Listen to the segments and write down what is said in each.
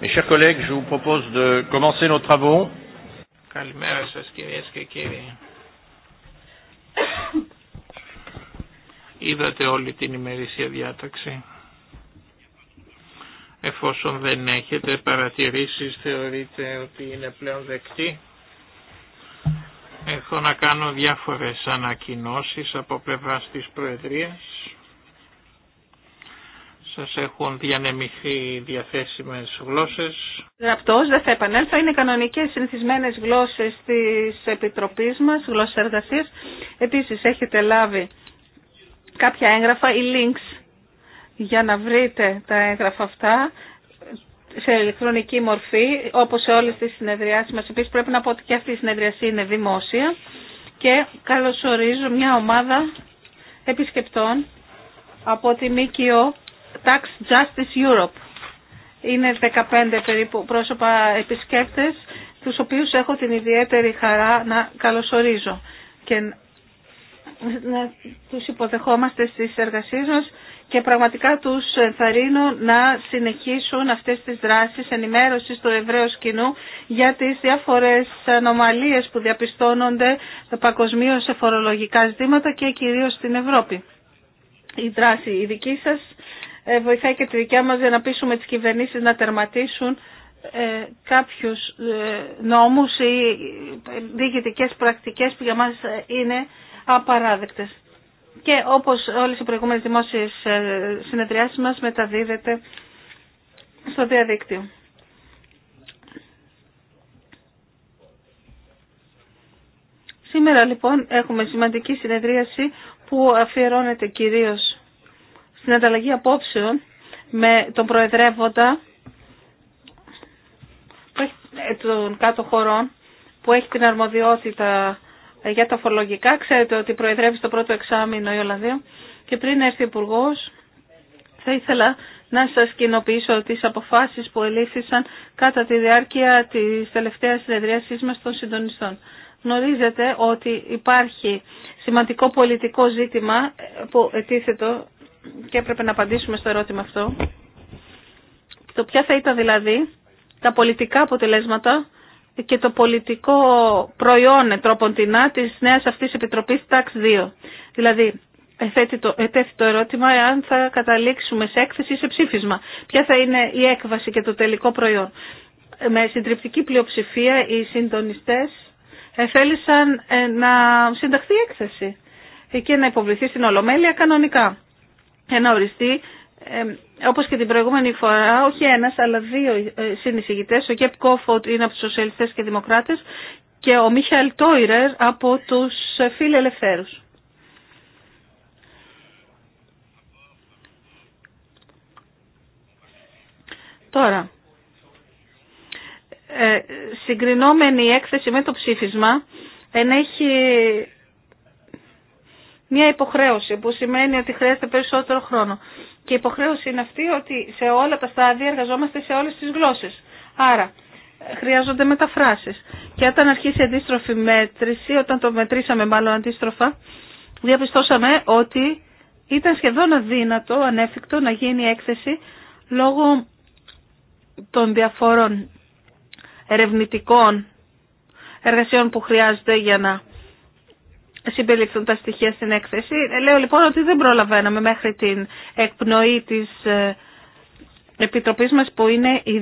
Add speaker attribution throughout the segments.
Speaker 1: Mes Καλημέρα και κύριοι. Είδατε όλη την ημερήσια διάταξη. Εφόσον δεν έχετε παρατηρήσεις θεωρείτε ότι είναι πλέον δεκτή. Έχω να κάνω διάφορες ανακοινώσεις από πλευράς της Προεδρίας. Σας έχουν διανεμηθεί διαθέσιμες γλώσσες.
Speaker 2: Γραπτός, δεν θα επανέλθω. Είναι κανονικές συνηθισμένε γλώσσες της Επιτροπής μας, γλώσσες εργασίας. Επίσης έχετε λάβει κάποια έγγραφα ή links για να βρείτε τα έγγραφα αυτά σε ηλεκτρονική μορφή, όπως σε όλες τις συνεδριάσεις μας. Επίσης πρέπει να πω ότι και αυτή η συνεδριασία είναι δημόσια και καλωσορίζω μια ομάδα επισκεπτών από τη ΜΚΟ Tax Justice Europe. Είναι 15 περίπου πρόσωπα επισκέπτες, τους οποίους έχω την ιδιαίτερη χαρά να καλωσορίζω και να τους υποδεχόμαστε στις εργασίες μας και πραγματικά τους ενθαρρύνω να συνεχίσουν αυτές τις δράσεις ενημέρωσης του Εβραίου κοινού για τις διάφορες ανομαλίες που διαπιστώνονται παγκοσμίω σε φορολογικά ζητήματα και κυρίως στην Ευρώπη. Η δράση η δική σας ε, βοηθάει και τη δικιά μας για να πείσουμε τις κυβερνήσεις να τερματίσουν ε, κάποιους ε, νόμους ή διοικητικές πρακτικές που για μας είναι απαράδεκτες. Και όπως όλες οι προηγούμενες δημόσιες συνεδριάσεις μας μεταδίδεται στο διαδίκτυο. Σήμερα λοιπόν έχουμε σημαντική συνεδρίαση που αφιερώνεται κυρίως στην ανταλλαγή απόψεων με τον Προεδρεύοντα ε, των κάτω χωρών που έχει την αρμοδιότητα ε, για τα φορολογικά. Ξέρετε ότι προεδρεύει στο πρώτο εξάμεινο η Ολλανδία και πριν έρθει ο υπουργό, θα ήθελα να σας κοινοποιήσω τις αποφάσεις που ελήφθησαν κατά τη διάρκεια της τελευταίας συνεδρίασής μας των συντονιστών. Γνωρίζετε ότι υπάρχει σημαντικό πολιτικό ζήτημα που ετίθετο και έπρεπε να απαντήσουμε στο ερώτημα αυτό. Το ποια θα ήταν δηλαδή τα πολιτικά αποτελέσματα και το πολιτικό προϊόν τρόπον τηνά της νέας αυτής επιτροπής τάξη 2. Δηλαδή, το, ετέθη το ερώτημα εάν θα καταλήξουμε σε έκθεση ή σε ψήφισμα. Ποια θα είναι η έκβαση και το τελικό προϊόν. Με συντριπτική πλειοψηφία οι συντονιστές θέλησαν ε, να συνταχθεί η έκθεση και να υποβληθεί στην Ολομέλεια κανονικά. Ένα οριστεί ε, όπως και την προηγούμενη φορά, όχι ένας αλλά δύο ε, συνεισηγητές, ο Κεπ Κόφωτ είναι από τους Σοσιαλιστές και Δημοκράτες και ο Μίχαλ Τόιρερ από τους Ελευθέρους. Τώρα, ε, συγκρινόμενη η έκθεση με το ψήφισμα ενέχει μια υποχρέωση που σημαίνει ότι χρειάζεται περισσότερο χρόνο. Και η υποχρέωση είναι αυτή ότι σε όλα τα στάδια εργαζόμαστε σε όλες τις γλώσσες. Άρα χρειάζονται μεταφράσεις. Και όταν αρχίσει η αντίστροφη μέτρηση, όταν το μετρήσαμε μάλλον αντίστροφα, διαπιστώσαμε ότι ήταν σχεδόν αδύνατο, ανέφικτο να γίνει έκθεση λόγω των διαφόρων ερευνητικών εργασιών που χρειάζεται για να συμπεριληφθούν τα στοιχεία στην έκθεση. Λέω λοιπόν ότι δεν προλαβαίναμε μέχρι την εκπνοή της ε, Επιτροπής μας που είναι η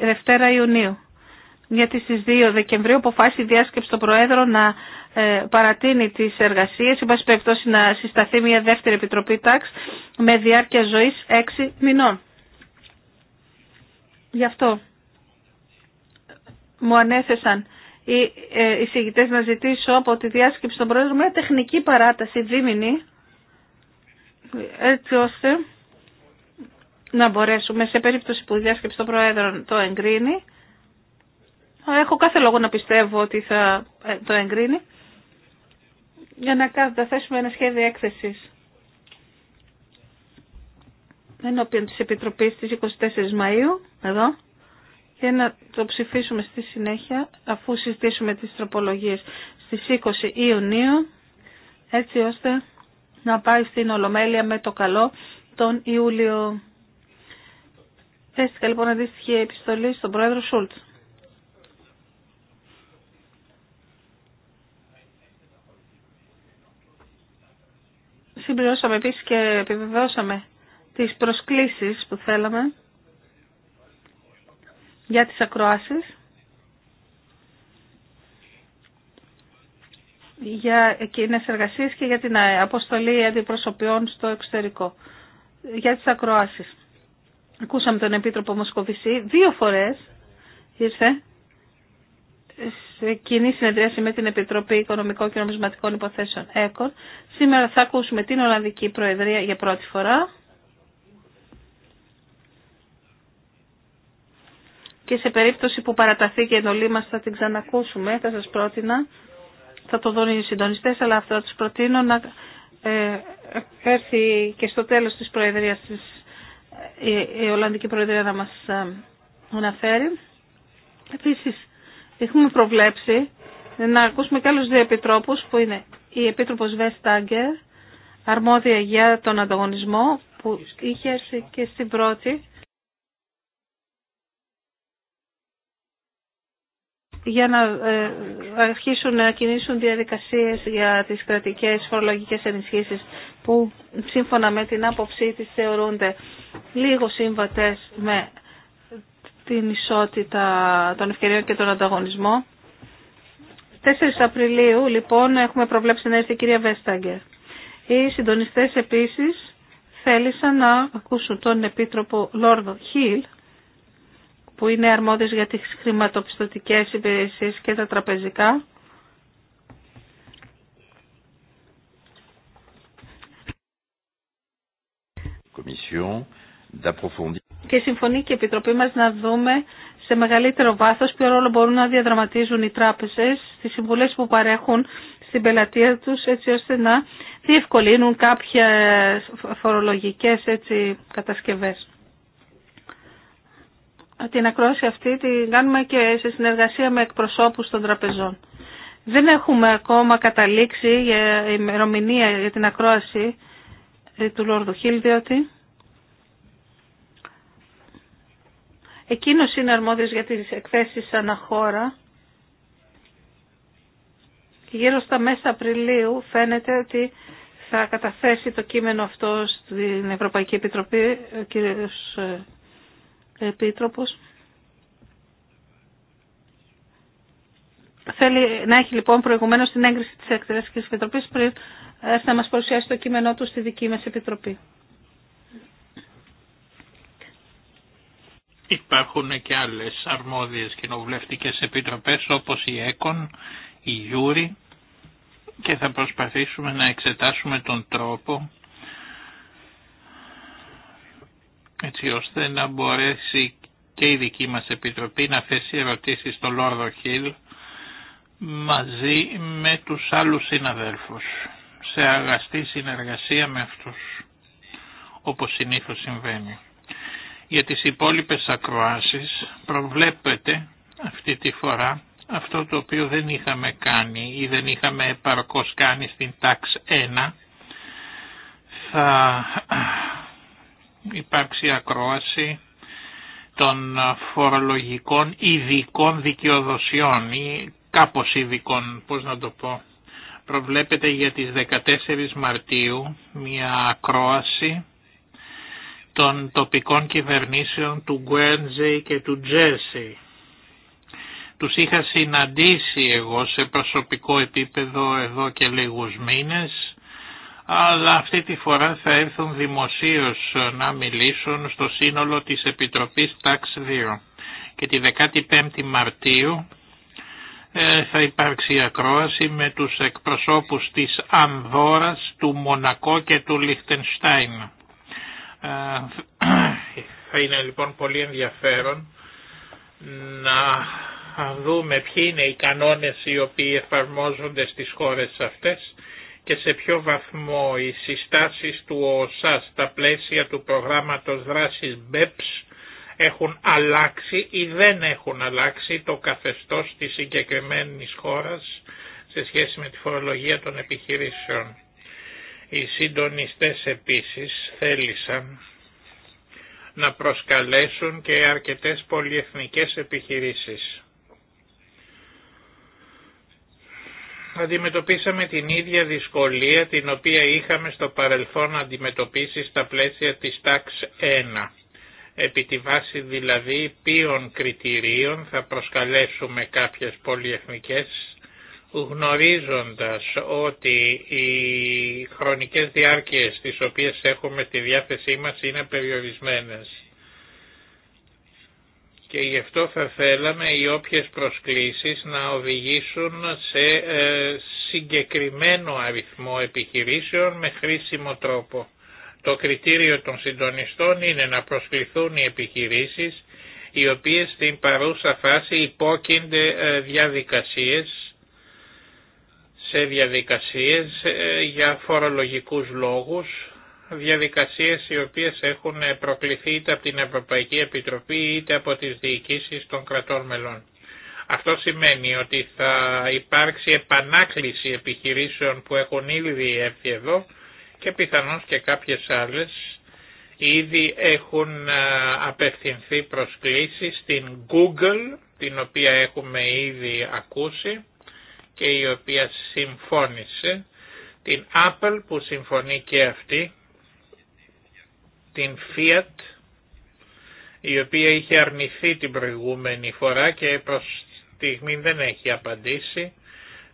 Speaker 2: Δευτέρα Ιουνίου. Γιατί στις 2 Δεκεμβρίου αποφάσισε η διάσκεψη των Προέδρων να ε, παρατείνει τις εργασίες, εν πάση περιπτώσει να συσταθεί μια δεύτερη Επιτροπή Τάξ με διάρκεια ζωής 6 μηνών. Γι' αυτό μου ανέθεσαν ε, οι εισηγητές να ζητήσω από τη διάσκεψη των Πρόεδρων μια τεχνική παράταση δίμηνη έτσι ώστε να μπορέσουμε σε περίπτωση που η διάσκεψη των Προέδρων το εγκρίνει έχω κάθε λόγο να πιστεύω ότι θα ε, το εγκρίνει για να καταθέσουμε ένα σχέδιο έκθεσης ενώπιον της Επιτροπής της 24 Μαΐου εδώ και να το ψηφίσουμε στη συνέχεια αφού συζητήσουμε τις τροπολογίες στις 20 Ιουνίου έτσι ώστε να πάει στην Ολομέλεια με το καλό τον Ιούλιο. Θέστηκα λοιπόν αντίστοιχη επιστολή στον πρόεδρο Σούλτ. Συμπληρώσαμε επίσης και επιβεβαιώσαμε τις προσκλήσεις που θέλαμε για τις ακροάσεις. για κοινέ εργασίες και για την αποστολή αντιπροσωπιών στο εξωτερικό. Για τις ακροάσεις. Ακούσαμε τον Επίτροπο Μοσκοβισή δύο φορές ήρθε σε κοινή συνεδρίαση με την Επιτροπή Οικονομικών και Νομισματικών Υποθέσεων ΕΚΟΝ. Σήμερα θα ακούσουμε την Ολλανδική Προεδρία για πρώτη φορά και σε περίπτωση που παραταθεί και η εντολή μας θα την ξανακούσουμε, θα σας πρότεινα, θα το δουν οι συντονιστές, αλλά αυτό θα τους προτείνω να ε, έρθει και στο τέλος της Προεδρίας της, η, Ολλανδική Προεδρία να μας ε, αναφέρει. Επίσης, έχουμε προβλέψει να ακούσουμε και άλλους δύο επιτρόπους που είναι η Επίτροπος Βεστάγκερ, αρμόδια για τον ανταγωνισμό που είχε έρθει και στην πρώτη για να ε, αρχίσουν να κινήσουν διαδικασίες για τις κρατικές φορολογικές ενισχύσεις που σύμφωνα με την άποψή της θεωρούνται λίγο σύμβατες με την ισότητα των ευκαιριών και τον ανταγωνισμό. 4 Απριλίου λοιπόν έχουμε προβλέψει να έρθει η κυρία Βέσταγκερ. Οι συντονιστές επίσης θέλησαν να ακούσουν τον Επίτροπο Λόρδο Χίλ που είναι αρμόδιες για τις χρηματοπιστωτικές υπηρεσίες και τα τραπεζικά. Και συμφωνεί και η Επιτροπή μας να δούμε σε μεγαλύτερο βάθος ποιο ρόλο μπορούν να διαδραματίζουν οι τράπεζες στις συμβουλές που παρέχουν στην πελατεία τους έτσι ώστε να διευκολύνουν κάποιες φορολογικές έτσι, κατασκευές την ακρόαση αυτή την κάνουμε και σε συνεργασία με εκπροσώπους των τραπεζών. Δεν έχουμε ακόμα καταλήξει για ημερομηνία για την ακρόαση ε, του Λόρδου Χίλ, διότι εκείνος είναι αρμόδιος για τις εκθέσεις αναχώρα και γύρω στα μέσα Απριλίου φαίνεται ότι θα καταθέσει το κείμενο αυτό στην Ευρωπαϊκή Επιτροπή ο κύριος ε, Επίτροπος. Θέλει να έχει λοιπόν προηγουμένω την έγκριση τη εκτελεστική επιτροπή πριν έρθει ε, να μα παρουσιάσει το κείμενό του στη δική μα επιτροπή.
Speaker 1: Υπάρχουν και άλλε αρμόδιε κοινοβουλευτικέ επιτροπέ, όπω η ΕΚΟΝ, η Γιούρη και θα προσπαθήσουμε να εξετάσουμε τον τρόπο έτσι ώστε να μπορέσει και η δική μας Επιτροπή να θέσει ερωτήσεις στο Λόρδο Χίλ μαζί με τους άλλους συναδέλφους σε αγαστή συνεργασία με αυτούς όπως συνήθως συμβαίνει. Για τις υπόλοιπες ακροάσεις προβλέπεται αυτή τη φορά αυτό το οποίο δεν είχαμε κάνει ή δεν είχαμε επαρκώς κάνει στην τάξη 1 θα υπάρξει ακρόαση των φορολογικών ειδικών δικαιοδοσιών ή κάπως ειδικών, πώς να το πω. Προβλέπεται για τις 14 Μαρτίου μια ακρόαση των τοπικών κυβερνήσεων του Γουένζε και του Τζέρσεϊ. Τους είχα συναντήσει εγώ σε προσωπικό επίπεδο εδώ και λίγους μήνες αλλά αυτή τη φορά θα έρθουν δημοσίως να μιλήσουν στο σύνολο της Επιτροπής Τάξ 2. Και τη 15η Μαρτίου ε, θα υπάρξει ακρόαση με τους εκπροσώπους της Ανδόρας, του Μονακό και του Λιχτενστάιν. Ε, θα είναι λοιπόν πολύ ενδιαφέρον να δούμε ποιοι είναι οι κανόνες οι οποίοι εφαρμόζονται στις χώρες αυτές και σε ποιο βαθμό οι συστάσεις του ΟΣΑ στα πλαίσια του προγράμματος δράσης BEPS έχουν αλλάξει ή δεν έχουν αλλάξει το καθεστώς της συγκεκριμένης χώρας σε σχέση με τη φορολογία των επιχειρήσεων. Οι συντονιστές επίσης θέλησαν να προσκαλέσουν και αρκετές πολυεθνικές επιχειρήσεις. αντιμετωπίσαμε την ίδια δυσκολία την οποία είχαμε στο παρελθόν αντιμετωπίσει στα πλαίσια της τάξ 1. Επί τη βάση δηλαδή ποιων κριτηρίων θα προσκαλέσουμε κάποιες πολυεθνικές γνωρίζοντας ότι οι χρονικές διάρκειες τις οποίες έχουμε στη διάθεσή μας είναι περιορισμένες και γι' αυτό θα θέλαμε οι όποιες προσκλήσεις να οδηγήσουν σε ε, συγκεκριμένο αριθμό επιχειρήσεων με χρήσιμο τρόπο. Το κριτήριο των συντονιστών είναι να προσκληθούν οι επιχειρήσεις οι οποίες στην παρούσα φάση υπόκεινται ε, διαδικασίες σε διαδικασίες ε, για φορολογικούς λόγους διαδικασίες οι οποίες έχουν προκληθεί είτε από την Ευρωπαϊκή Επιτροπή είτε από τις διοικήσεις των κρατών μελών. Αυτό σημαίνει ότι θα υπάρξει επανάκληση επιχειρήσεων που έχουν ήδη έρθει εδώ και πιθανώς και κάποιες άλλες ήδη έχουν απευθυνθεί προσκλήσεις στην Google, την οποία έχουμε ήδη ακούσει και η οποία συμφώνησε, την Apple που συμφωνεί και αυτή την Fiat η οποία είχε αρνηθεί την προηγούμενη φορά και προς στιγμή δεν έχει απαντήσει.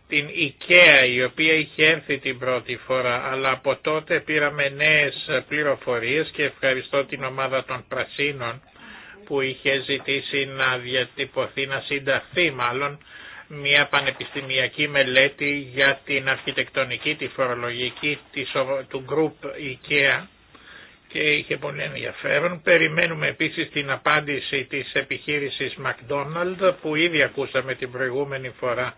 Speaker 1: Την IKEA η οποία είχε έρθει την πρώτη φορά αλλά από τότε πήραμε νέες πληροφορίες και ευχαριστώ την ομάδα των Πρασίνων που είχε ζητήσει να διατυπωθεί, να συνταχθεί μάλλον μια πανεπιστημιακή μελέτη για την αρχιτεκτονική, τη φορολογική του Group IKEA και είχε πολύ ενδιαφέρον. Περιμένουμε επίσης την απάντηση της επιχείρησης McDonald's που ήδη ακούσαμε την προηγούμενη φορά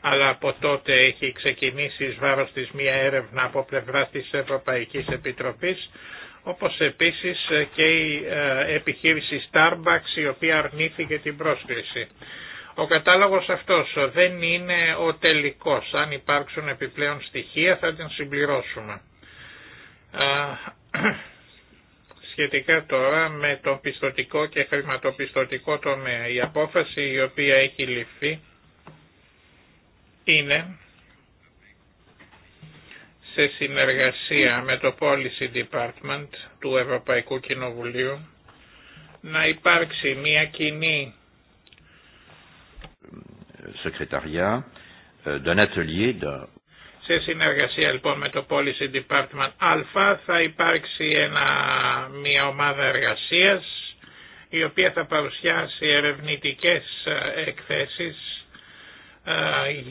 Speaker 1: αλλά από τότε έχει ξεκινήσει εις βάρος της μία έρευνα από πλευρά της Ευρωπαϊκής Επιτροπής όπως επίσης και η ε, επιχείρηση Starbucks η οποία αρνήθηκε την πρόσκληση. Ο κατάλογος αυτός δεν είναι ο τελικός. Αν υπάρξουν επιπλέον στοιχεία θα την συμπληρώσουμε σχετικά τώρα με το πιστοτικό και χρηματοπιστωτικό τομέα. Η απόφαση η οποία έχει ληφθεί είναι σε συνεργασία με το Policy Department του Ευρωπαϊκού Κοινοβουλίου να υπάρξει μια κοινή secrétariat euh, d'un atelier σε συνεργασία λοιπόν με το Policy Department Α θα υπάρξει ένα, μια ομάδα εργασίας η οποία θα παρουσιάσει ερευνητικές ε, εκθέσεις ε,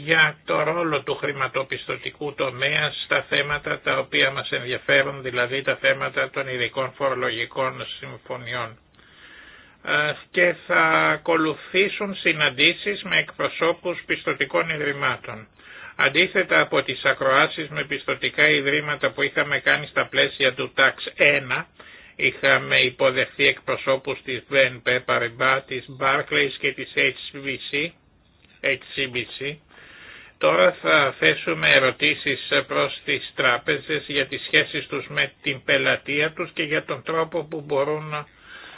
Speaker 1: για το ρόλο του χρηματοπιστωτικού τομέα στα θέματα τα οποία μας ενδιαφέρουν, δηλαδή τα θέματα των ειδικών φορολογικών συμφωνιών ε, και θα ακολουθήσουν συναντήσεις με εκπροσώπους πιστωτικών ιδρυμάτων. Αντίθετα από τις ακροάσεις με πιστοτικά ιδρύματα που είχαμε κάνει στα πλαίσια του ΤΑΞ 1, είχαμε υποδεχθεί εκπροσώπους της BNP Paribas, της Barclays και της HBC, HCBC. Τώρα θα θέσουμε ερωτήσεις προς τις τράπεζες για τις σχέσεις τους με την πελατεία τους και για τον τρόπο που μπορούν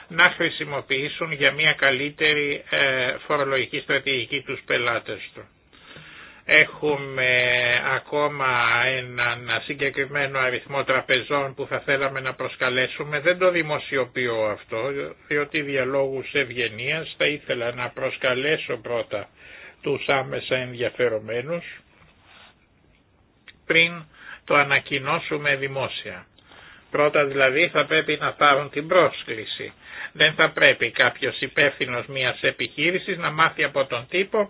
Speaker 1: να χρησιμοποιήσουν για μια καλύτερη ε, φορολογική στρατηγική τους πελάτες του. Έχουμε ακόμα έναν συγκεκριμένο αριθμό τραπεζών που θα θέλαμε να προσκαλέσουμε. Δεν το δημοσιοποιώ αυτό, διότι διαλόγου ευγενία θα ήθελα να προσκαλέσω πρώτα τους άμεσα ενδιαφερομένους πριν το ανακοινώσουμε δημόσια. Πρώτα δηλαδή θα πρέπει να πάρουν την πρόσκληση. Δεν θα πρέπει κάποιος υπεύθυνο μιας επιχείρησης να μάθει από τον τύπο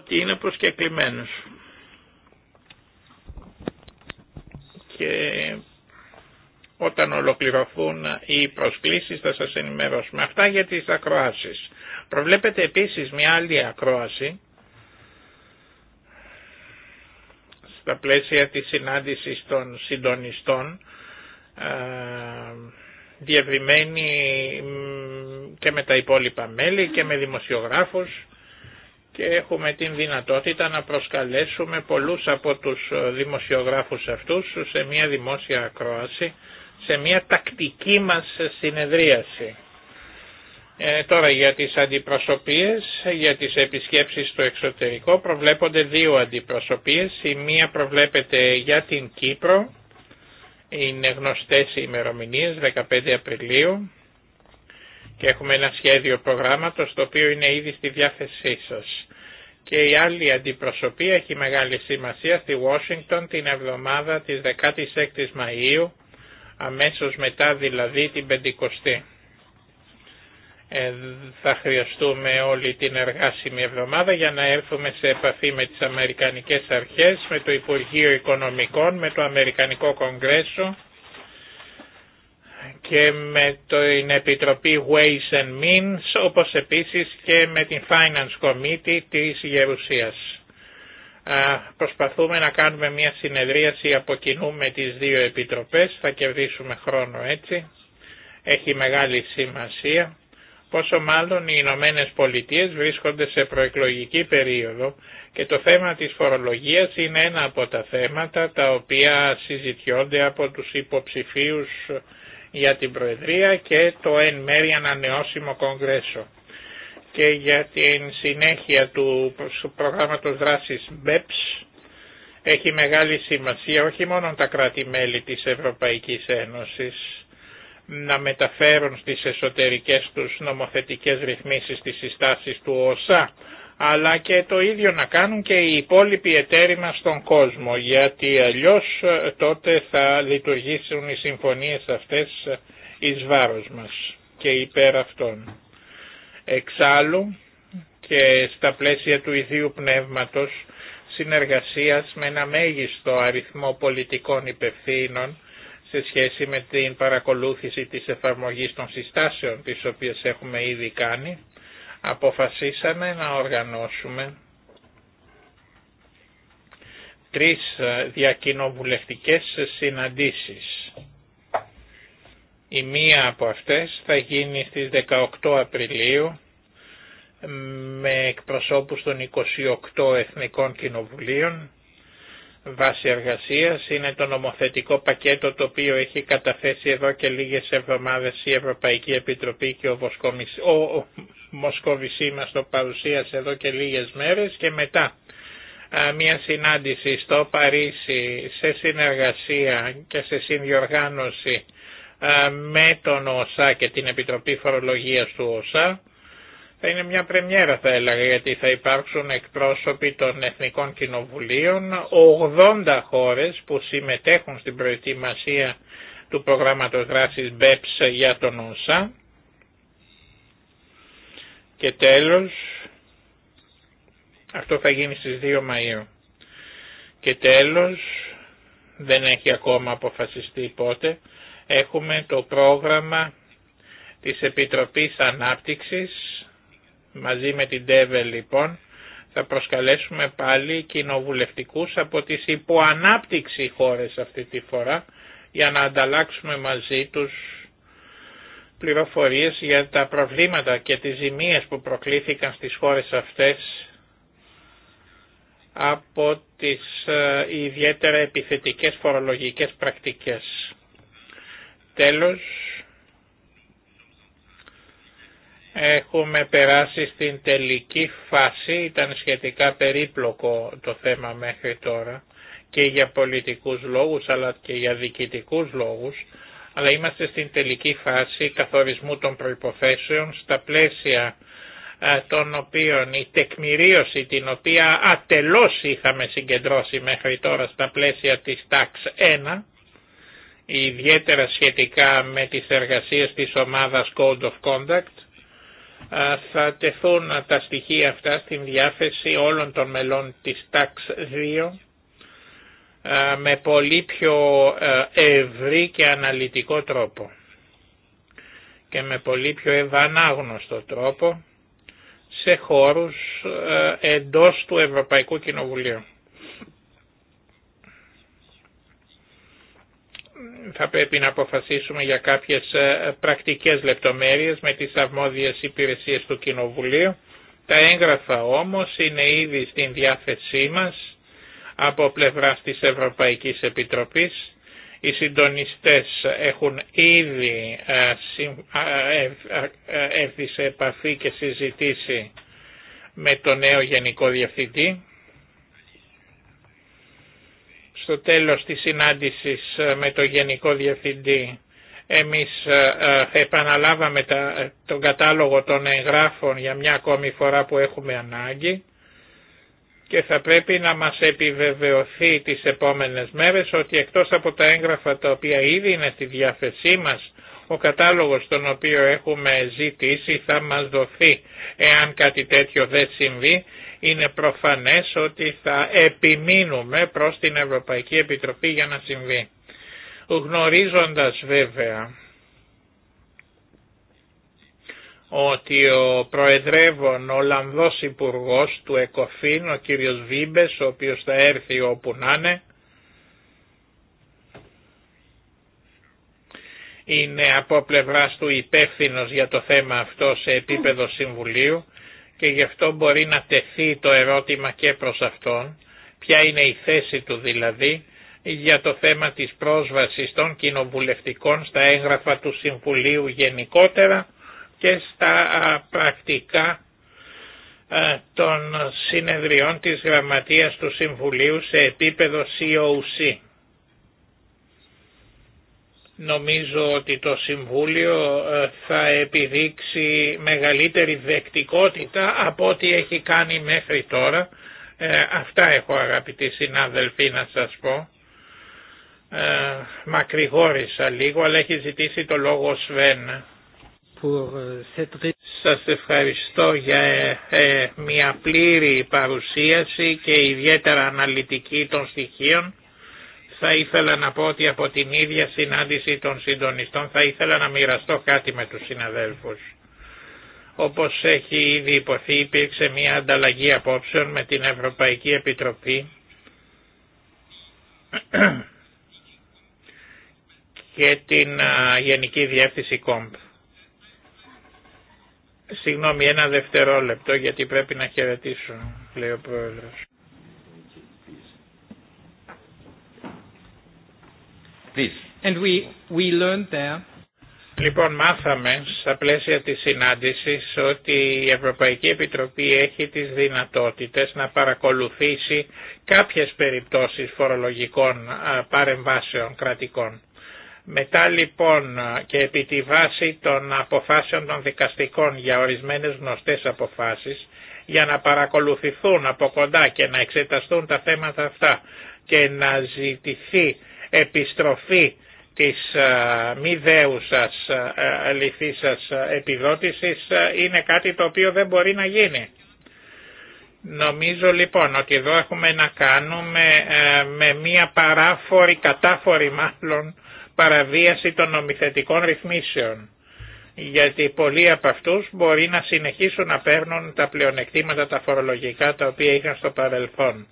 Speaker 1: ότι είναι προσκεκλημένος. Και όταν ολοκληρωθούν οι προσκλήσεις θα σας ενημερώσουμε. Αυτά για τις ακροάσεις. Προβλέπετε επίσης μια άλλη ακρόαση στα πλαίσια της συνάντησης των συντονιστών ε, διευρυμένη και με τα υπόλοιπα μέλη και με δημοσιογράφους και έχουμε την δυνατότητα να προσκαλέσουμε πολλούς από τους ε, δημοσιογράφους αυτούς σε μια δημόσια ακρόαση, σε μια τακτική μας συνεδρίαση. Ε, τώρα για τις αντιπροσωπείες, για τις επισκέψεις στο εξωτερικό προβλέπονται δύο αντιπροσωπείες. Η μία προβλέπεται για την Κύπρο είναι γνωστές οι ημερομηνίες 15 Απριλίου και έχουμε ένα σχέδιο προγράμματος το οποίο είναι ήδη στη διάθεσή σας. Και η άλλη αντιπροσωπεία έχει μεγάλη σημασία στη Washington την εβδομάδα της 16ης Μαΐου, αμέσως μετά δηλαδή την 50 ε, θα χρειαστούμε όλη την εργάσιμη εβδομάδα για να έρθουμε σε επαφή με τις Αμερικανικές Αρχές, με το Υπουργείο Οικονομικών, με το Αμερικανικό Κογκρέσο και με την Επιτροπή Ways and Means, όπως επίσης και με την Finance Committee της Γερουσίας. Προσπαθούμε να κάνουμε μια συνεδρίαση από κοινού με τις δύο επιτροπές, θα κερδίσουμε χρόνο έτσι, έχει μεγάλη σημασία πόσο μάλλον οι Ηνωμένε Πολιτείε βρίσκονται σε προεκλογική περίοδο και το θέμα της φορολογίας είναι ένα από τα θέματα τα οποία συζητιώνται από τους υποψηφίους για την Προεδρία και το εν μέρει ανανεώσιμο Κογκρέσο. Και για την συνέχεια του προγράμματος δράσης BEPS έχει μεγάλη σημασία όχι μόνο τα κράτη-μέλη της Ευρωπαϊκής Ένωσης να μεταφέρουν στις εσωτερικές τους νομοθετικές ρυθμίσεις τις συστάσεις του ΟΣΑ, αλλά και το ίδιο να κάνουν και οι υπόλοιποι εταίροι μας στον κόσμο, γιατί αλλιώς ε, τότε θα λειτουργήσουν οι συμφωνίες αυτές ε, εις βάρος μας και υπέρ αυτών. Εξάλλου και στα πλαίσια του ιδίου πνεύματος συνεργασίας με ένα μέγιστο αριθμό πολιτικών υπευθύνων σε σχέση με την παρακολούθηση της εφαρμογής των συστάσεων τις οποίες έχουμε ήδη κάνει, αποφασίσαμε να οργανώσουμε τρεις ε, διακοινοβουλευτικές συναντήσεις. Η μία από αυτές θα γίνει στις 18 Απριλίου με εκπροσώπους των 28 Εθνικών Κοινοβουλίων βάση εργασίας είναι το νομοθετικό πακέτο το οποίο έχει καταθέσει εδώ και λίγες εβδομάδες η Ευρωπαϊκή Επιτροπή και ο, Μοσκοβισή μας το παρουσίασε εδώ και λίγες μέρες και μετά μια συνάντηση στο Παρίσι σε συνεργασία και σε συνδιοργάνωση με τον ΟΣΑ και την Επιτροπή Φορολογίας του ΟΣΑ θα είναι μια πρεμιέρα θα έλεγα γιατί θα υπάρξουν εκπρόσωποι των Εθνικών Κοινοβουλίων, 80 χώρες που συμμετέχουν στην προετοιμασία του προγράμματος δράσης BEPS για τον ΩΣΑ. Και τέλος, αυτό θα γίνει στις 2 Μαΐου. Και τέλος, δεν έχει ακόμα αποφασιστεί πότε, έχουμε το πρόγραμμα της Επιτροπής Ανάπτυξης Μαζί με την ΤΕΒΕ λοιπόν θα προσκαλέσουμε πάλι κοινοβουλευτικούς από τις υποανάπτυξη χώρες αυτή τη φορά για να ανταλλάξουμε μαζί τους πληροφορίες για τα προβλήματα και τις ζημίες που προκλήθηκαν στις χώρες αυτές από τις ε, ιδιαίτερα επιθετικές φορολογικές πρακτικές. Τέλος, Έχουμε περάσει στην τελική φάση, ήταν σχετικά περίπλοκο το θέμα μέχρι τώρα και για πολιτικούς λόγους αλλά και για διοικητικούς λόγους, αλλά είμαστε στην τελική φάση καθορισμού των προϋποθέσεων στα πλαίσια των οποίων η τεκμηρίωση την οποία ατελώς είχαμε συγκεντρώσει μέχρι τώρα στα πλαίσια της tax 1, ιδιαίτερα σχετικά με τις εργασίες της ομάδας Code of Conduct, θα τεθούν τα στοιχεία αυτά στην διάθεση όλων των μελών της ΤΑΞ 2 με πολύ πιο ευρύ και αναλυτικό τρόπο και με πολύ πιο ευανάγνωστο τρόπο σε χώρους εντός του Ευρωπαϊκού Κοινοβουλίου. θα πρέπει να αποφασίσουμε για κάποιες ε, πρακτικές λεπτομέρειες με τις αρμόδιες υπηρεσίες του Κοινοβουλίου. Τα έγγραφα όμως είναι ήδη στην διάθεσή μας από πλευράς της Ευρωπαϊκής Επιτροπής. Οι συντονιστές έχουν ήδη ε, ε, έρθει σε επαφή και συζητήσει με τον νέο Γενικό Διευθυντή στο τέλος της συνάντησης ε, με το Γενικό Διευθυντή εμείς ε, ε, επαναλάβαμε τα, τον κατάλογο των εγγράφων για μια ακόμη φορά που έχουμε ανάγκη και θα πρέπει να μας επιβεβαιωθεί τις επόμενες μέρες ότι εκτός από τα έγγραφα τα οποία ήδη είναι στη διάθεσή μας, ο κατάλογος τον οποίο έχουμε ζητήσει θα μας δοθεί εάν κάτι τέτοιο δεν συμβεί είναι προφανές ότι θα επιμείνουμε προς την Ευρωπαϊκή Επιτροπή για να συμβεί. Γνωρίζοντας βέβαια ότι ο Προεδρεύων Ολλανδός Υπουργός του ΕΚΟΦΗΝ, ο κύριος Βίμπες, ο οποίος θα έρθει όπου να είναι, είναι από πλευράς του υπεύθυνο για το θέμα αυτό σε επίπεδο Συμβουλίου και γι' αυτό μπορεί να τεθεί το ερώτημα και προς αυτόν, ποια είναι η θέση του δηλαδή για το θέμα της πρόσβασης των κοινοβουλευτικών στα έγγραφα του Συμβουλίου γενικότερα και στα πρακτικά των συνεδριών της Γραμματείας του Συμβουλίου σε επίπεδο COC. Νομίζω ότι το Συμβούλιο ε, θα επιδείξει μεγαλύτερη δεκτικότητα από ό,τι έχει κάνει μέχρι τώρα. Ε, αυτά έχω αγαπητοί συνάδελφοι να σας πω. Ε, μακρηγόρησα λίγο αλλά έχει ζητήσει το λόγο Σβέν. Ε, σας ευχαριστώ για μια πλήρη παρουσίαση και ιδιαίτερα αναλυτική των στοιχείων θα ήθελα να πω ότι από την ίδια συνάντηση των συντονιστών θα ήθελα να μοιραστώ κάτι με τους συναδέλφους. Όπως έχει ήδη υποθεί υπήρξε μια ανταλλαγή απόψεων με την Ευρωπαϊκή Επιτροπή και την Γενική Διεύθυνση ΚΟΜΠ. Συγγνώμη ένα δευτερόλεπτο γιατί πρέπει να χαιρετήσω, λέει ο Πρόεδρος. Λοιπόν, μάθαμε στα πλαίσια της συνάντησης ότι η Ευρωπαϊκή Επιτροπή έχει τις δυνατότητες να παρακολουθήσει κάποιες περιπτώσεις φορολογικών παρεμβάσεων κρατικών. Μετά λοιπόν και επί τη βάση των αποφάσεων των δικαστικών για ορισμένες γνωστές αποφάσεις, για να παρακολουθηθούν από κοντά και να εξεταστούν τα θέματα αυτά και να ζητηθεί επιστροφή της ε, μη δέουσας αληθής ε, ε, επιδότησης είναι κάτι το οποίο δεν μπορεί να γίνει. Νομίζω λοιπόν ότι εδώ έχουμε να κάνουμε με μία παράφορη, κατάφορη μάλλον, παραβίαση των νομιθετικών ρυθμίσεων. Γιατί πολλοί από αυτούς μπορεί να συνεχίσουν να παίρνουν τα πλεονεκτήματα τα φορολογικά τα οποία είχαν στο παρελθόν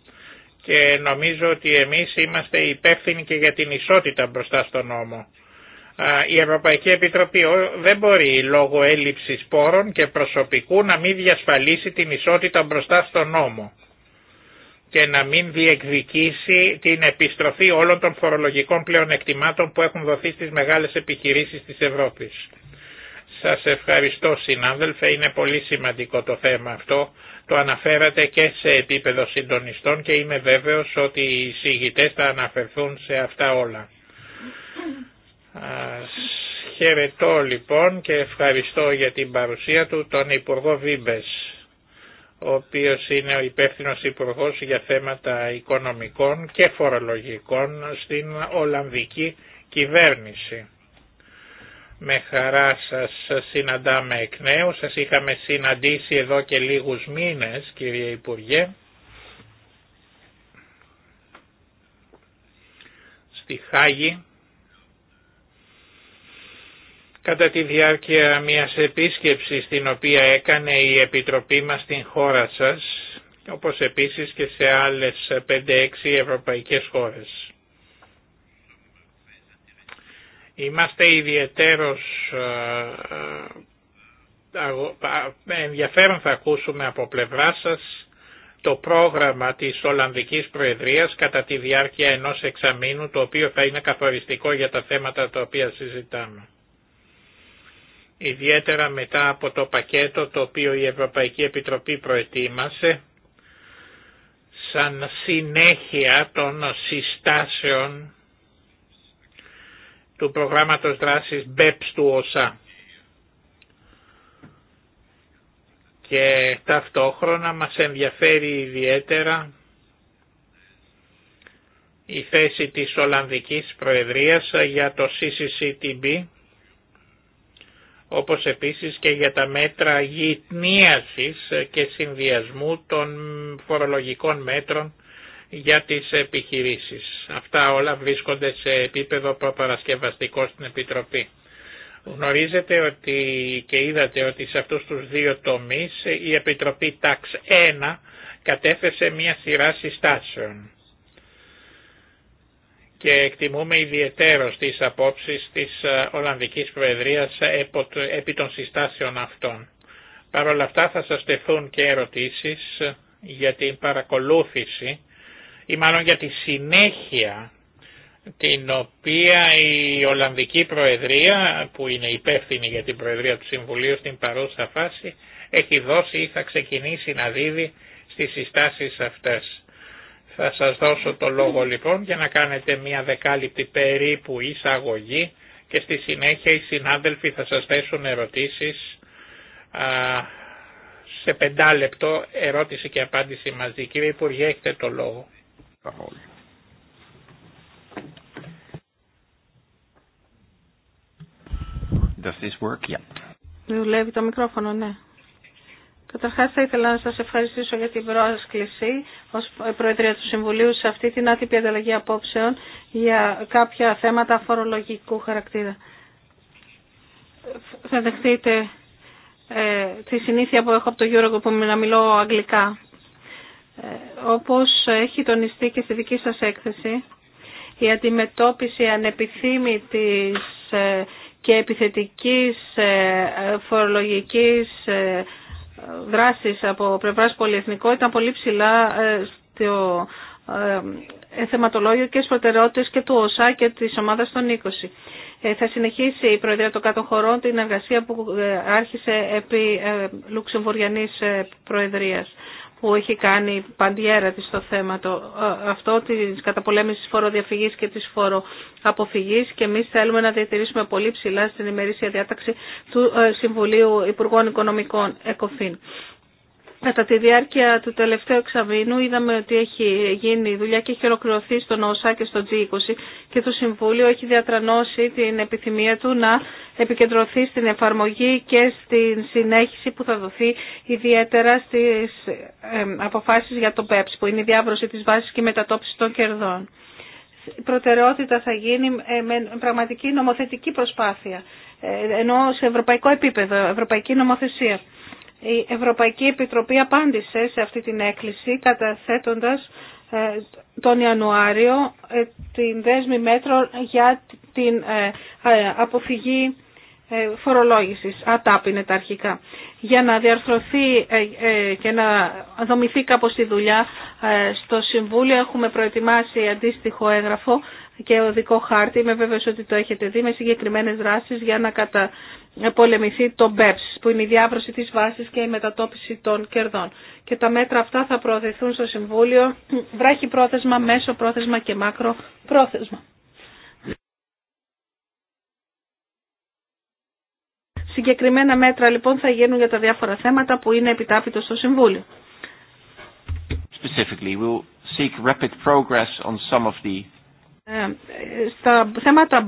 Speaker 1: και νομίζω ότι εμείς είμαστε υπεύθυνοι και για την ισότητα μπροστά στον νόμο. Η Ευρωπαϊκή Επιτροπή δεν μπορεί λόγω έλλειψης πόρων και προσωπικού να μην διασφαλίσει την ισότητα μπροστά στον νόμο και να μην διεκδικήσει την επιστροφή όλων των φορολογικών πλεονεκτημάτων που έχουν δοθεί στις μεγάλες επιχειρήσεις της Ευρώπης. Σας ευχαριστώ συνάδελφε, είναι πολύ σημαντικό το θέμα αυτό. Το αναφέρατε και σε επίπεδο συντονιστών και είμαι βέβαιος ότι οι συγητές θα αναφερθούν σε αυτά όλα. Χαιρετώ λοιπόν και ευχαριστώ για την παρουσία του τον Υπουργό Βίμπες ο οποίος είναι ο υπεύθυνος υπουργός για θέματα οικονομικών και φορολογικών στην Ολλανδική κυβέρνηση. Με χαρά σας συναντάμε εκ νέου. Σας είχαμε συναντήσει εδώ και λίγους μήνες κύριε Υπουργέ. Στη Χάγη κατά τη διάρκεια μιας επίσκεψης την οποία έκανε η Επιτροπή μας στην χώρα σας, όπως επίσης και σε άλλες 5-6 ευρωπαϊκές χώρες. Είμαστε ιδιαιτέρως ε, ε, ενδιαφέρον θα ακούσουμε από πλευρά σας το πρόγραμμα της Ολλανδικής Προεδρίας κατά τη διάρκεια ενός εξαμήνου το οποίο θα είναι καθοριστικό για τα θέματα τα οποία συζητάμε. Ιδιαίτερα μετά από το πακέτο το οποίο η Ευρωπαϊκή Επιτροπή προετοίμασε σαν συνέχεια των συστάσεων του προγράμματος δράσης BEPS του ΩΣΑ. Και ταυτόχρονα μας ενδιαφέρει ιδιαίτερα η θέση της Ολλανδικής Προεδρίας για το CCCTB, όπως επίσης και για τα μέτρα γυτνίασης και συνδυασμού των φορολογικών μέτρων για τις επιχειρήσεις. Αυτά όλα βρίσκονται σε επίπεδο προπαρασκευαστικό στην Επιτροπή. Γνωρίζετε ότι και είδατε ότι σε αυτούς τους δύο τομείς η Επιτροπή Τάξ 1 κατέθεσε μια σειρά συστάσεων και εκτιμούμε ιδιαίτερο τις απόψεις της Ολλανδικής Προεδρίας επί των συστάσεων αυτών. Παρ' όλα αυτά θα σας τεθούν και ερωτήσεις για την παρακολούθηση ή μάλλον για τη συνέχεια την οποία η Ολλανδική Προεδρία, που είναι υπεύθυνη για την Προεδρία του Συμβουλίου στην παρούσα φάση, έχει δώσει ή θα ξεκινήσει να δίδει στις συστάσεις αυτές. Θα σας δώσω το λόγο λοιπόν για να κάνετε μια δεκάλυπτη περίπου εισαγωγή και στη συνέχεια οι συνάδελφοι θα σας θέσουν ερωτήσεις σε πεντάλεπτο ερώτηση και απάντηση μαζί. Κύριε Υπουργέ, έχετε το λόγο parole.
Speaker 3: Does this work? Yeah.
Speaker 2: Δουλεύει το μικρόφωνο, ναι. Καταρχά, θα ήθελα να σα ευχαριστήσω για την πρόσκληση ω Προεδρία του Συμβουλίου σε αυτή την άτυπη ανταλλαγή απόψεων για κάποια θέματα φορολογικού χαρακτήρα. Θα δεχτείτε ε, τη συνήθεια που έχω από το Eurogroup που να μιλώ αγγλικά. Ε, όπως έχει τονιστεί και στη δική σας έκθεση, η αντιμετώπιση ανεπιθύμητης ε, και επιθετικής ε, φορολογικής δράσης από πλευράς πολυεθνικών ήταν πολύ ψηλά στο θεματολόγιο και στις προτεραιότητες και του ΟΣΑ και της ομάδας των 20. Θα συνεχίσει η Προεδρία των Κάτω Χωρών την εργασία που άρχισε επί Λουξεμβουριανής Προεδρίας που έχει κάνει παντιέρα της στο θέμα το, ε, αυτό της καταπολέμησης φοροδιαφυγής και της φοροαποφυγής και εμείς θέλουμε να διατηρήσουμε πολύ ψηλά στην ημερήσια διάταξη του ε, Συμβουλίου Υπουργών Οικονομικών ΕΚΟΦΗΝ. Κατά τη διάρκεια του τελευταίου εξαμήνου είδαμε ότι έχει γίνει δουλειά και έχει ολοκληρωθεί στον ΟΣΑ και στο G20 και το Συμβούλιο έχει διατρανώσει την επιθυμία του να επικεντρωθεί στην εφαρμογή και στην συνέχιση που θα δοθεί ιδιαίτερα στις αποφάσεις για το ΠΕΠΣ που είναι η διάβρωση της βάσης και η μετατόπιση των κερδών. Η προτεραιότητα θα γίνει ε, με πραγματική νομοθετική προσπάθεια ε, ενώ σε ευρωπαϊκό επίπεδο, ευρωπαϊκή νομοθεσία. Η Ευρωπαϊκή Επιτροπή απάντησε σε αυτή την έκκληση καταθέτοντας ε, τον Ιανουάριο ε, την δέσμη μέτρων για την ε, αποφυγή φορολόγησης, ΑΤΑΠ είναι τα αρχικά, για να διαρθρωθεί και να δομηθεί κάπως η δουλειά στο Συμβούλιο. Έχουμε προετοιμάσει αντίστοιχο έγγραφο και οδικό χάρτη, είμαι βέβαιος ότι το έχετε δει, με συγκεκριμένες δράσεις για να κατα πολεμηθεί το BEPS, που είναι η διάβρωση της βάσης και η μετατόπιση των κερδών. Και τα μέτρα αυτά θα προωθηθούν στο Συμβούλιο βράχη πρόθεσμα, μέσο πρόθεσμα και μάκρο πρόθεσμα. Συγκεκριμένα μέτρα λοιπόν θα γίνουν για τα διάφορα θέματα που είναι επιτάπητο στο Συμβούλιο.
Speaker 3: Specifically, we'll seek rapid progress on some of the
Speaker 2: ε, στα θέματα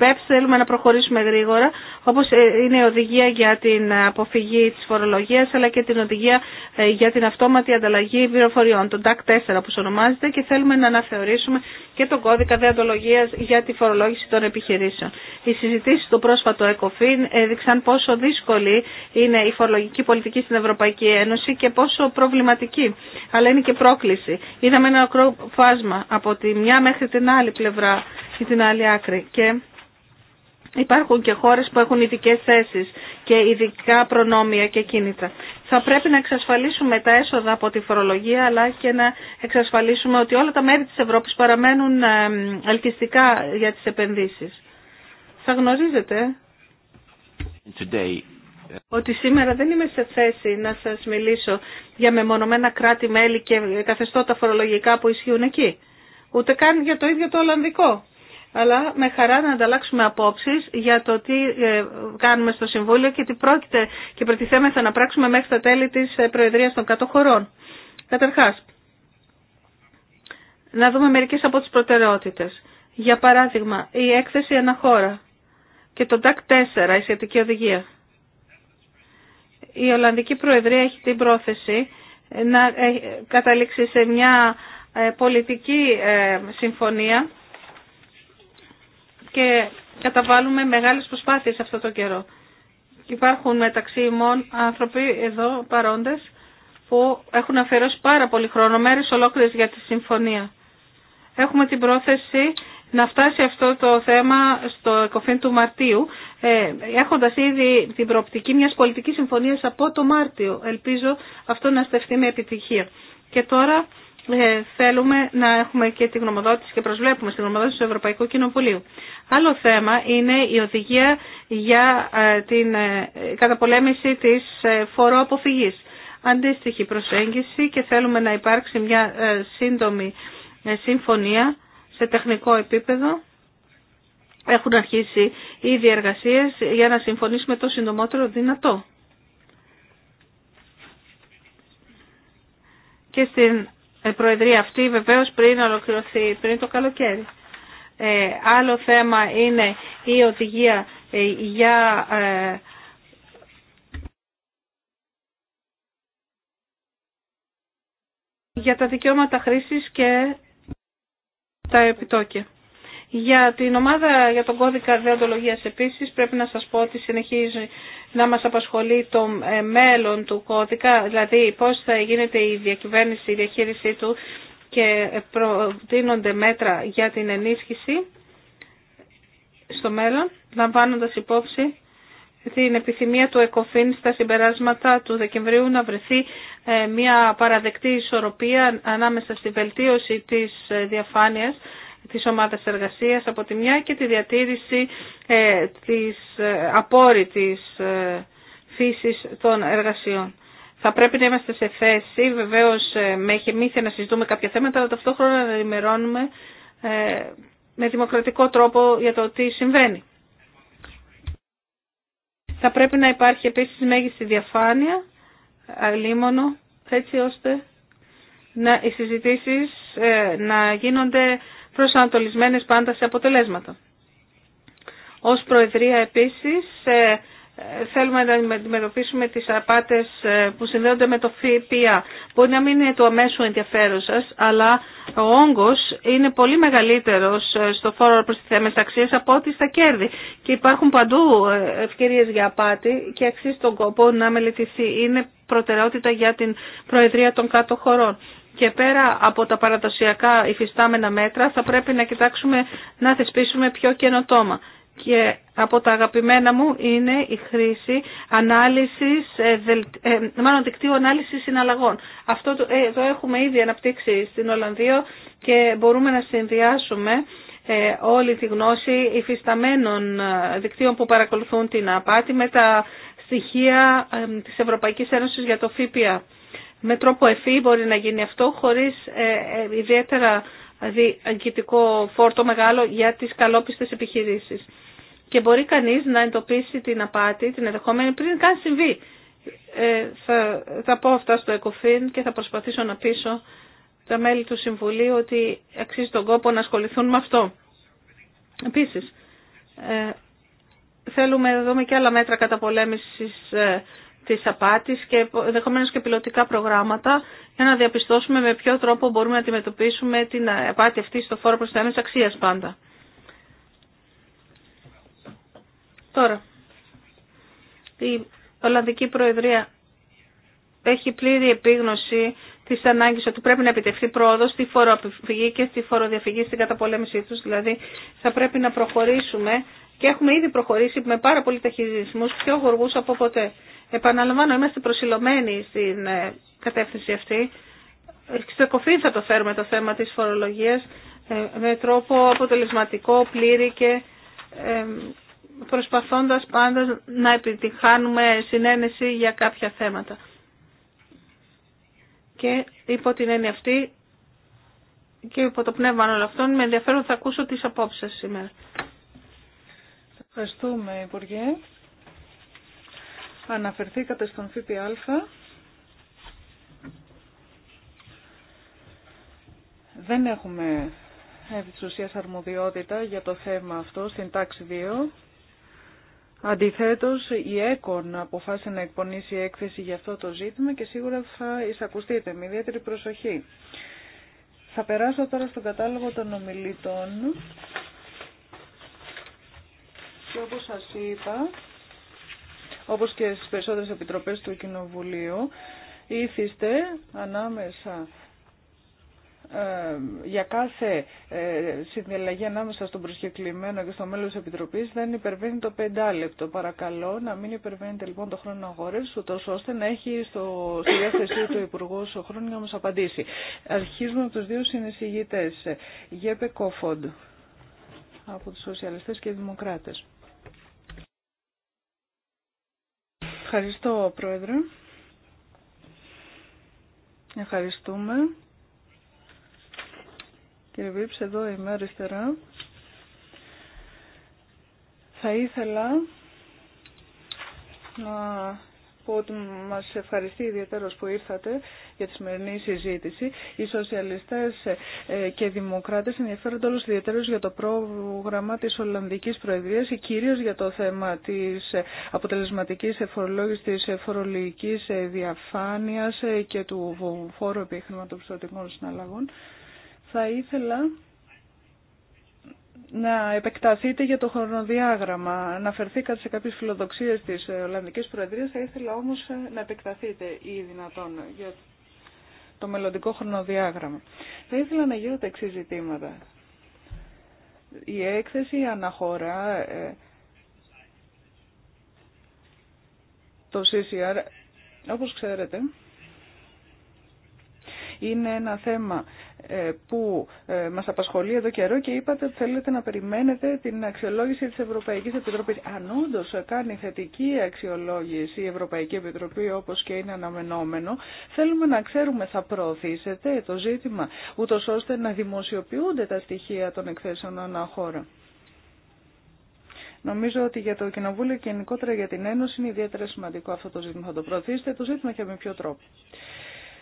Speaker 2: BEPS θέλουμε να προχωρήσουμε γρήγορα, όπως ε, είναι η οδηγία για την αποφυγή της φορολογίας, αλλά και την οδηγία ε, για την αυτόματη ανταλλαγή πληροφοριών, το DAC 4 που ονομάζεται, και θέλουμε να αναθεωρήσουμε και τον κώδικα δεοντολογίας για τη φορολόγηση των επιχειρήσεων. Οι συζητήσεις του πρόσφατο ECOFIN έδειξαν πόσο δύσκολη είναι η φορολογική πολιτική στην Ευρωπαϊκή Ένωση και πόσο προβληματική, αλλά είναι και πρόκληση. Είδαμε ένα ακρό φάσμα από τη μια μέχρι την άλλη πλευρά ή την άλλη άκρη. Και υπάρχουν και χώρες που έχουν ειδικέ θέσεις και ειδικά προνόμια και κίνητρα. Θα πρέπει να εξασφαλίσουμε τα έσοδα από τη φορολογία αλλά και να εξασφαλίσουμε ότι όλα τα μέρη της Ευρώπης παραμένουν ε, ελκυστικά για τις επενδύσεις. Θα γνωρίζετε ότι σήμερα δεν είμαι σε θέση να σας μιλήσω για μεμονωμένα κράτη-μέλη και καθεστώτα φορολογικά που ισχύουν εκεί ούτε καν για το ίδιο το Ολλανδικό. Αλλά με χαρά να ανταλλάξουμε απόψεις για το τι ε, κάνουμε στο Συμβούλιο και τι πρόκειται και προτιθέμεθα να πράξουμε μέχρι τα τέλη της ε, Προεδρία των Κατοχωρών. Καταρχά. να δούμε μερικέ από τις προτεραιότητε. Για παράδειγμα, η έκθεση αναχώρα και το DAC 4, η σχετική οδηγία. Η Ολλανδική Προεδρία έχει την πρόθεση να ε, καταλήξει σε μια ε, πολιτική ε, συμφωνία και καταβάλουμε μεγάλες προσπάθειες αυτό το καιρό. Υπάρχουν μεταξύ ημών άνθρωποι εδώ παρόντες που έχουν αφαιρώσει πάρα πολύ χρόνο, μέρες ολόκληρες για τη συμφωνία. Έχουμε την πρόθεση να φτάσει αυτό το θέμα στο εκοφήν του Μαρτίου, ε, έχοντας ήδη την προοπτική μιας πολιτικής συμφωνίας από το Μάρτιο. Ελπίζω αυτό να στεφτεί με επιτυχία. Και τώρα ε, θέλουμε να έχουμε και τη γνωμοδότηση και προσβλέπουμε στη γνωμοδότηση του Ευρωπαϊκού Κοινοβουλίου. Άλλο θέμα είναι η οδηγία για ε, την ε, καταπολέμηση της φοροαποφυγής. Αντίστοιχη προσέγγιση και θέλουμε να υπάρξει μια σύντομη συμφωνία σε τεχνικό επίπεδο. Έχουν αρχίσει οι διεργασίες για να συμφωνήσουμε το συντομότερο δυνατό. Και στην ε, προεδρία αυτή βεβαίως πριν ολοκληρωθεί, πριν το καλοκαίρι. Ε, άλλο θέμα είναι η οδηγία ε, για για τα δικαιώματα χρήσης και τα επιτόκια. Για την ομάδα για τον κώδικα δεοντολογίας επίση, πρέπει να σας πω ότι συνεχίζει να μα απασχολεί το ε, μέλλον του κώδικα, δηλαδή πώς θα γίνεται η διακυβέρνηση, η διαχείρισή του και προτείνονται μέτρα για την ενίσχυση στο μέλλον, λαμβάνοντα υπόψη την επιθυμία του ΕΚΟΦΗΝ στα συμπεράσματα του Δεκεμβρίου να βρεθεί ε, μια παραδεκτή ισορροπία ανάμεσα στη βελτίωση της ε, διαφάνειας της ομάδας εργασίας από τη μια και τη διατήρηση ε, της ε, απόρριτης ε, φύσης των εργασιών. Θα πρέπει να είμαστε σε θέση, βεβαίως με μύθια να συζητούμε κάποια θέματα, αλλά ταυτόχρονα να ενημερώνουμε με δημοκρατικό τρόπο για το τι συμβαίνει. Θα πρέπει να υπάρχει επίσης μέγιστη διαφάνεια, αλίμονο, έτσι ώστε να, οι συζητήσεις να γίνονται προσανατολισμένες πάντα σε αποτελέσματα. Ως Προεδρία επίσης ε, ε, θέλουμε να αντιμετωπίσουμε τις απάτες ε, που συνδέονται με το ΦΠΑ. Μπορεί να μην είναι το αμέσου ενδιαφέρον αλλά ο όγκος είναι πολύ μεγαλύτερος στο φόρο προς τις αξίες από ό,τι στα κέρδη. Και υπάρχουν παντού ευκαιρίες για απάτη και αξίζει τον κόπο να μελετηθεί. Είναι προτεραιότητα για την Προεδρία των Κάτω Χωρών και πέρα από τα παραδοσιακά υφιστάμενα μέτρα θα πρέπει να κοιτάξουμε να θεσπίσουμε πιο καινοτόμα. Και από τα αγαπημένα μου είναι η χρήση ανάλυσης, ε, ε, μάλλον δικτύου ανάλυσης συναλλαγών. Αυτό ε, το, έχουμε ήδη αναπτύξει στην Ολλανδία και μπορούμε να συνδυάσουμε όλη τη γνώση υφισταμένων δικτύων που παρακολουθούν την απάτη με τα στοιχεία της Ευρωπαϊκής Ένωσης για το ΦΠΑ με τρόπο ευφύ μπορεί να γίνει αυτό χωρίς ε, ε, ιδιαίτερα αγκητικό φόρτο μεγάλο για τις καλόπιστες επιχειρήσεις. Και μπορεί κανείς να εντοπίσει την απάτη, την ενδεχόμενη πριν καν συμβεί. Ε, θα, θα πω αυτά στο ΕΚΟΦΗΝ και θα προσπαθήσω να πείσω τα μέλη του Συμβουλίου ότι αξίζει τον κόπο να ασχοληθούν με αυτό. Επίσης, ε, θέλουμε να δούμε και άλλα μέτρα καταπολέμησης ε, Τη απάτη και ενδεχομένω και πιλωτικά προγράμματα για να διαπιστώσουμε με ποιο τρόπο μπορούμε να αντιμετωπίσουμε την απάτη αυτή στο φόρο της αξία πάντα. Τώρα, η Ολλανδική Προεδρία έχει πλήρη επίγνωση τη ανάγκη ότι πρέπει να επιτευχθεί πρόοδο στη φοροαπηφυγή και στη φοροδιαφυγή στην καταπολέμησή του. Δηλαδή, θα πρέπει να προχωρήσουμε και έχουμε ήδη προχωρήσει με πάρα πολλοί ταχυδισμού πιο γοργού από ποτέ. Επαναλαμβάνω, είμαστε προσιλωμένοι στην ε, κατεύθυνση αυτή. Στο κοφή θα το φέρουμε το θέμα της φορολογίας ε, με τρόπο αποτελεσματικό, πλήρη και ε, προσπαθώντας πάντα να επιτυχάνουμε συνένεση για κάποια θέματα. Και υπό την έννοια αυτή και υπό το πνεύμα όλων αυτών με ενδιαφέρον θα ακούσω τις απόψεις σήμερα. Ευχαριστούμε Υπουργέ αναφερθήκατε στον
Speaker 4: ΦΠΑ. Δεν έχουμε ευθυσουσίας αρμοδιότητα για το θέμα αυτό στην τάξη 2. Αντιθέτως, η ΕΚΟΝ αποφάσισε να εκπονήσει έκθεση για αυτό το ζήτημα και σίγουρα θα εισακουστείτε με ιδιαίτερη προσοχή. Θα περάσω τώρα στον κατάλογο των ομιλητών και όπως σας είπα όπως και στις περισσότερες επιτροπές του Κοινοβουλίου, ήθιστε ανάμεσα ε, για κάθε ε, συνδιαλλαγή ανάμεσα στον προσκεκλημένο και στο μέλο της Επιτροπή δεν υπερβαίνει το πεντάλεπτο. Παρακαλώ να μην υπερβαίνετε λοιπόν το χρόνο αγόρευση, ούτω ώστε να έχει στο, στη διάθεσή του Υπουργό ο χρόνο να μα απαντήσει. Αρχίζουμε από του δύο συνεισηγητέ. Γέπε Κόφοντ από του Σοσιαλιστέ και Δημοκράτε. Ευχαριστώ, Πρόεδρε. Ευχαριστούμε. Κύριε Βίψ, εδώ είμαι αριστερά. Θα ήθελα να πω ότι μας ευχαριστεί ιδιαίτερος που ήρθατε για τη σημερινή συζήτηση. Οι σοσιαλιστές ε, ε, και οι δημοκράτες ενδιαφέρονται όλους ιδιαίτερως για το πρόγραμμα της Ολλανδικής Προεδρίας, κυρίως για το θέμα της ε, αποτελεσματικής εφορολόγησης, της φορολογικής διαφάνειας και του φόρου επί χρηματοπιστωτικών συναλλαγών. Θα ήθελα να επεκταθείτε για το χρονοδιάγραμμα. Αναφερθήκατε σε κάποιες φιλοδοξίες της Ολλανδικής Προεδρίας, θα ήθελα όμως να επεκταθείτε ή δυνατόν για το μελλοντικό χρονοδιάγραμμα. Θα ήθελα να γίνω τα εξή ζητήματα. Η έκθεση αναχώρα ε, το CCR, όπως ξέρετε, είναι ένα θέμα ε, που ε, μας απασχολεί εδώ καιρό και είπατε ότι θέλετε να περιμένετε την αξιολόγηση της Ευρωπαϊκής Επιτροπής. Αν όντω κάνει θετική αξιολόγηση η Ευρωπαϊκή Επιτροπή όπως και είναι αναμενόμενο, θέλουμε να ξέρουμε θα προωθήσετε το ζήτημα, ούτω ώστε να δημοσιοποιούνται τα στοιχεία των εκθέσεων ανά χώρα. Νομίζω ότι για το Κοινοβούλιο και γενικότερα για την Ένωση είναι ιδιαίτερα σημαντικό αυτό το ζήτημα. Θα το προωθήσετε το ζήτημα και με ποιο τρόπο.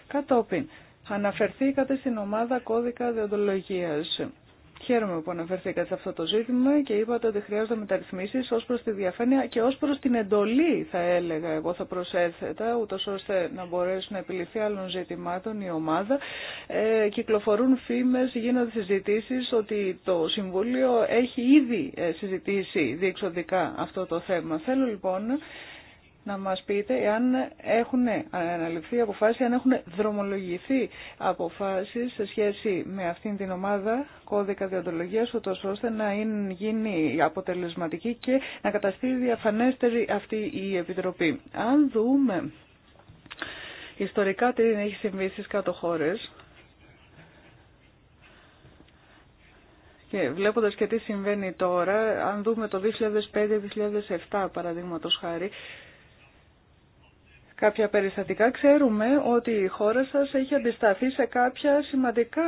Speaker 4: Κατόπιν, Αναφερθήκατε στην ομάδα κώδικα διοντολογίας. Χαίρομαι που αναφερθήκατε σε αυτό το ζήτημα και είπατε ότι χρειάζονται μεταρρυθμίσεις ως προς τη διαφάνεια και ως προς την εντολή θα έλεγα εγώ θα προσέθετα ούτως ώστε να μπορέσει να επιληθεί άλλων ζητημάτων η ομάδα. Ε, κυκλοφορούν φήμες, γίνονται συζητήσεις ότι το Συμβούλιο έχει ήδη ε, συζητήσει διεξοδικά αυτό το θέμα. Θέλω λοιπόν να μας πείτε αν έχουν αναλυφθεί αποφάσεις, αν έχουν δρομολογηθεί αποφάσεις σε σχέση με αυτήν την ομάδα κώδικα διοντολογία ούτω ώστε να είναι, γίνει αποτελεσματική και να καταστεί διαφανέστερη αυτή η Επιτροπή. Αν δούμε ιστορικά τι έχει συμβεί στις κάτω χώρες, Και βλέποντας και τι συμβαίνει τώρα, αν δούμε το 2005-2007 παραδείγματος χάρη, κάποια περιστατικά. Ξέρουμε ότι η χώρα σας έχει αντισταθεί σε κάποια σημαντικά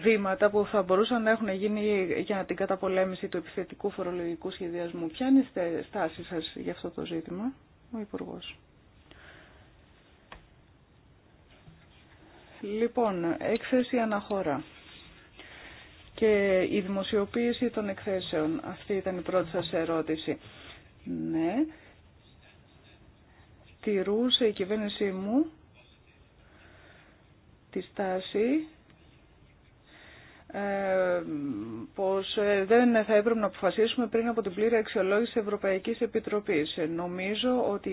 Speaker 4: βήματα που θα μπορούσαν να έχουν γίνει για την καταπολέμηση του επιθετικού φορολογικού σχεδιασμού. Ποια είναι η στάση σας για αυτό το ζήτημα, ο υπουργό. Λοιπόν, έκθεση αναχώρα και η δημοσιοποίηση των εκθέσεων. Αυτή ήταν η πρώτη σας ερώτηση. Ναι τηρούσε η κυβέρνησή μου τη στάση ε, πως ε, δεν θα έπρεπε να αποφασίσουμε πριν από την πλήρη αξιολόγηση της Ευρωπαϊκής Επιτροπής. Ε, νομίζω ότι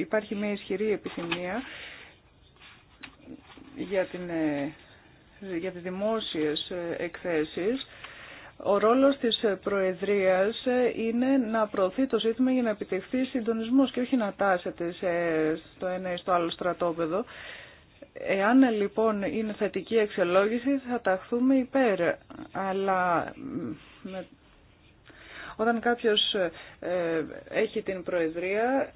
Speaker 4: υπάρχει μια ισχυρή επιθυμία για, την, για τις δημόσιες εκθέσεις ο ρόλος της Προεδρίας είναι να προωθεί το ζήτημα για να επιτευχθεί συντονισμός και όχι να τάσεται σε, στο ένα ή στο άλλο στρατόπεδο. Εάν λοιπόν είναι θετική εξελόγηση θα ταχθούμε υπέρ, αλλά όταν κάποιος ε, έχει την Προεδρία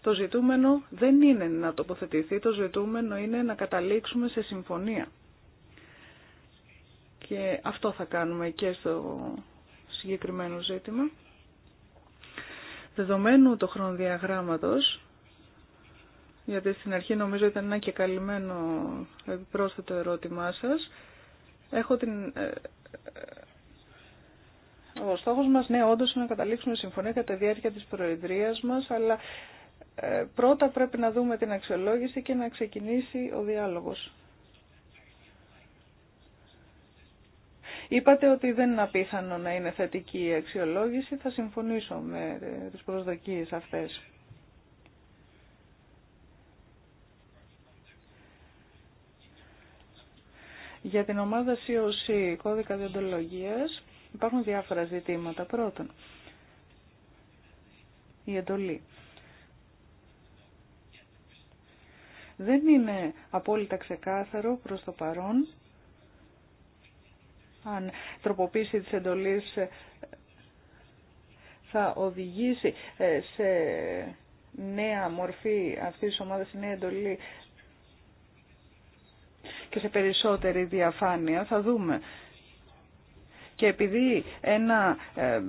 Speaker 4: το ζητούμενο δεν είναι να τοποθετηθεί, το ζητούμενο είναι να καταλήξουμε σε συμφωνία. Και αυτό θα κάνουμε και στο συγκεκριμένο ζήτημα. Δεδομένου το χρονοδιαγράμματος, γιατί στην αρχή νομίζω ήταν ένα και καλυμμένο επιπρόσθετο ερώτημά σας, έχω την... Ε, ε, ο στόχος μας, ναι, όντως είναι να καταλήξουμε συμφωνία κατά τη διάρκεια της Προεδρίας μας, αλλά ε, πρώτα πρέπει να δούμε την αξιολόγηση και να ξεκινήσει ο διάλογος. Είπατε ότι δεν είναι απίθανο να είναι θετική η αξιολόγηση. Θα συμφωνήσω με τις προσδοκίες αυτές. Για την ομάδα COC, κώδικα διοντολογίας, υπάρχουν διάφορα ζητήματα. Πρώτον, η εντολή. Δεν είναι απόλυτα ξεκάθαρο προς το παρόν αν τροποποίηση της εντολής ε, θα οδηγήσει ε, σε νέα μορφή αυτής της ομάδας, σε νέα εντολή και σε περισσότερη διαφάνεια, θα δούμε. Και επειδή ένα ε,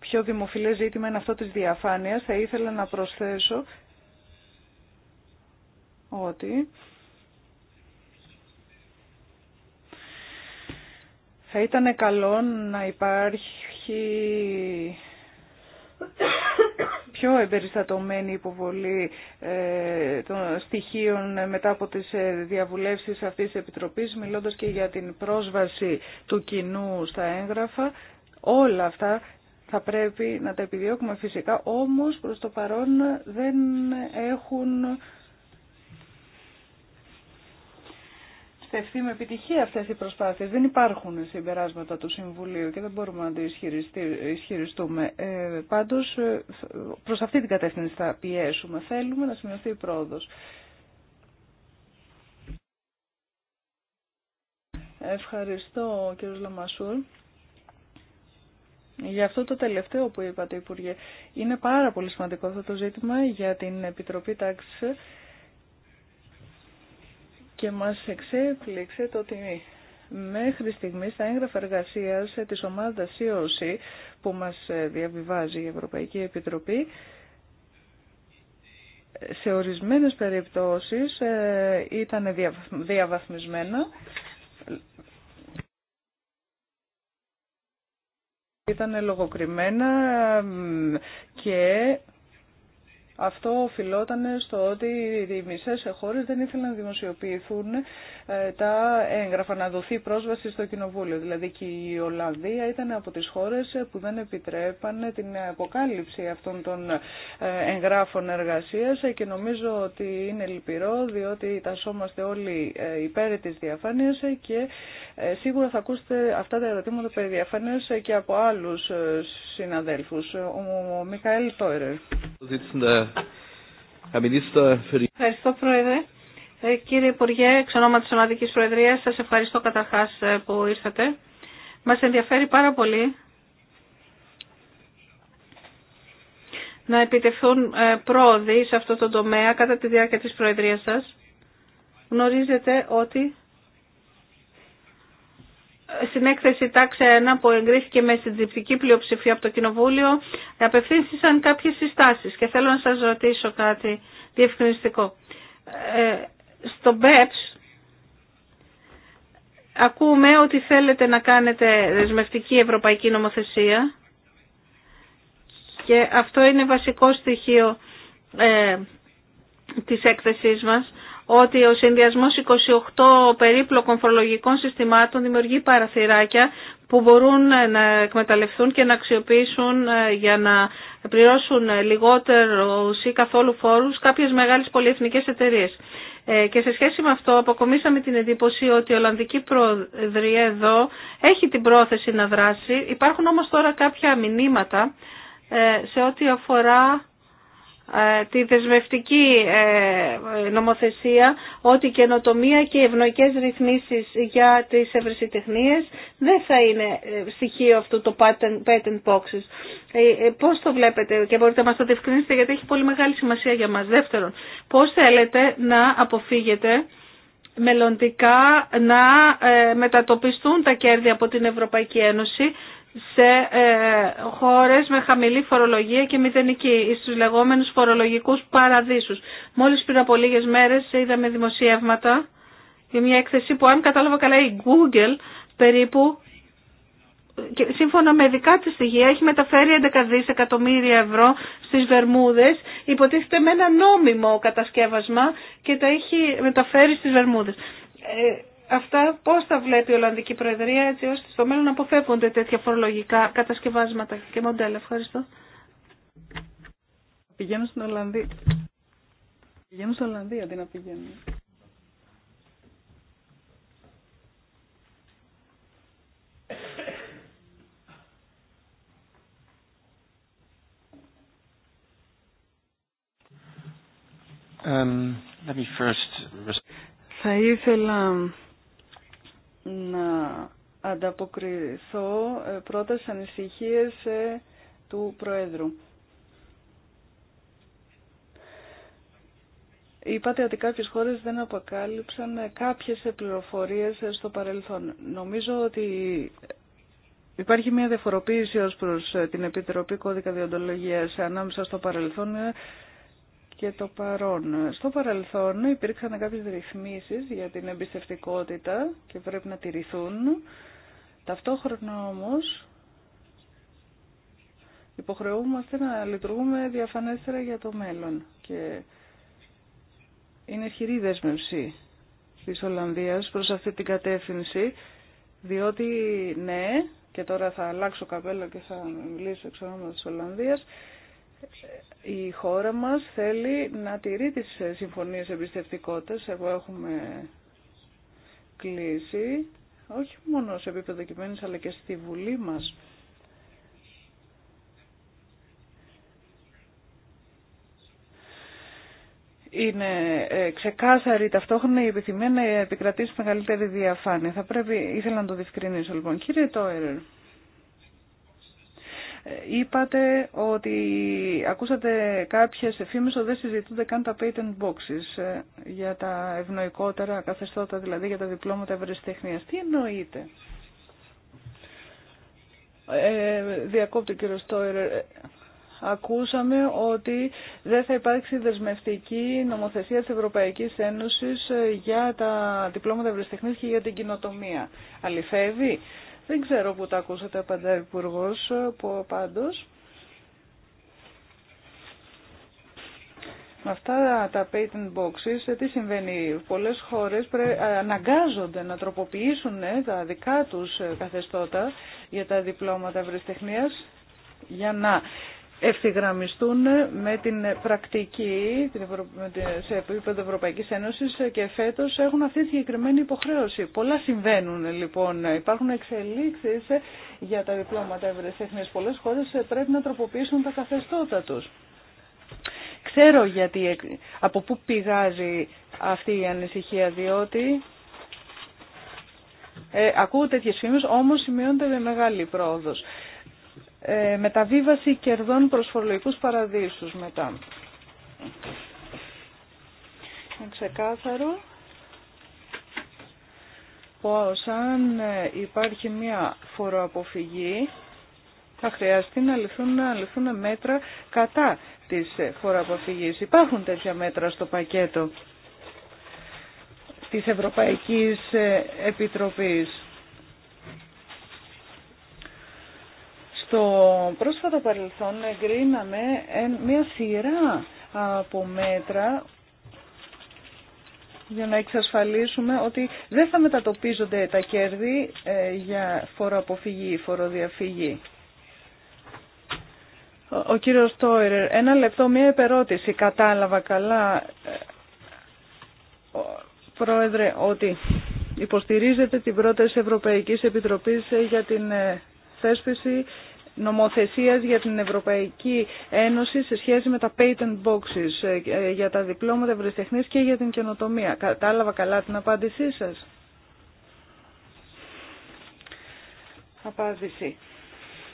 Speaker 4: πιο δημοφιλές ζήτημα είναι αυτό της διαφάνειας, θα ήθελα να προσθέσω ότι Θα ήταν καλό να υπάρχει πιο εμπεριστατωμένη υποβολή ε, των στοιχείων μετά από τις ε, διαβουλεύσεις αυτής της Επιτροπής, μιλώντας και για την πρόσβαση του κοινού στα έγγραφα. Όλα αυτά θα πρέπει να τα επιδιώκουμε φυσικά, όμως προς το παρόν δεν έχουν στεφθεί με επιτυχία αυτές οι προσπάθειες. Δεν υπάρχουν συμπεράσματα του Συμβουλίου και δεν μπορούμε να το ισχυριστούμε. Ε, πάντως, ε, προς αυτή την κατεύθυνση θα πιέσουμε. Θέλουμε να σημειωθεί η πρόοδος. Ευχαριστώ, κύριος Λαμασούρ. Για αυτό το τελευταίο που είπατε, Υπουργέ, είναι πάρα πολύ σημαντικό αυτό το ζήτημα για την Επιτροπή Τάξης και μας εξέπληξε το ότι μέχρι στιγμή τα έγγραφα εργασίας της ομάδας COC που μας διαβιβάζει η Ευρωπαϊκή Επιτροπή σε ορισμένες περιπτώσεις ε, ήταν διαβαθμισμένα ήταν λογοκριμένα και αυτό οφειλόταν στο ότι οι μισές χώρες δεν ήθελαν να δημοσιοποιηθούν ε, τα έγγραφα, να δοθεί πρόσβαση στο Κοινοβούλιο. Δηλαδή και η Ολλανδία ήταν από τις χώρες που δεν επιτρέπανε την αποκάλυψη αυτών των ε, εγγράφων εργασίας και νομίζω ότι είναι λυπηρό διότι σώμαστε όλοι ε, υπέρ της διαφάνειας και σίγουρα θα ακούσετε αυτά τα ερωτήματα περί διαφάνειας και από άλλους συναδέλφους.
Speaker 2: Ο Μιχαήλ Τόιρερ. Ευχαριστώ, Πρόεδρε. Ε, κύριε Υπουργέ, εξ ονόματος της Ομαδικής Προεδρίας, σας ευχαριστώ καταρχάς ε, που ήρθατε. Μας ενδιαφέρει πάρα πολύ να επιτευχθούν ε, πρόοδοι σε αυτό το τομέα κατά τη διάρκεια της Προεδρίας σας. Γνωρίζετε ότι στην έκθεση τάξη 1 που εγκρίθηκε με συντριπτική πλειοψηφία από το Κοινοβούλιο απευθύνθησαν κάποιες συστάσεις και θέλω να σας ρωτήσω κάτι διευκρινιστικό. Ε, στο BEPS ακούμε ότι θέλετε να κάνετε δεσμευτική ευρωπαϊκή νομοθεσία και αυτό είναι βασικό στοιχείο ε, της έκθεσής μας ότι ο συνδυασμός 28 περίπλοκων φορολογικών συστημάτων δημιουργεί παραθυράκια που μπορούν να εκμεταλλευτούν και να αξιοποιήσουν ε, για να πληρώσουν λιγότερους ή καθόλου φόρους κάποιες μεγάλες πολυεθνικές εταιρείες. Ε, και σε σχέση με αυτό αποκομίσαμε την εντύπωση ότι η Ολλανδική Προεδρία εδώ έχει την πρόθεση να δράσει. Υπάρχουν όμως τώρα κάποια μηνύματα ε, σε ό,τι αφορά ε, τη δεσμευτική ε, νομοθεσία ότι η καινοτομία και οι ευνοϊκές ρυθμίσεις για τις ευρεσιτεχνίες δεν θα είναι ε, στοιχείο αυτού το patent, patent boxes. Πώς το βλέπετε και μπορείτε να μας το διευκρινίσετε γιατί έχει πολύ μεγάλη σημασία για μας. Δεύτερον, πώς θέλετε να αποφύγετε μελλοντικά να μετατοπιστούν τα κέρδη από την Ευρωπαϊκή Ένωση σε ε, χώρες με χαμηλή φορολογία και μηδενική, στους λεγόμενους φορολογικούς παραδείσους. Μόλις πριν από λίγες μέρες είδαμε δημοσιεύματα για μια έκθεση που αν κατάλαβα καλά η Google περίπου σύμφωνα με δικά τη στοιχεία έχει μεταφέρει 11 δισεκατομμύρια ευρώ στις Βερμούδες υποτίθεται με ένα νόμιμο κατασκεύασμα και τα έχει μεταφέρει στις Βερμούδες. Ε, αυτά πώς θα βλέπει η Ολλανδική Προεδρία έτσι ώστε στο μέλλον να αποφεύγονται τέτοια φορολογικά κατασκευάσματα και μοντέλα. Ευχαριστώ. Πηγαίνω στην Ολλανδία. Πηγαίνω στην
Speaker 4: Ολλανδία αντί να πηγαίνω.
Speaker 3: Um, let me first...
Speaker 4: Θα ήθελα να ανταποκριθώ ε, πρώτα σε ανησυχίες ε, του Προέδρου. Είπατε ότι κάποιες χώρες δεν αποκάλυψαν ε, κάποιες πληροφορίες στο παρελθόν. Νομίζω ότι υπάρχει μια διαφοροποίηση ως προς την Επιτροπή Κώδικα Διοντολογίας ανάμεσα στο παρελθόν και το παρόν. Στο παρελθόν υπήρξαν κάποιες ρυθμίσεις για την εμπιστευτικότητα και πρέπει να τηρηθούν. Ταυτόχρονα όμως υποχρεούμαστε να λειτουργούμε διαφανέστερα για το μέλλον και είναι με δέσμευση της Ολλανδίας προς αυτή την κατεύθυνση διότι ναι και τώρα θα αλλάξω καπέλα και θα μιλήσω εξ ονόματος της Ολλανδίας η χώρα μας θέλει να τηρεί τις συμφωνίες εμπιστευτικότητας, εγώ έχουμε κλείσει, όχι μόνο σε επίπεδο κειμένης αλλά και στη Βουλή μας. είναι ε, ξεκάθαρη ταυτόχρονα η επιθυμία να επικρατήσει μεγαλύτερη διαφάνεια. Θα πρέπει, ήθελα να το διευκρινίσω λοιπόν. Κύριε Τόερερ. Είπατε ότι ακούσατε κάποιες εφήμες ότι δεν συζητούνται καν τα patent boxes ε, για τα ευνοϊκότερα καθεστώτα, δηλαδή για τα διπλώματα ευρεσιτεχνίας. Τι εννοείτε. Ε, διακόπτω κύριο Στόιρερ. Ε, ακούσαμε ότι δεν θα υπάρξει δεσμευτική νομοθεσία της Ευρωπαϊκής Ένωσης ε, για τα διπλώματα ευρεσιτεχνής και για την κοινοτομία. Αληθεύει. Δεν ξέρω που τα ακούσατε, απαντά ο υπουργό, που πάντως Με αυτά τα patent boxes, ε, τι συμβαίνει, πολλές χώρες ε, αναγκάζονται να τροποποιήσουν ε, τα δικά τους καθεστώτα για τα διπλώματα ευρεσιτεχνίας για να ευθυγραμμιστούν με την πρακτική σε επίπεδο Ευρωπαϊκής Ένωσης και φέτος έχουν αυτή τη συγκεκριμένη υποχρέωση. Πολλά συμβαίνουν λοιπόν, υπάρχουν εξελίξεις για τα διπλώματα ευρεσέχνες. Πολλές χώρες πρέπει να τροποποιήσουν τα καθεστώτα τους. Ξέρω γιατί, από πού πηγάζει αυτή η ανησυχία, διότι ε, ακούω τέτοιες φήμες, όμως σημειώνεται με μεγάλη πρόοδος. Ε, μεταβίβαση κερδών προς φορολογικούς παραδείσους μετά. Είναι ξεκάθαρο πως αν ε, υπάρχει μια φοροαποφυγή θα χρειαστεί να ληφθούν, να μέτρα κατά της ε, φοροαποφυγής. Υπάρχουν τέτοια μέτρα στο πακέτο της Ευρωπαϊκής Επιτροπής. Στο πρόσφατο παρελθόν εγκρίναμε μια σειρά από μέτρα για να εξασφαλίσουμε ότι δεν θα μετατοπίζονται τα κέρδη ε, για φοροαποφυγή ή φοροδιαφυγή. Ο κύριος Τόιρερ, ένα λεπτό, μία επερώτηση. Κατάλαβα καλά, ε, πρόεδρε, ότι υποστηρίζεται την πρόταση Ευρωπαϊκής Επιτροπής ε, για την θέσπιση νομοθεσίας για την Ευρωπαϊκή Ένωση σε σχέση με τα patent boxes ε, ε, για τα διπλώματα ευρεσιτεχνής και για την καινοτομία. Κατάλαβα καλά την απάντησή σας. Απάντηση.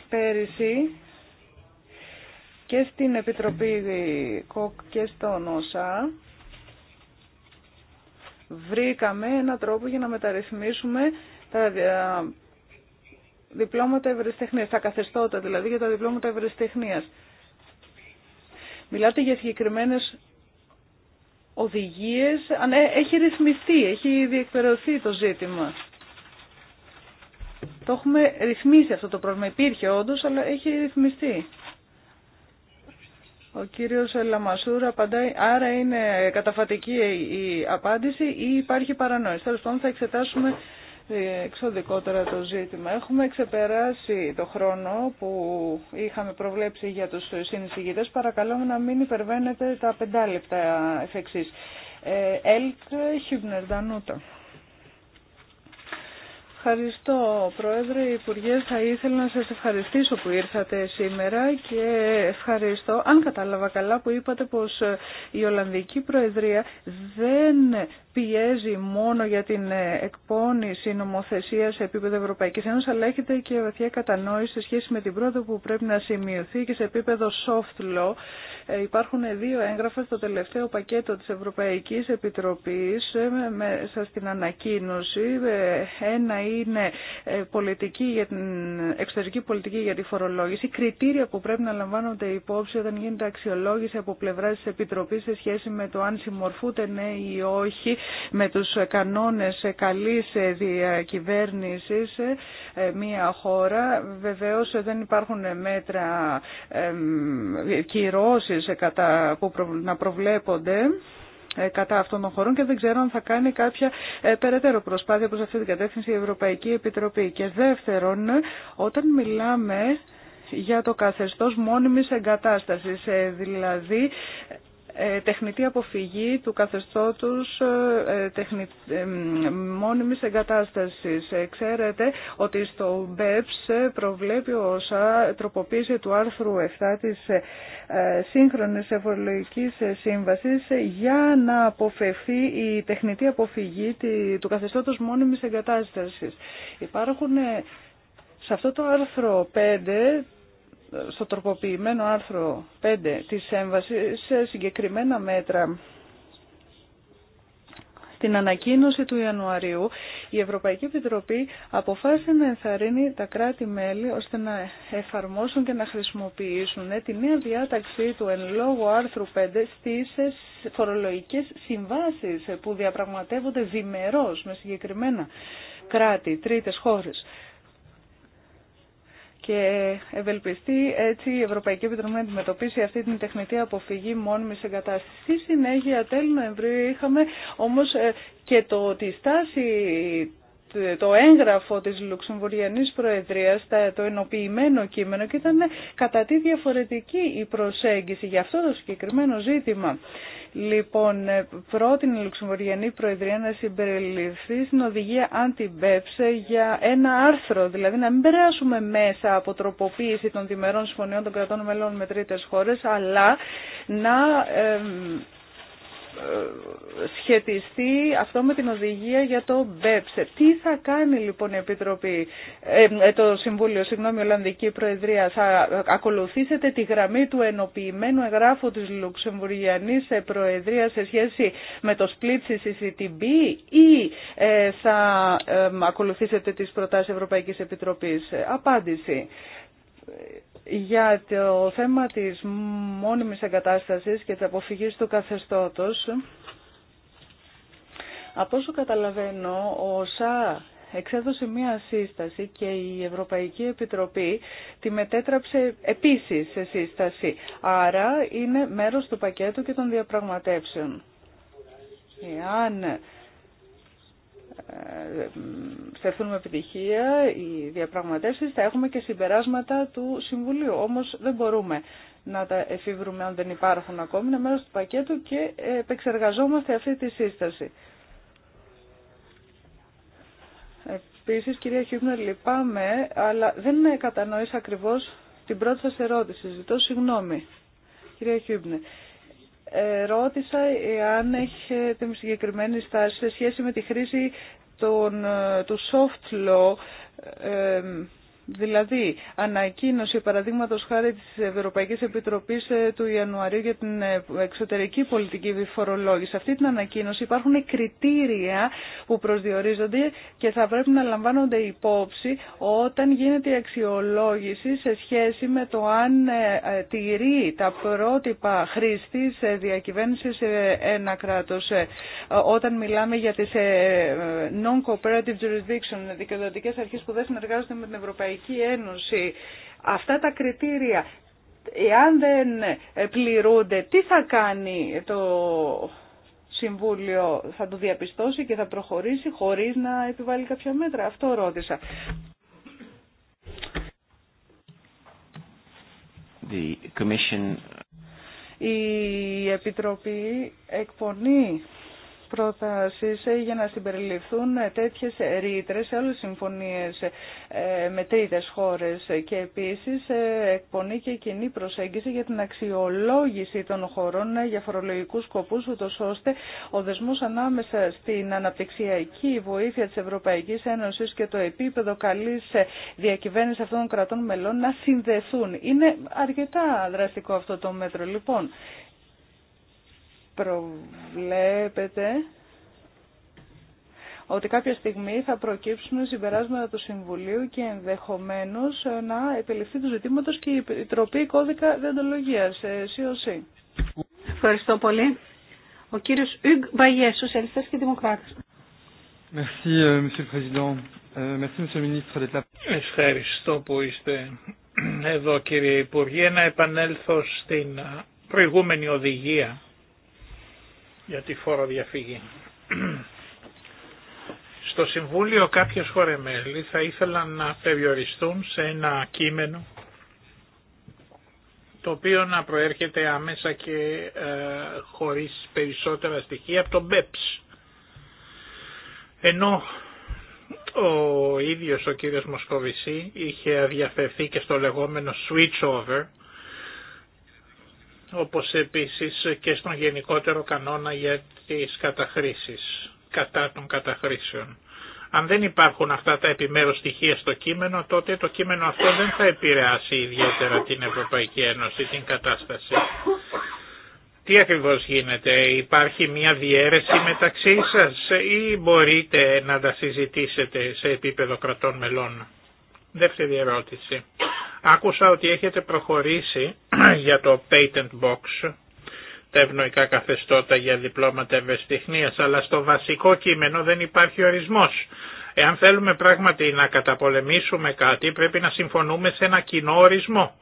Speaker 4: Πέρυσι και στην Επιτροπή ΚΟΚ και στον ΩΣΑ βρήκαμε ένα τρόπο για να μεταρρυθμίσουμε τα διπλώματα ευρεστέχνειας, τα καθεστώτα δηλαδή για τα διπλώματα ευρεσιτεχνία. Μιλάτε για συγκεκριμένες οδηγίες, ναι, έχει ρυθμιστεί, έχει διεκπαιρεωθεί το ζήτημα. Το έχουμε ρυθμίσει αυτό το πρόβλημα. Υπήρχε όντω, αλλά έχει ρυθμιστεί. Ο κύριος Λαμασούρ απαντάει, άρα είναι καταφατική η απάντηση ή υπάρχει παρανόηση. Τέλο πάντων θα εξετάσουμε εξωδικότερα το ζήτημα. Έχουμε ξεπεράσει το χρόνο που είχαμε προβλέψει για τους συνεισηγητές. Παρακαλώ να μην υπερβαίνετε τα πεντάλεπτα εφ' εξής. Ε, Ελκ Χιμπνερ Ευχαριστώ Πρόεδρε, Υπουργέ. Θα ήθελα να σας ευχαριστήσω που ήρθατε σήμερα και ευχαριστώ, αν κατάλαβα καλά, που είπατε πως η Ολλανδική Προεδρία δεν πιέζει μόνο για την εκπόνηση νομοθεσία σε επίπεδο Ευρωπαϊκής Ένωσης, αλλά έχετε και βαθιά κατανόηση σε σχέση με την πρώτη που πρέπει να σημειωθεί και σε επίπεδο soft law. Ε, υπάρχουν δύο έγγραφα στο τελευταίο πακέτο της Ευρωπαϊκής Επιτροπής ε, μέσα στην ανακοίνωση. Ε, ένα είναι ε, πολιτική την εξωτερική πολιτική για τη φορολόγηση, κριτήρια που πρέπει να λαμβάνονται υπόψη όταν γίνεται αξιολόγηση από πλευρά τη Επιτροπή σε σχέση με το αν συμμορφούνται ναι ή όχι με του κανόνε καλή ε, διακυβέρνηση ε, μία χώρα. Βεβαίω δεν υπάρχουν μέτρα κυρώσει που να προβλέπονται ε, κατά αυτών των χωρών και δεν ξέρω αν θα κάνει κάποια ε, περαιτέρω προσπάθεια προς αυτή την κατεύθυνση η Ευρωπαϊκή Επιτροπή. Και δεύτερον, όταν μιλάμε για το καθεστώς μόνιμης εγκατάστασης, ε, δηλαδή ε, τεχνητή αποφυγή του καθεστώτους ε, ε, μόνιμης εγκατάστασης. Ξέρετε ότι στο BEPS προβλέπει όσα τροποποίηση του άρθρου 7 της σύγχρονης ευρωλογικής σύμβασης για να αποφευθεί η τεχνητή αποφυγή του καθεστώτος μόνιμης εγκατάστασης. Υπάρχουν σε αυτό το άρθρο 5 στο τροποποιημένο άρθρο 5 της Έμβασης σε συγκεκριμένα μέτρα. την ανακοίνωση του Ιανουαρίου η Ευρωπαϊκή Επιτροπή αποφάσισε να ενθαρρύνει τα κράτη-μέλη ώστε να εφαρμόσουν και να χρησιμοποιήσουν ε, τη νέα διάταξη του εν λόγω άρθρου 5 στις ε, φορολογικές συμβάσεις ε, που διαπραγματεύονται διμερώς με συγκεκριμένα κράτη, τρίτες χώρες και ευελπιστεί έτσι η Ευρωπαϊκή Επιτροπή να αντιμετωπίσει αυτή την τεχνητή αποφυγή μόνιμη εγκατάσταση. Στη συνέχεια τέλη Νοεμβρίου είχαμε όμως ε, και το, τη στάση το έγγραφο της Λουξεμβουριανής Προεδρίας, το ενοποιημένο κείμενο και ήταν κατά τι διαφορετική η προσέγγιση για αυτό το συγκεκριμένο ζήτημα. Λοιπόν, ε, πρότεινε η Λουξεμβουριανή Προεδρία να συμπεριληφθεί στην οδηγία για ένα άρθρο, δηλαδή να μην περάσουμε μέσα από τροποποίηση των διμερών συμφωνιών των κρατών μελών με τρίτες χώρες, αλλά να σχετιστεί αυτό με την οδηγία για το BEPS. Τι θα κάνει λοιπόν η Επιτροπή, ε, ε, το Συμβούλιο, συγγνώμη, Ολλανδική Προεδρία, θα ακολουθήσετε τη γραμμή του ενοποιημένου εγγράφου της Λουξεμβουργιανής ε, Προεδρίας σε σχέση με το split της CCTB ή θα ακολουθήσετε τις προτάσεις Ευρωπαϊκής Επιτροπής. Απάντηση για το θέμα της μόνιμης εγκατάστασης και της αποφυγής του καθεστώτος, από όσο καταλαβαίνω, ο ΣΑ εξέδωσε μία σύσταση και η Ευρωπαϊκή Επιτροπή τη μετέτραψε επίσης σε σύσταση. Άρα είναι μέρος του πακέτου και των διαπραγματεύσεων. Εάν σε με επιτυχία οι διαπραγματεύσεις, θα έχουμε και συμπεράσματα του Συμβουλίου. Όμως δεν μπορούμε να τα εφήβρουμε αν δεν υπάρχουν ακόμη, είναι μέρος του πακέτου και επεξεργαζόμαστε αυτή τη σύσταση. Επίσης, κυρία Χίπνερ, λυπάμαι, αλλά δεν κατανοείς ακριβώς την πρώτη σας ερώτηση. Ζητώ συγγνώμη. Κυρία Χιούμπνερ, ε, ρώτησα αν έχετε συγκεκριμένη στάση σε σχέση με τη χρήση των, ε, του soft law ε, Δηλαδή, ανακοίνωση παραδείγματο χάρη τη Ευρωπαϊκή Επιτροπή ε, του Ιανουαρίου για την ε, εξωτερική πολιτική φορολόγηση. αυτή την ανακοίνωση υπάρχουν κριτήρια που προσδιορίζονται και θα πρέπει να λαμβάνονται υπόψη όταν γίνεται η αξιολόγηση σε σχέση με το αν ε, τηρεί τα πρότυπα χρήστη διακυβέρνηση σε ένα κράτο. Όταν μιλάμε για τι non-cooperative jurisdiction, δικαιοδοτικέ αρχέ που δεν συνεργάζονται με την Ευρωπαϊκή Ευρωπαϊκή Αυτά τα κριτήρια, εάν δεν πληρούνται, τι θα κάνει το Συμβούλιο, θα το διαπιστώσει και θα προχωρήσει χωρίς να επιβάλλει κάποια μέτρα. Αυτό ρώτησα. commission... Η Επιτροπή εκπονεί πρότασης για να συμπεριληφθούν τέτοιες ρήτρε σε άλλες συμφωνίες ε, με τρίτε χώρες και επίσης ε, εκπονεί και κοινή προσέγγιση για την αξιολόγηση των χωρών ε, για φορολογικούς σκοπούς ούτως ώστε ο δεσμός ανάμεσα στην αναπτυξιακή βοήθεια της Ευρωπαϊκής Ένωσης και το επίπεδο καλή διακυβέρνηση αυτών των κρατών μελών να συνδεθούν. Είναι αρκετά δραστικό αυτό το μέτρο. Λοιπόν, προβλέπετε ότι κάποια στιγμή θα προκύψουν συμπεράσματα του Συμβουλίου και ενδεχομένως να επιληφθεί του ζητήματος και η Επιτροπή Κώδικα
Speaker 2: Διοντολογίας, COC. Ε, Ευχαριστώ πολύ. Ο κύριος Ουγ Μπαγιέ,
Speaker 1: Σοσιαλιστές και Δημοκράτες.
Speaker 3: Euh, euh,
Speaker 1: Ευχαριστώ που είστε εδώ κύριε Υπουργέ. Να επανέλθω στην προηγούμενη οδηγία για τη διαφύγη. Στο Συμβούλιο κάποιες χωρεμέλη θα ήθελαν να περιοριστούν σε ένα κείμενο το οποίο να προέρχεται άμεσα και ε, χωρίς περισσότερα στοιχεία από το BEPS. Ε Ενώ ο ίδιος ο κύριος Μοσκοβισή είχε αδιαφερθεί και στο λεγόμενο switch over, όπως επίσης και στον γενικότερο κανόνα για τις καταχρήσεις, κατά των καταχρήσεων. Αν δεν υπάρχουν αυτά τα επιμέρους στοιχεία στο κείμενο, τότε το κείμενο αυτό δεν θα επηρεάσει ιδιαίτερα την Ευρωπαϊκή Ένωση, την κατάσταση. Τι ακριβώς γίνεται, υπάρχει μια διαίρεση μεταξύ σας ή μπορείτε να τα συζητήσετε σε επίπεδο κρατών μελών. Δεύτερη ερώτηση. Άκουσα ότι έχετε προχωρήσει για το patent box, τα ευνοϊκά καθεστώτα για διπλώματα ευαισθηχνίας, αλλά στο βασικό κείμενο δεν υπάρχει ορισμός. Εάν θέλουμε πράγματι να καταπολεμήσουμε κάτι, πρέπει να συμφωνούμε σε ένα κοινό ορισμό.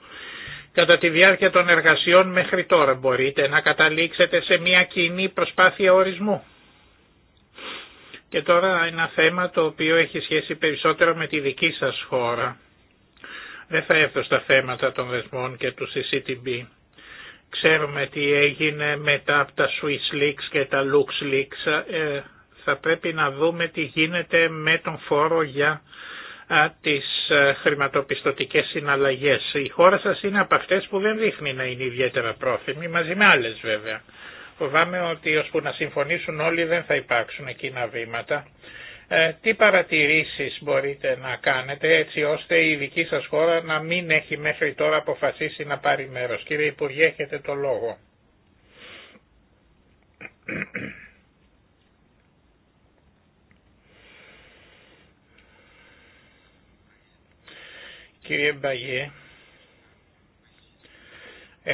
Speaker 1: Κατά τη διάρκεια των εργασιών μέχρι τώρα μπορείτε να καταλήξετε σε μια κοινή προσπάθεια ορισμού. Και τώρα ένα θέμα το οποίο έχει σχέση περισσότερο με τη δική σας χώρα. Δεν θα έρθω στα θέματα των δεσμών και του CCTB. Ξέρουμε τι έγινε μετά από τα Swiss Leaks και τα Lux Leaks. Ε, θα πρέπει να δούμε τι γίνεται με τον φόρο για τις ε, χρηματοπιστωτικές συναλλαγές. Η χώρα σας είναι από αυτές που δεν δείχνει να είναι ιδιαίτερα πρόθυμη, μαζί με άλλες βέβαια. Φοβάμαι ότι ώσπου να συμφωνήσουν όλοι δεν θα υπάρξουν εκείνα βήματα. Ε, τι παρατηρήσεις μπορείτε να κάνετε έτσι ώστε η δική σας χώρα να μην έχει μέχρι τώρα αποφασίσει να πάρει μέρος. Κύριε Υπουργέ, έχετε το λόγο. Κύριε Μπαγιέ,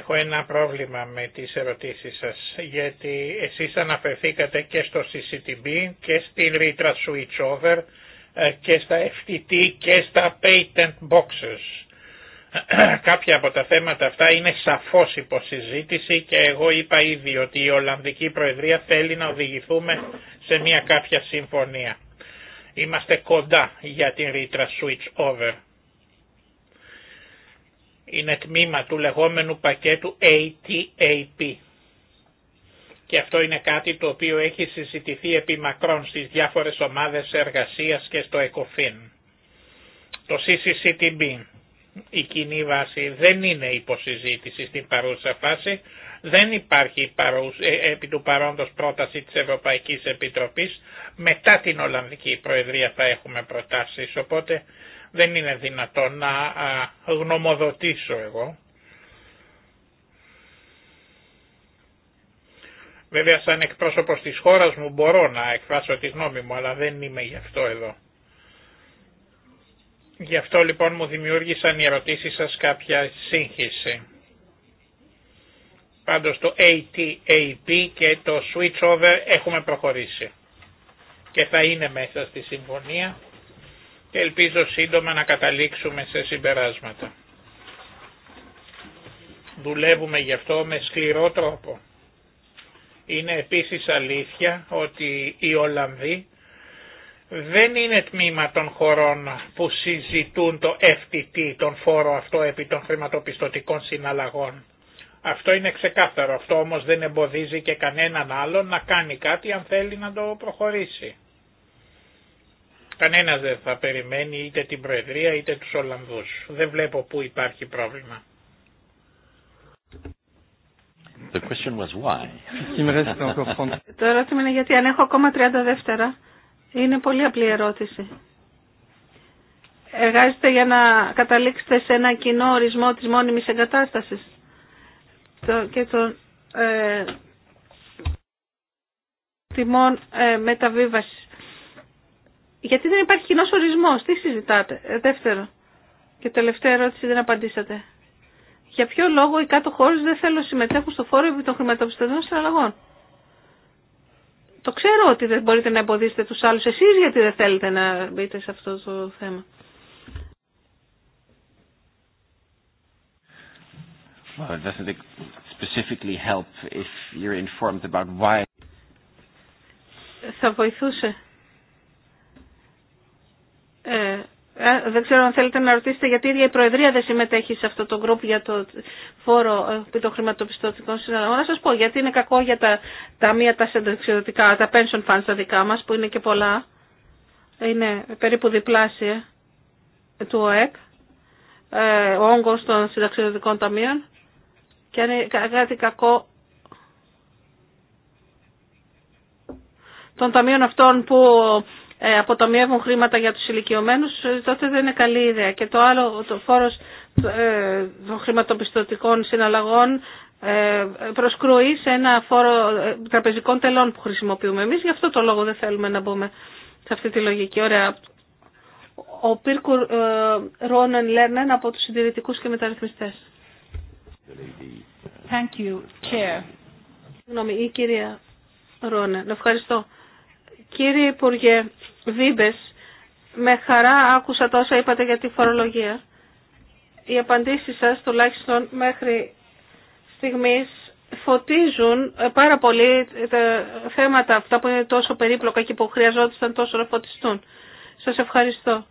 Speaker 1: Έχω ένα πρόβλημα με τις ερωτήσεις σας, γιατί εσείς αναφερθήκατε και στο CCTB και στην ρήτρα switchover ε, και στα FTT και στα patent boxes. Κάποια από τα θέματα αυτά είναι σαφώς υποσυζήτηση και εγώ είπα ήδη ότι η Ολλανδική Προεδρία θέλει να οδηγηθούμε σε μια κάποια συμφωνία. Είμαστε κοντά για την Retra Switchover είναι τμήμα του λεγόμενου πακέτου ATAP. Και αυτό είναι κάτι το οποίο έχει συζητηθεί επί μακρόν στις διάφορες ομάδες εργασίας και στο ΕΚΟΦΗΝ. Το CCCTB, η κοινή βάση, δεν είναι υποσυζήτηση στην παρούσα φάση. Δεν υπάρχει ε, επί του παρόντος πρόταση της Ευρωπαϊκής Επιτροπής. Μετά την Ολλανδική Προεδρία θα έχουμε προτάσεις, οπότε δεν είναι δυνατόν να γνωμοδοτήσω εγώ. Βέβαια σαν εκπρόσωπος της χώρας μου μπορώ να εκφράσω τη γνώμη μου, αλλά δεν είμαι γι' αυτό εδώ. Γι' αυτό λοιπόν μου δημιούργησαν οι ερωτήσεις σας κάποια σύγχυση. Πάντως το ATAP και το switch over έχουμε προχωρήσει και θα είναι μέσα στη συμφωνία και ελπίζω σύντομα να καταλήξουμε σε συμπεράσματα. Δουλεύουμε γι' αυτό με σκληρό τρόπο. Είναι επίσης αλήθεια ότι οι Ολλανδοί δεν είναι τμήμα των χωρών που συζητούν το FTT, τον φόρο αυτό επί των χρηματοπιστωτικών συναλλαγών. Αυτό είναι ξεκάθαρο, αυτό όμως δεν εμποδίζει και κανέναν άλλον να κάνει κάτι αν θέλει να το προχωρήσει. Κανένας δεν θα περιμένει είτε την Προεδρία είτε τους Ολλανδούς. Δεν βλέπω πού υπάρχει πρόβλημα.
Speaker 3: The question was why.
Speaker 2: Το ερώτημα είναι γιατί αν έχω ακόμα 30 δεύτερα. Είναι πολύ απλή ερώτηση. Εργάζεστε για να καταλήξετε σε ένα κοινό ορισμό της μόνιμης εγκατάστασης και των ε, τιμών ε, μεταβίβασης. Γιατί δεν υπάρχει κοινό ορισμό. Τι συζητάτε. Ε, δεύτερο. Και τελευταία ερώτηση δεν απαντήσατε. Για ποιο λόγο οι κάτω χώρε δεν θέλουν να συμμετέχουν στο φόρο επί των χρηματοπιστωτικών συναλλαγών. Το ξέρω ότι δεν μπορείτε να εμποδίσετε του άλλου. Εσεί γιατί δεν θέλετε να μπείτε σε αυτό το θέμα. Θα βοηθούσε ε, ε, δεν ξέρω αν θέλετε να ρωτήσετε γιατί η ίδια η Προεδρία δεν συμμετέχει σε αυτό το γκρουπ για το φόρο ε, των χρηματοπιστωτικών συναλλαγών. Να σα πω γιατί είναι κακό για τα ταμεία τα συνταξιδοτικά, τα pension funds τα δικά μα, που είναι και πολλά. Είναι περίπου διπλάσια του ΟΕΚ, ο όγκο των συνταξιδοτικών ταμείων. Και αν είναι κάτι κακό των ταμείων αυτών που ε, αποτομιεύουν χρήματα για τους ηλικιωμένους, ε, τότε δεν είναι καλή ιδέα. Και το άλλο, το φόρος ε, των χρηματοπιστωτικών συναλλαγών προσκρούει σε ένα φόρο τραπεζικών τελών που χρησιμοποιούμε εμείς. Γι' αυτό το λόγο δεν θέλουμε να μπούμε σε αυτή τη λογική. Ωραία. Ο Πίρκουρ Ρόνεν Λέρνεν από τους συντηρητικούς και μεταρρυθμιστές. Thank you, Chair. Συγγνώμη, η κυρία Ρόνεν. Ευχαριστώ. Κύριε Υπουργέ, Βίμπες, με χαρά άκουσα τόσα είπατε για τη φορολογία. Οι απαντήσεις σας, τουλάχιστον μέχρι στιγμής, φωτίζουν πάρα πολύ τα θέματα αυτά που είναι τόσο περίπλοκα και που χρειαζόταν τόσο να φωτιστούν. Σας ευχαριστώ.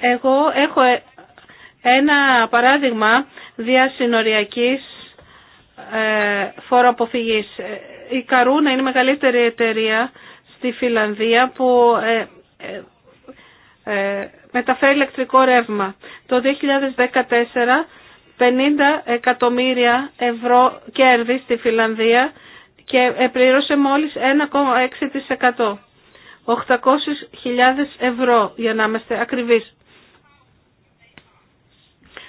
Speaker 2: Εγώ έχω ε, ένα παράδειγμα διασυνοριακής ε, φοροαποφυγή. Ε, η Καρούνα είναι η μεγαλύτερη εταιρεία στη Φιλανδία που ε, ε, ε, μεταφέρει ηλεκτρικό ρεύμα. Το 2014 50 εκατομμύρια ευρώ κέρδη στη Φιλανδία και επληρώσε μόλις 1,6%. 800.000 ευρώ για να είμαστε ακριβείς.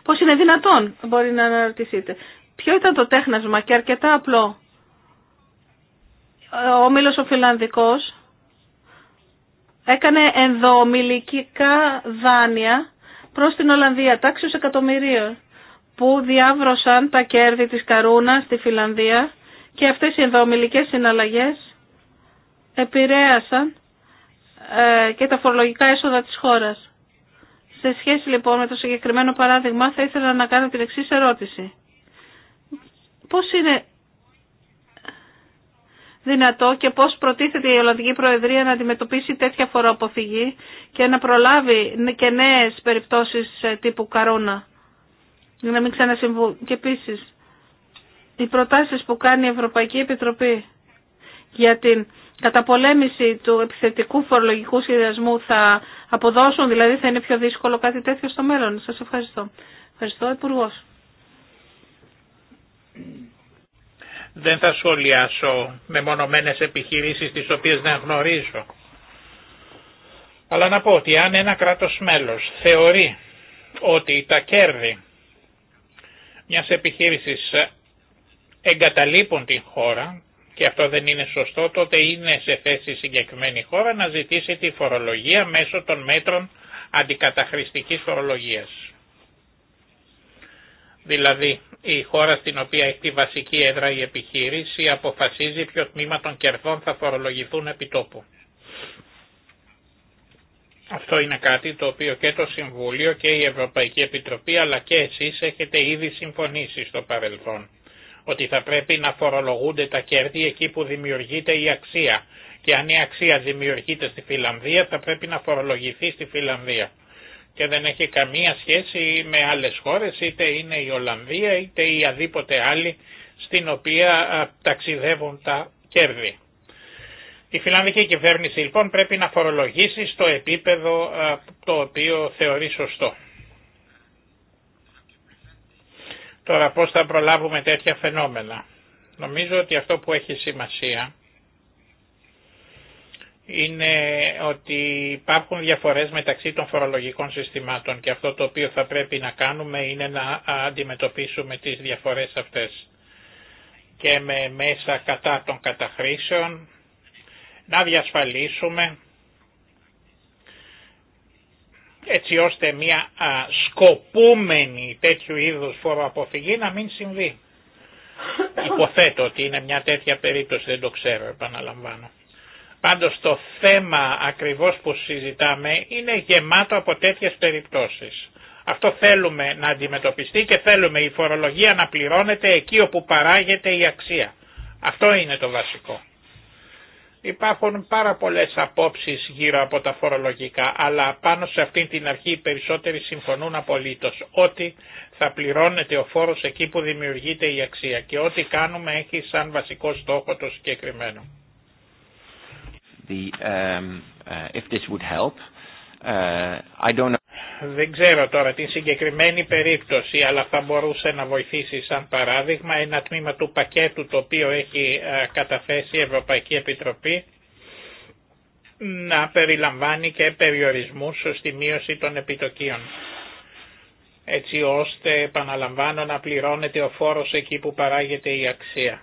Speaker 2: Πώς είναι δυνατόν μπορεί να αναρωτηθείτε. Ποιο ήταν το τέχνασμα και αρκετά απλό. Ο μήλος ο Φιλανδικός έκανε ενδομιλικικά δάνεια προς την Ολλανδία, τάξιους εκατομμυρίων, που διάβρωσαν τα κέρδη της Καρούνα στη Φιλανδία και αυτές οι ενδομιλικές συναλλαγές επηρέασαν ε, και τα φορολογικά έσοδα της χώρας. Σε σχέση λοιπόν με το συγκεκριμένο παράδειγμα θα ήθελα να κάνω την εξής ερώτηση. Πώς είναι δυνατό και πώς προτίθεται η Ολλανδική Προεδρία να αντιμετωπίσει τέτοια φοροαποφυγή και να προλάβει και νέες περιπτώσεις ε, τύπου καρόνα για να μην ξανασυμβούν. Και επίσης, οι προτάσεις που κάνει η Ευρωπαϊκή Επιτροπή για την καταπολέμηση του επιθετικού φορολογικού σχεδιασμού θα αποδώσουν, δηλαδή θα είναι πιο δύσκολο κάτι τέτοιο στο μέλλον. Σας ευχαριστώ. Ευχαριστώ, Υπουργός.
Speaker 1: Δεν θα σχολιάσω με μονομένες επιχειρήσεις τις οποίες δεν γνωρίζω. Αλλά να πω ότι αν ένα κράτος μέλος θεωρεί ότι τα κέρδη μιας επιχείρησης εγκαταλείπουν την χώρα και αυτό δεν είναι σωστό, τότε είναι σε θέση συγκεκριμένη χώρα να ζητήσει τη φορολογία μέσω των μέτρων αντικαταχρηστικής φορολογίας. Δηλαδή, η χώρα στην οποία έχει τη βασική έδρα η επιχείρηση αποφασίζει ποιο τμήμα των κερδών θα φορολογηθούν επί τόπου. Αυτό είναι κάτι το οποίο και το Συμβούλιο και η Ευρωπαϊκή Επιτροπή αλλά και εσείς έχετε ήδη συμφωνήσει στο παρελθόν ότι θα πρέπει να φορολογούνται τα κέρδη εκεί που δημιουργείται η αξία και αν η αξία δημιουργείται στη Φιλανδία θα πρέπει να φορολογηθεί στη Φιλανδία και δεν έχει καμία σχέση με άλλες χώρες, είτε είναι η Ολλανδία είτε η αδίποτε άλλη στην οποία ταξιδεύουν τα κέρδη. Η φιλανδική κυβέρνηση λοιπόν πρέπει να φορολογήσει στο επίπεδο το οποίο θεωρεί σωστό. Τώρα πώς θα προλάβουμε τέτοια φαινόμενα. Νομίζω ότι αυτό που έχει σημασία είναι ότι υπάρχουν διαφορές μεταξύ των φορολογικών συστημάτων και αυτό το οποίο θα πρέπει να κάνουμε είναι να αντιμετωπίσουμε τις διαφορές αυτές και με μέσα κατά των καταχρήσεων να διασφαλίσουμε έτσι ώστε μια σκοπούμενη τέτοιου είδους φοροαποφυγή να μην συμβεί. Υποθέτω ότι είναι μια τέτοια περίπτωση, δεν το ξέρω, επαναλαμβάνω. Πάντως το θέμα ακριβώς που συζητάμε είναι γεμάτο από τέτοιες περιπτώσεις. Αυτό θέλουμε να αντιμετωπιστεί και θέλουμε η φορολογία να πληρώνεται εκεί όπου παράγεται η αξία. Αυτό είναι το βασικό. Υπάρχουν πάρα πολλές απόψεις γύρω από τα φορολογικά, αλλά πάνω σε αυτή την αρχή οι περισσότεροι συμφωνούν απολύτως ότι θα πληρώνεται ο φόρος εκεί που δημιουργείται η αξία και ό,τι κάνουμε έχει σαν βασικό στόχο το συγκεκριμένο. Δεν ξέρω τώρα την συγκεκριμένη περίπτωση, αλλά θα μπορούσε να βοηθήσει σαν παράδειγμα ένα τμήμα του πακέτου το οποίο έχει ε, καταθέσει η Ευρωπαϊκή Επιτροπή να περιλαμβάνει και περιορισμούς στη μείωση των επιτοκίων έτσι ώστε επαναλαμβάνω να πληρώνεται ο φόρος εκεί που παράγεται η αξία.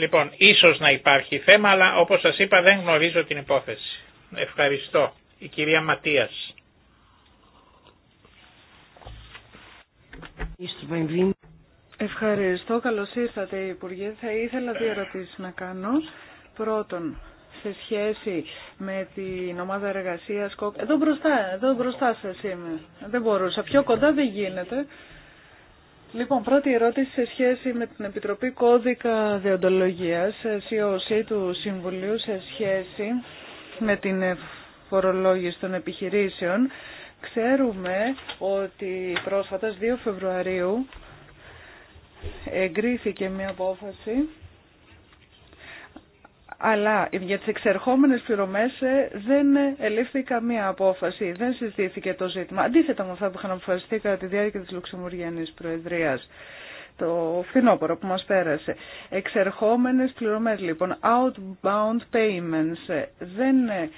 Speaker 1: Λοιπόν, ίσως να υπάρχει θέμα, αλλά όπως σας είπα δεν γνωρίζω την υπόθεση. Ευχαριστώ. Η κυρία Ματίας.
Speaker 4: Ευχαριστώ. Καλώς ήρθατε, Υπουργέ. Θα ήθελα δύο ερωτήσεις να κάνω. Πρώτον, σε σχέση με την ομάδα εργασίας... Εδώ μπροστά, εδώ μπροστά σας είμαι. Δεν μπορούσα. Πιο κοντά δεν γίνεται. Λοιπόν, πρώτη ερώτηση σε σχέση με την Επιτροπή Κώδικα Διοντολογίας, COC του Συμβουλίου, σε σχέση με την φορολόγηση των επιχειρήσεων. Ξέρουμε ότι πρόσφατα, 2 Φεβρουαρίου, εγκρίθηκε μια απόφαση αλλά για τις εξερχόμενες πληρωμές ε, δεν ελήφθη καμία απόφαση, δεν συζητήθηκε το ζήτημα. Αντίθετα με αυτά που είχαν αποφασιστεί κατά τη διάρκεια της Λουξεμβουργιανής Προεδρίας το φθινόπωρο που μας πέρασε. Εξερχόμενες πληρωμές λοιπόν, outbound payments, ε, δεν ε,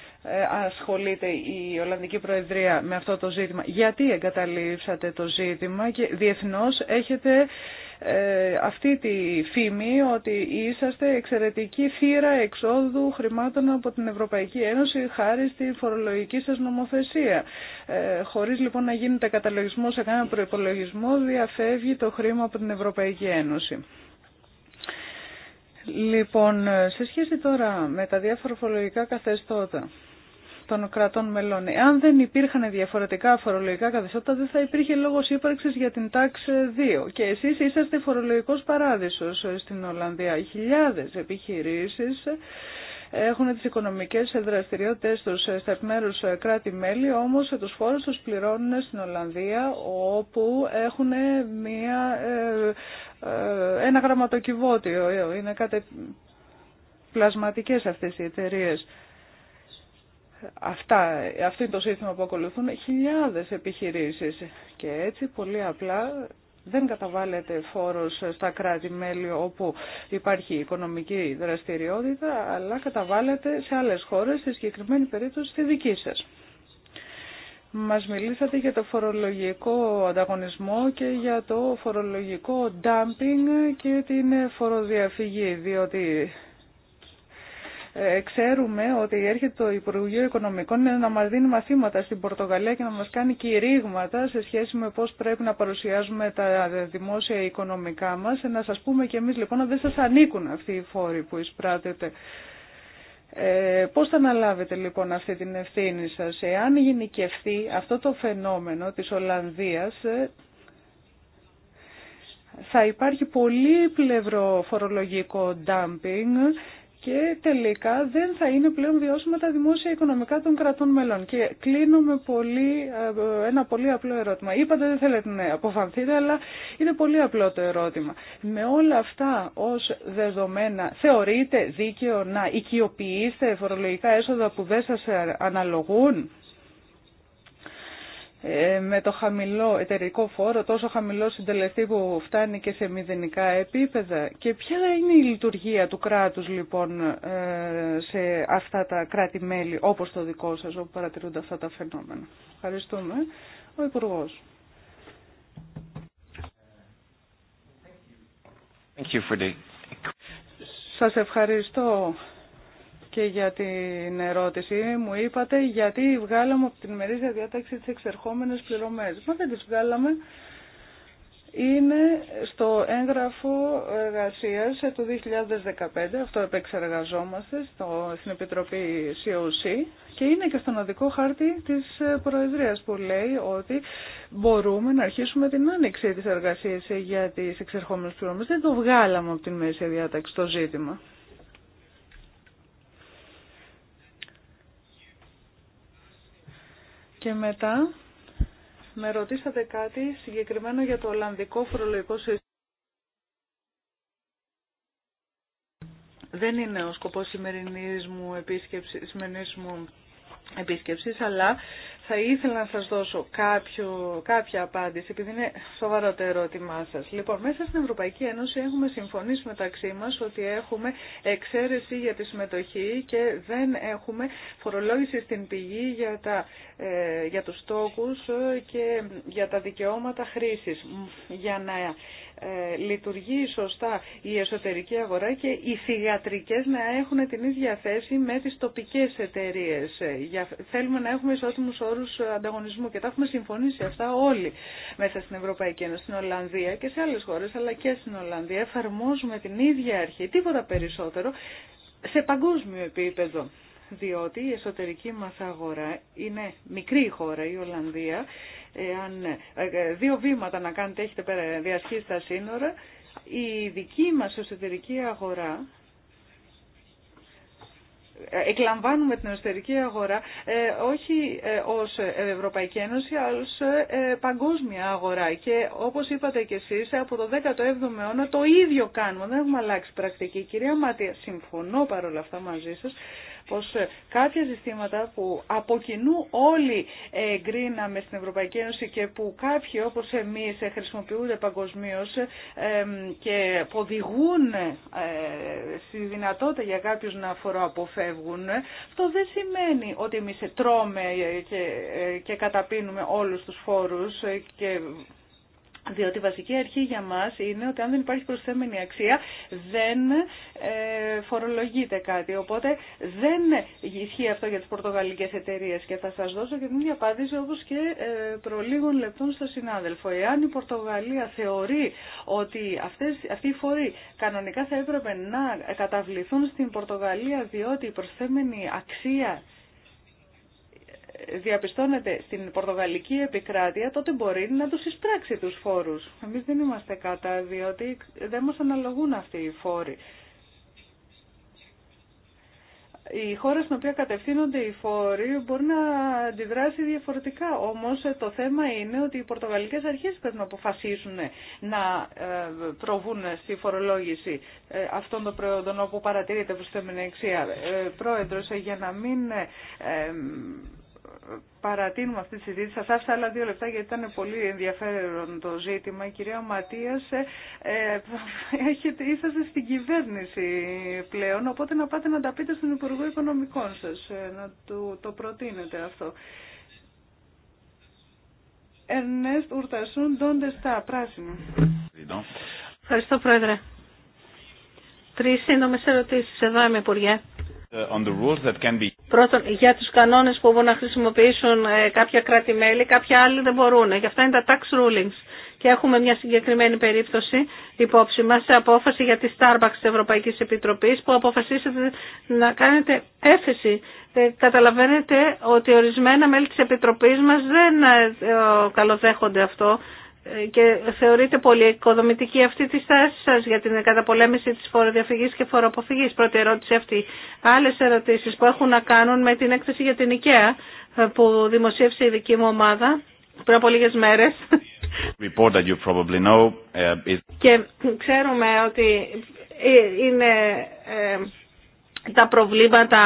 Speaker 4: ασχολείται η Ολλανδική Προεδρία με αυτό το ζήτημα. Γιατί εγκαταλείψατε το ζήτημα και διεθνώς έχετε ε, αυτή τη φήμη ότι είσαστε εξαιρετική θύρα εξόδου χρημάτων από την Ευρωπαϊκή Ένωση χάρη στη φορολογική σας νομοθεσία. Ε, χωρίς λοιπόν να γίνεται καταλογισμό σε κανένα προπολογισμό διαφεύγει το χρήμα από την Ευρωπαϊκή Ένωση. Λοιπόν, ε, σε σχέση τώρα με τα διάφορα φορολογικά καθεστώτα, των κρατών μελών. Εάν δεν υπήρχαν διαφορετικά φορολογικά καθεστώτα, δεν θα υπήρχε λόγο ύπαρξη για την τάξη 2. Και εσεί είσαστε φορολογικό παράδεισο στην Ολλανδία. Χιλιάδε επιχειρήσει έχουν τι οικονομικές δραστηριότητες τους στα επιμέρους κράτη-μέλη, όμως του φόρους τους πληρώνουν στην Ολλανδία, όπου έχουν μια, ε, ε, ένα γραμματοκιβώτιο. Είναι κάτι πλασματικές αυτές οι εταιρείες. Αυτά, αυτό είναι το σύστημα που ακολουθούν χιλιάδες επιχειρήσεις και έτσι πολύ απλά δεν καταβάλλεται φόρος στα κράτη-μέλη όπου υπάρχει οικονομική δραστηριότητα, αλλά καταβάλλεται σε άλλες χώρες, στη συγκεκριμένη περίπτωση στη δική σας. Μας μιλήσατε για το φορολογικό ανταγωνισμό και για το φορολογικό dumping και την φοροδιαφυγή, διότι ε, ξέρουμε ότι έρχεται το Υπουργείο Οικονομικών να μας δίνει μαθήματα στην Πορτογαλία και να μας κάνει κηρύγματα σε σχέση με πώς πρέπει να παρουσιάζουμε τα δημόσια οικονομικά μας. Ε, να σας πούμε και εμείς λοιπόν ότι δεν σας ανήκουν αυτοί οι φόροι που εισπράτεται. Ε, πώς θα αναλάβετε λοιπόν αυτή την ευθύνη σας, εάν γενικευτεί αυτό το φαινόμενο της Ολλανδίας, ε, θα υπάρχει πολύ πλευρό φορολογικό dumping και τελικά δεν θα είναι πλέον βιώσιμα τα δημόσια οικονομικά των κρατών μελών. Και κλείνω με πολύ, ε, ένα πολύ απλό ερώτημα. Είπατε δεν θέλετε να αποφανθείτε, αλλά είναι πολύ απλό το ερώτημα. Με όλα αυτά ως δεδομένα, θεωρείτε δίκαιο να οικειοποιήσετε φορολογικά έσοδα που δεν σας αναλογούν. Ε, με το χαμηλό εταιρικό φόρο, τόσο χαμηλό συντελεστή που φτάνει και σε μηδενικά επίπεδα. Και ποια είναι η λειτουργία του κράτους λοιπόν ε, σε αυτά τα κράτη-μέλη όπως το δικό σας όπου παρατηρούνται αυτά τα φαινόμενα. Ευχαριστούμε. Ο υπουργό. Σας ευχαριστώ και για την ερώτηση. Μου είπατε γιατί βγάλαμε από την ημερήσια διάταξη τις εξερχόμενες πληρωμές. Μα δεν τις βγάλαμε. Είναι στο έγγραφο εργασίας του 2015, αυτό επεξεργαζόμαστε στο, στην Επιτροπή COC και είναι και στον οδικό χάρτη της Προεδρίας που λέει ότι μπορούμε να αρχίσουμε την άνοιξη της εργασίας για τις εξερχόμενες πληρώμες. Δεν το βγάλαμε από την μέση διάταξη το ζήτημα. Και μετά με ρωτήσατε κάτι συγκεκριμένο για το Ολλανδικό φορολογικό σύστημα. Δεν είναι ο σκοπός σημερινής μου επίσκεψης, σημερινής μου επίσκεψης αλλά θα ήθελα να σας δώσω κάποιο, κάποια απάντηση, επειδή είναι σοβαρό το ερώτημά σας. Λοιπόν, μέσα στην Ευρωπαϊκή Ένωση έχουμε συμφωνήσει μεταξύ μας ότι έχουμε εξαίρεση για τη συμμετοχή και δεν έχουμε φορολόγηση στην πηγή για, τα, ε, για τους στόχους και για τα δικαιώματα χρήσης. Για να ε, λειτουργεί σωστά η εσωτερική αγορά και οι θηγατρικές να έχουν την ίδια θέση με τις τοπικές εταιρείες. Ε, θέλουμε να έχουμε ισότιμους όρους ανταγωνισμού και τα έχουμε συμφωνήσει αυτά όλοι μέσα στην Ευρωπαϊκή Ένωση, στην Ολλανδία και σε άλλες χώρες, αλλά και στην Ολλανδία. Εφαρμόζουμε την ίδια αρχή, τίποτα περισσότερο, σε παγκόσμιο επίπεδο διότι η εσωτερική μας αγορά είναι μικρή χώρα, η Ολλανδία. Ε, ε, δύο βήματα να κάνετε έχετε πέρα διασχίσει τα σύνορα, η δική μας εσωτερική αγορά ε, εκλαμβάνουμε την εσωτερική αγορά όχι ως Ευρωπαϊκή Ένωση αλλά ως παγκόσμια αγορά και όπως είπατε και εσείς από το 17ο αιώνα το ίδιο κάνουμε δεν έχουμε αλλάξει πρακτική κυρία Μάτια συμφωνώ παρόλα αυτά μαζί σας πως ε, κάποια ζητήματα που από κοινού όλοι εγκρίναμε στην Ευρωπαϊκή Ένωση και που κάποιοι όπως εμείς ε, χρησιμοποιούνται παγκοσμίω ε, και που οδηγούν στη δυνατότητα για κάποιους να φοροαποφεύγουν, αυτό δεν σημαίνει ότι εμείς τρώμε και καταπίνουμε όλους τους φόρους και διότι η βασική αρχή για μας είναι ότι αν δεν υπάρχει προσθέμενη αξία δεν ε, φορολογείται κάτι. Οπότε δεν ισχύει αυτό για τις πορτογαλικές εταιρείε και θα σας δώσω και μια απάντηση όπως και ε, προ λίγων λεπτών στο συνάδελφο. Εάν η Πορτογαλία θεωρεί ότι αυτές, αυτοί οι φοροί κανονικά θα έπρεπε να καταβληθούν στην Πορτογαλία διότι η προσθέμενη αξία διαπιστώνεται στην πορτογαλική επικράτεια, τότε μπορεί να τους εισπράξει τους φόρους. Εμείς δεν είμαστε κατά, διότι δεν μας αναλογούν αυτοί οι φόροι. Η χώρα στην οποία κατευθύνονται οι φόροι μπορεί να αντιδράσει διαφορετικά. Όμως ε, το θέμα είναι ότι οι πορτογαλικές αρχές πρέπει να αποφασίσουν ε, να ε, προβούν στη φορολόγηση αυτών των προϊόντων όπου παρατηρείται προσθέμενη αξία. Πρόεδρος, για να μην παρατείνουμε αυτή τη συζήτηση. Σας άφησα άλλα δύο λεπτά γιατί ήταν πολύ ενδιαφέρον το ζήτημα. Η κυρία Ματίας, ε, ε έχετε, είσαστε στην κυβέρνηση πλέον, οπότε να πάτε να τα πείτε στον Υπουργό Οικονομικών σας, ε, να του, το προτείνετε αυτό. Ερνέστ
Speaker 2: Ουρτασούν, στα πράσινο. Ευχαριστώ, Πρόεδρε. Τρεις σύντομες ερωτήσεις. Εδώ είμαι, Υπουργέ. Uh, Πρώτον, για τους κανόνες που μπορούν να χρησιμοποιήσουν ε, κάποια κράτη-μέλη, κάποια άλλοι δεν μπορούν. Γι' αυτά είναι τα tax rulings. Και έχουμε μια συγκεκριμένη περίπτωση υπόψη μας σε απόφαση για τη Starbucks της Ευρωπαϊκής Επιτροπής που αποφασίσατε να κάνετε έφεση. Ε, καταλαβαίνετε ότι ορισμένα μέλη της Επιτροπής μας δεν ε, καλοδέχονται αυτό και θεωρείτε πολύ οικοδομητική αυτή τη στάση σας για την καταπολέμηση της φοροδιαφυγής και φοροαποφυγή. Πρώτη ερώτηση αυτή. Άλλες ερωτήσεις που έχουν να κάνουν με την έκθεση για την IKEA ε, που δημοσίευσε η δική μου ομάδα πριν από λίγε μέρες. Ε, και ξέρουμε ότι ε, είναι τα προβλήματα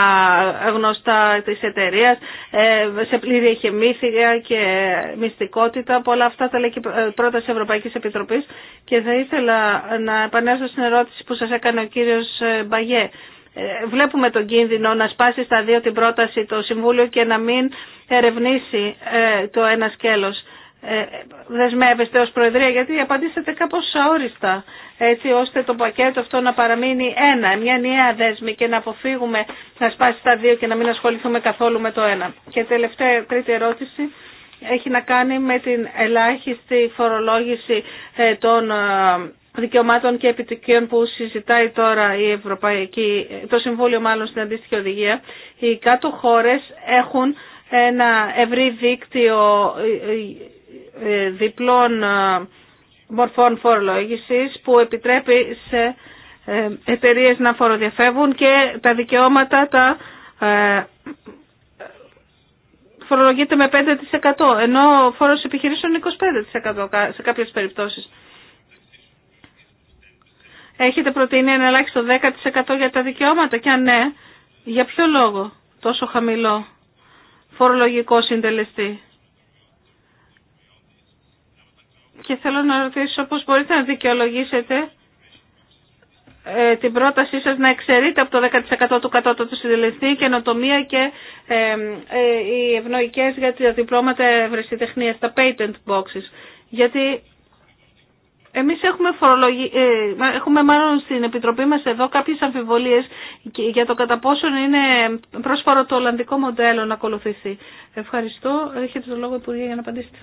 Speaker 2: γνωστά της εταιρεία ε, σε πλήρη εχεμήθεια και μυστικότητα. Πολλά αυτά τα λέει και πρόταση Ευρωπαϊκής Επιτροπής. Και θα ήθελα να επανέλθω στην ερώτηση που σας έκανε ο κύριος ε, Μπαγιέ. Ε, βλέπουμε τον κίνδυνο να σπάσει στα δύο την πρόταση το Συμβούλιο και να μην ερευνήσει το ένα σκέλος. Ε, δεσμεύεστε ως Προεδρία, γιατί απαντήσατε κάπως αόριστα, έτσι ώστε το πακέτο αυτό να παραμείνει ένα, μια νέα δέσμη και να αποφύγουμε να σπάσει τα δύο και να μην ασχοληθούμε καθόλου με το ένα. Και τελευταία τρίτη ερώτηση έχει να κάνει με την ελάχιστη φορολόγηση ε, των ε, δικαιωμάτων και επιτυχίων που συζητάει τώρα η Ευρωπαϊκή, το Συμβούλιο μάλλον στην αντίστοιχη οδηγία. Οι κάτω χώρες έχουν ένα ευρύ δίκτυο ε, διπλών ε, μορφών φορολόγησης που επιτρέπει σε ε, εταιρείε να φοροδιαφεύγουν και τα δικαιώματα τα φορολογείται με 5% ενώ ο φόρος επιχειρήσεων είναι 25% σε κάποιες περιπτώσεις. Έχετε προτείνει ένα ελάχιστο 10% για τα δικαιώματα και αν ναι, για ποιο λόγο τόσο χαμηλό φορολογικό συντελεστή. και θέλω να ρωτήσω πώς μπορείτε να δικαιολογήσετε ε, την πρότασή σας να εξαιρείτε από το 10% του κατώτατου συντελεστή καινοτομία και ε, ε, οι ευνοϊκές για τα διπλώματα ευρεσιτεχνίας, τα patent boxes. Γιατί εμείς έχουμε, φορολογι... Ε, έχουμε μάλλον στην Επιτροπή μας εδώ κάποιες αμφιβολίες για το κατά πόσον είναι πρόσφορο το Ολλανδικό μοντέλο να ακολουθήσει. Ευχαριστώ. Έχετε το λόγο Υπουργέ για να απαντήσετε.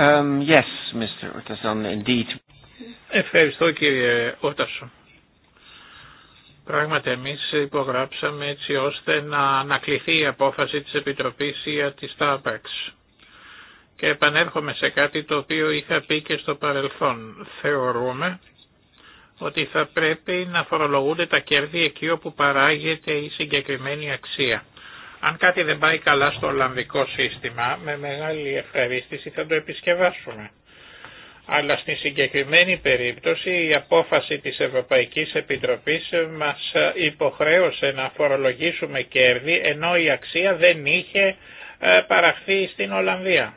Speaker 3: Um,
Speaker 1: Ευχαριστώ κύριε Ούτασο. Πράγματι εμείς υπογράψαμε έτσι ώστε να ανακληθεί η απόφαση της Επιτροπής για τη Starbucks. Και επανέρχομαι σε κάτι το οποίο είχα πει και στο παρελθόν. Θεωρούμε ότι θα πρέπει να φορολογούνται τα κέρδη εκεί όπου παράγεται η συγκεκριμένη αξία. Αν κάτι δεν πάει καλά στο Ολλανδικό σύστημα, με μεγάλη ευχαρίστηση θα το επισκευάσουμε. Αλλά στη συγκεκριμένη περίπτωση η απόφαση της Ευρωπαϊκής Επιτροπής μας υποχρέωσε να φορολογήσουμε κέρδη ενώ η αξία δεν είχε ε, παραχθεί στην Ολλανδία.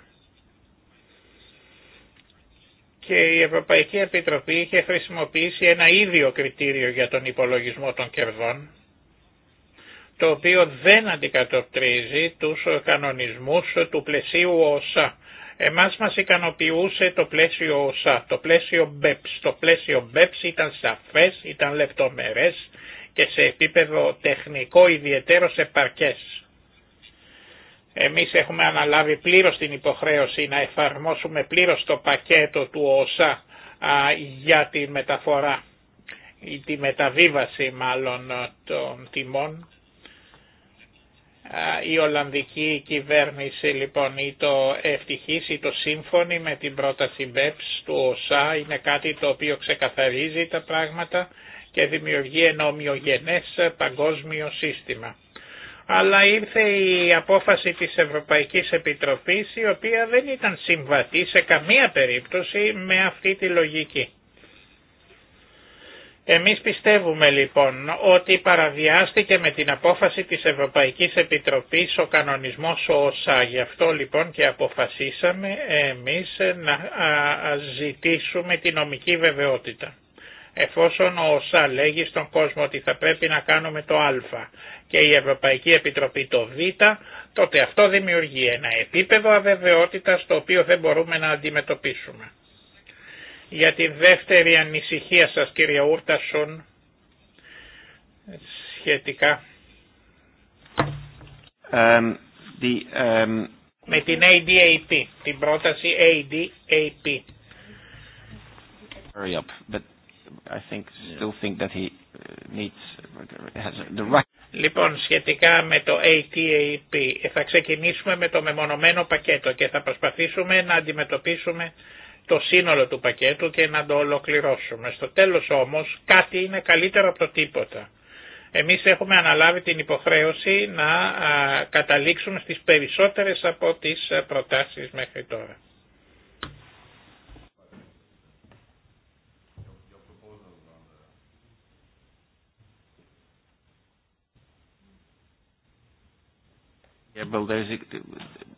Speaker 1: Και η Ευρωπαϊκή Επιτροπή είχε χρησιμοποιήσει ένα ίδιο κριτήριο για τον υπολογισμό των κερδών το οποίο δεν αντικατοπτρίζει τους κανονισμούς του πλαισίου ΩΣΑ. Εμάς μας ικανοποιούσε το πλαίσιο ΩΣΑ, το πλαίσιο ΜΠΕΠΣ. Το πλαίσιο ΜΠΕΠΣ ήταν σαφές, ήταν λεπτομερές και σε επίπεδο τεχνικό ιδιαίτερο επαρκές. Εμείς έχουμε αναλάβει πλήρως την υποχρέωση να εφαρμόσουμε πλήρως το πακέτο του ΟΣΑ για τη μεταφορά ή τη μεταβίβαση μάλλον των τιμών η Ολλανδική κυβέρνηση λοιπόν ή το ευτυχής ή το σύμφωνη με την πρόταση BEPS του ΟΣΑ είναι κάτι το οποίο ξεκαθαρίζει τα πράγματα και δημιουργεί ένα ομοιογενές παγκόσμιο σύστημα. Αλλά ήρθε η απόφαση της Ευρωπαϊκής Επιτροπής η οποία δεν ήταν συμβατή σε καμία περίπτωση με αυτή τη λογική. Εμείς πιστεύουμε λοιπόν ότι παραβιάστηκε με την απόφαση της Ευρωπαϊκής Επιτροπής ο κανονισμός ΩΣΑ. Γι' αυτό λοιπόν και αποφασίσαμε εμείς να ζητήσουμε την νομική βεβαιότητα. Εφόσον ο ΩΣΑ λέγει στον κόσμο ότι θα πρέπει να κάνουμε το Α και η Ευρωπαϊκή Επιτροπή το Β, τότε αυτό δημιουργεί ένα επίπεδο αβεβαιότητας το οποίο δεν μπορούμε να αντιμετωπίσουμε. Για τη δεύτερη ανησυχία σας κύριε Ούρτασον σχετικά
Speaker 3: um, the, um,
Speaker 1: με την ADAP, την πρόταση ADAP. Uh, λοιπόν, σχετικά με το ATAP, θα ξεκινήσουμε με το μεμονωμένο πακέτο και θα προσπαθήσουμε να αντιμετωπίσουμε το σύνολο του πακέτου και να το ολοκληρώσουμε. Στο τέλος όμως κάτι είναι καλύτερο από το τίποτα. Εμείς έχουμε αναλάβει την υποχρέωση να καταλήξουμε στις περισσότερες από τις προτάσεις μέχρι τώρα.
Speaker 3: Yeah,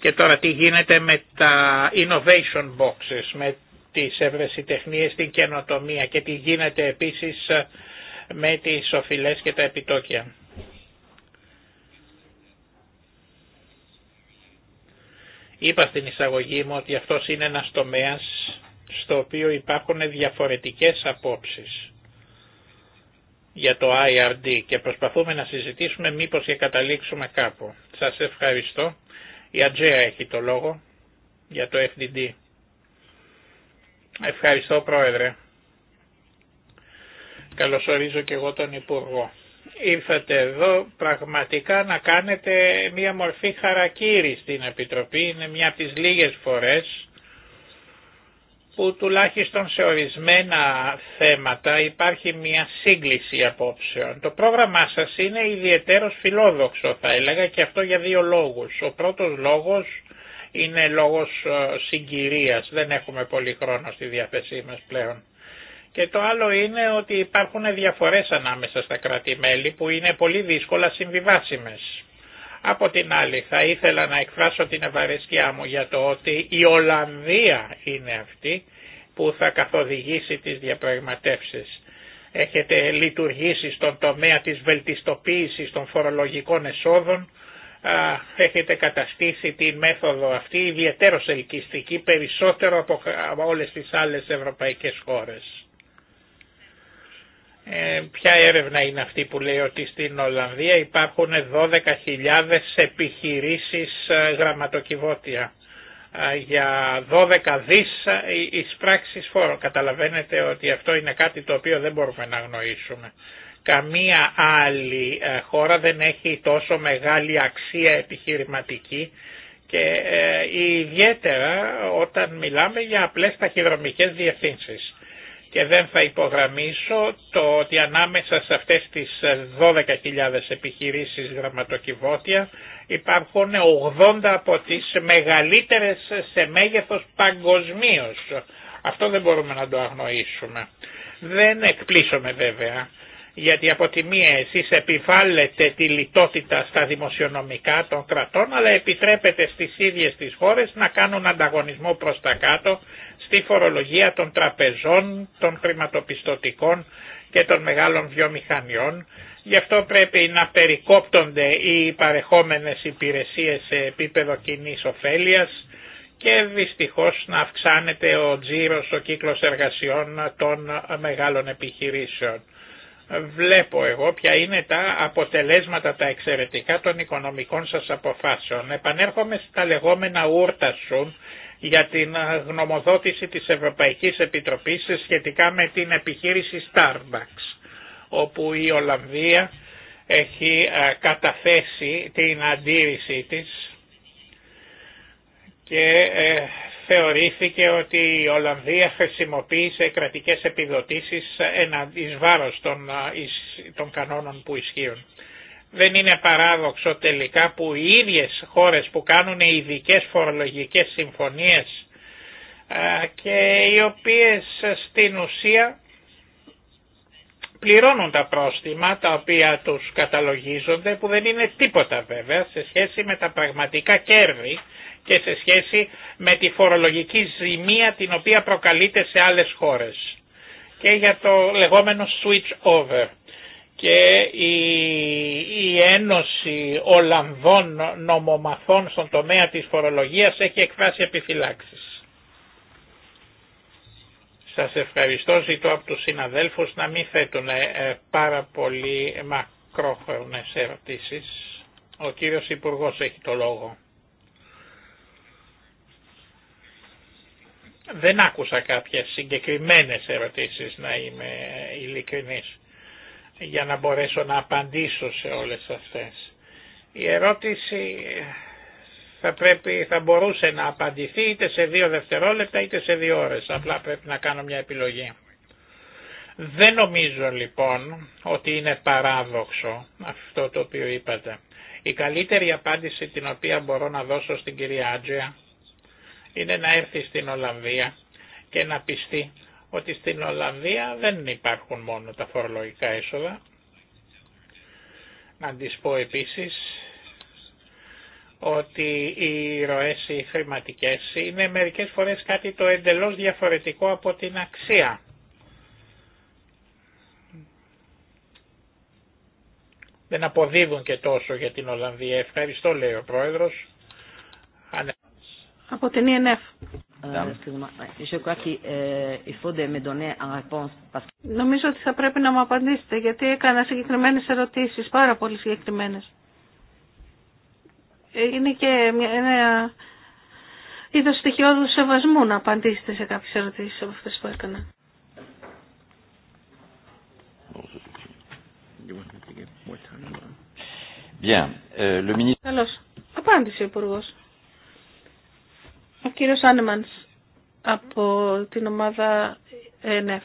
Speaker 1: και τώρα τι γίνεται με τα innovation boxes, με τις ευρεσιτεχνίες την καινοτομία και τι γίνεται επίσης ε, με τις οφειλές και τα επιτόκια. Είπα στην εισαγωγή μου ότι αυτός είναι ένας τομέας στο οποίο υπάρχουν διαφορετικές απόψεις για το IRD και προσπαθούμε να συζητήσουμε μήπως και καταλήξουμε κάπου. Σας ευχαριστώ. Η Ατζέα έχει το λόγο για το FDD. Ευχαριστώ Πρόεδρε. Καλωσορίζω και εγώ τον Υπουργό. Ήρθατε εδώ πραγματικά να κάνετε μία μορφή χαρακήρη στην Επιτροπή. Είναι μία από τις λίγες φορές που τουλάχιστον σε ορισμένα θέματα υπάρχει μια σύγκληση απόψεων. Το πρόγραμμά σας είναι ιδιαίτερος φιλόδοξο θα έλεγα και αυτό για δύο λόγους. Ο πρώτος λόγος είναι λόγος ε, συγκυρίας, δεν έχουμε πολύ χρόνο στη διάθεσή μας πλέον. Και το άλλο είναι ότι υπάρχουν διαφορές ανάμεσα στα κρατη που είναι πολύ δύσκολα συμβιβάσιμες. Από την άλλη θα ήθελα να εκφράσω την ευαρεσκιά μου για το ότι η Ολλανδία είναι αυτή που θα καθοδηγήσει τις διαπραγματεύσεις. Έχετε λειτουργήσει στον τομέα της βελτιστοποίησης των φορολογικών εσόδων, έχετε καταστήσει τη μέθοδο αυτή ιδιαίτερως ελκυστική περισσότερο από όλες τις άλλες ευρωπαϊκές χώρες. Ε, ποια έρευνα είναι αυτή που λέει ότι στην Ολλανδία υπάρχουν 12.000 επιχειρήσεις ε, γραμματοκιβώτια ε, για 12 δις ε, εισπράξεις φόρων. Καταλαβαίνετε ότι αυτό είναι κάτι το οποίο δεν μπορούμε να γνωρίσουμε. Καμία άλλη χώρα δεν έχει τόσο μεγάλη αξία επιχειρηματική και ιδιαίτερα όταν μιλάμε για απλές ταχυδρομικές διευθύνσεις και δεν θα υπογραμμίσω το ότι ανάμεσα σε αυτές τις 12.000 επιχειρήσεις γραμματοκιβώτια υπάρχουν 80 από τις μεγαλύτερες σε μέγεθος παγκοσμίως. Αυτό δεν μπορούμε να το αγνοήσουμε. Δεν εκπλήσωμε βέβαια, γιατί από τη μία εσείς επιβάλλετε τη λιτότητα στα δημοσιονομικά των κρατών, αλλά επιτρέπετε στις ίδιες τις χώρες να κάνουν ανταγωνισμό προς τα κάτω, η φορολογία των τραπεζών, των χρηματοπιστωτικών και των μεγάλων βιομηχανιών. Γι' αυτό πρέπει να περικόπτονται οι παρεχόμενες υπηρεσίες σε επίπεδο κοινή ωφέλεια και δυστυχώς να αυξάνεται ο τζίρος, ο κύκλος εργασιών των μεγάλων επιχειρήσεων. Βλέπω εγώ ποια είναι τα αποτελέσματα τα εξαιρετικά των οικονομικών σας αποφάσεων. Επανέρχομαι στα λεγόμενα ούρτα σου για την ε, γνωμοδότηση της Ευρωπαϊκής Επιτροπής σχετικά με την επιχείρηση Starbucks, όπου η Ολλανδία έχει ε, καταθέσει την αντίρρησή της και ε, θεωρήθηκε ότι η Ολλανδία χρησιμοποίησε κρατικές επιδοτήσεις εις βάρος των, των κανόνων που ισχύουν. Δεν είναι παράδοξο τελικά που οι ίδιες χώρες που κάνουν ειδικέ φορολογικές συμφωνίες και οι οποίες στην ουσία πληρώνουν τα πρόστιμα τα οποία τους καταλογίζονται που δεν είναι τίποτα βέβαια σε σχέση με τα πραγματικά κέρδη και σε σχέση με τη φορολογική ζημία την οποία προκαλείται σε άλλες χώρες και για το λεγόμενο switch over και η, Ένωση Ολλανδών νομομαθών στον τομέα της φορολογίας έχει εκφράσει επιφυλάξεις. Σας ευχαριστώ, ζητώ από τους συναδέλφους να μην θέτουν ε, ε, πάρα πολύ μακρόχρονες ερωτήσεις. Ο κύριος Υπουργός έχει το λόγο. Δεν άκουσα κάποιες συγκεκριμένες ερωτήσεις να είμαι ειλικρινής για να μπορέσω να απαντήσω σε όλες αυτές. Η ερώτηση θα, πρέπει, θα μπορούσε να απαντηθεί είτε σε δύο δευτερόλεπτα είτε σε δύο ώρες. Απλά πρέπει να κάνω μια επιλογή. Δεν νομίζω λοιπόν ότι είναι παράδοξο αυτό το οποίο είπατε. Η καλύτερη απάντηση την οποία μπορώ να δώσω στην κυρία Άτζεα είναι να έρθει στην Ολλανδία και να πιστεί ότι στην Ολλανδία δεν υπάρχουν μόνο τα φορολογικά έσοδα. Να τη πω επίσης ότι οι ροές οι χρηματικές είναι μερικές φορές κάτι το εντελώς διαφορετικό από την αξία. Δεν αποδίδουν και τόσο για την Ολλανδία. Ευχαριστώ λέει ο Πρόεδρος.
Speaker 2: Από την ΕΝΕΦ. E ε, Νομίζω ότι θα πρέπει να μου απαντήσετε, γιατί έκανα συγκεκριμένε ερωτήσει, πάρα πολύ συγκεκριμένε. Είναι και ένα είδο στοιχειώδου σεβασμού να απαντήσετε σε κάποιε ερωτήσει από αυτέ που έκανα.
Speaker 3: Bien. Euh, le ministre...
Speaker 2: Καλώς. Απάντησε ο Υπουργός. Ο κύριος Άνεμανς από την ομάδα ΕΝΕΦ.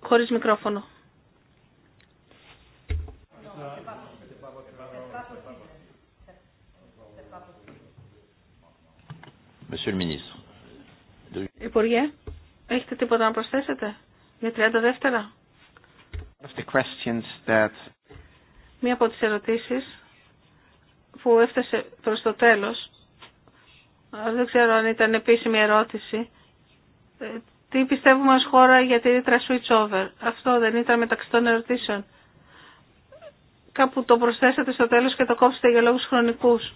Speaker 2: Χωρίς μικρόφωνο. Υπουργέ, έχετε τίποτα να προσθέσετε για 30 δεύτερα. Μία από τις ερωτήσεις που έφτασε προς το τέλος ε, δεν ξέρω αν ήταν επίσημη ερώτηση, ε, τι πιστεύουμε ως χώρα για τη ρήτρα switch over. Αυτό δεν ήταν μεταξύ των ερωτήσεων. Κάπου το προσθέσατε στο τέλος και το κόψετε για λόγους χρονικούς.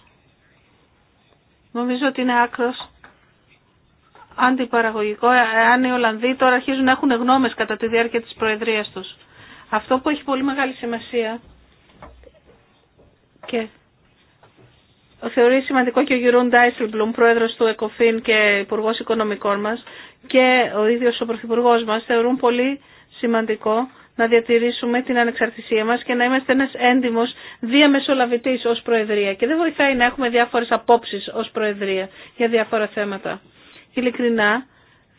Speaker 2: Νομίζω ότι είναι άκρος αντιπαραγωγικό, αν ε, οι Ολλανδοί τώρα αρχίζουν να έχουν γνώμες κατά τη διάρκεια της Προεδρίας τους. Αυτό που έχει πολύ μεγάλη σημασία και θεωρεί σημαντικό και ο Γιουρούν Ντάισελμπλουμ, πρόεδρο του ΕΚΟΦΗΝ και υπουργό οικονομικών μα. και ο ίδιο ο πρωθυπουργό μα θεωρούν πολύ σημαντικό να διατηρήσουμε την ανεξαρτησία μα και να είμαστε ένα έντιμο διαμεσολαβητή ω Προεδρία. Και δεν βοηθάει να έχουμε διάφορε απόψει ω Προεδρία για διάφορα θέματα. Ειλικρινά,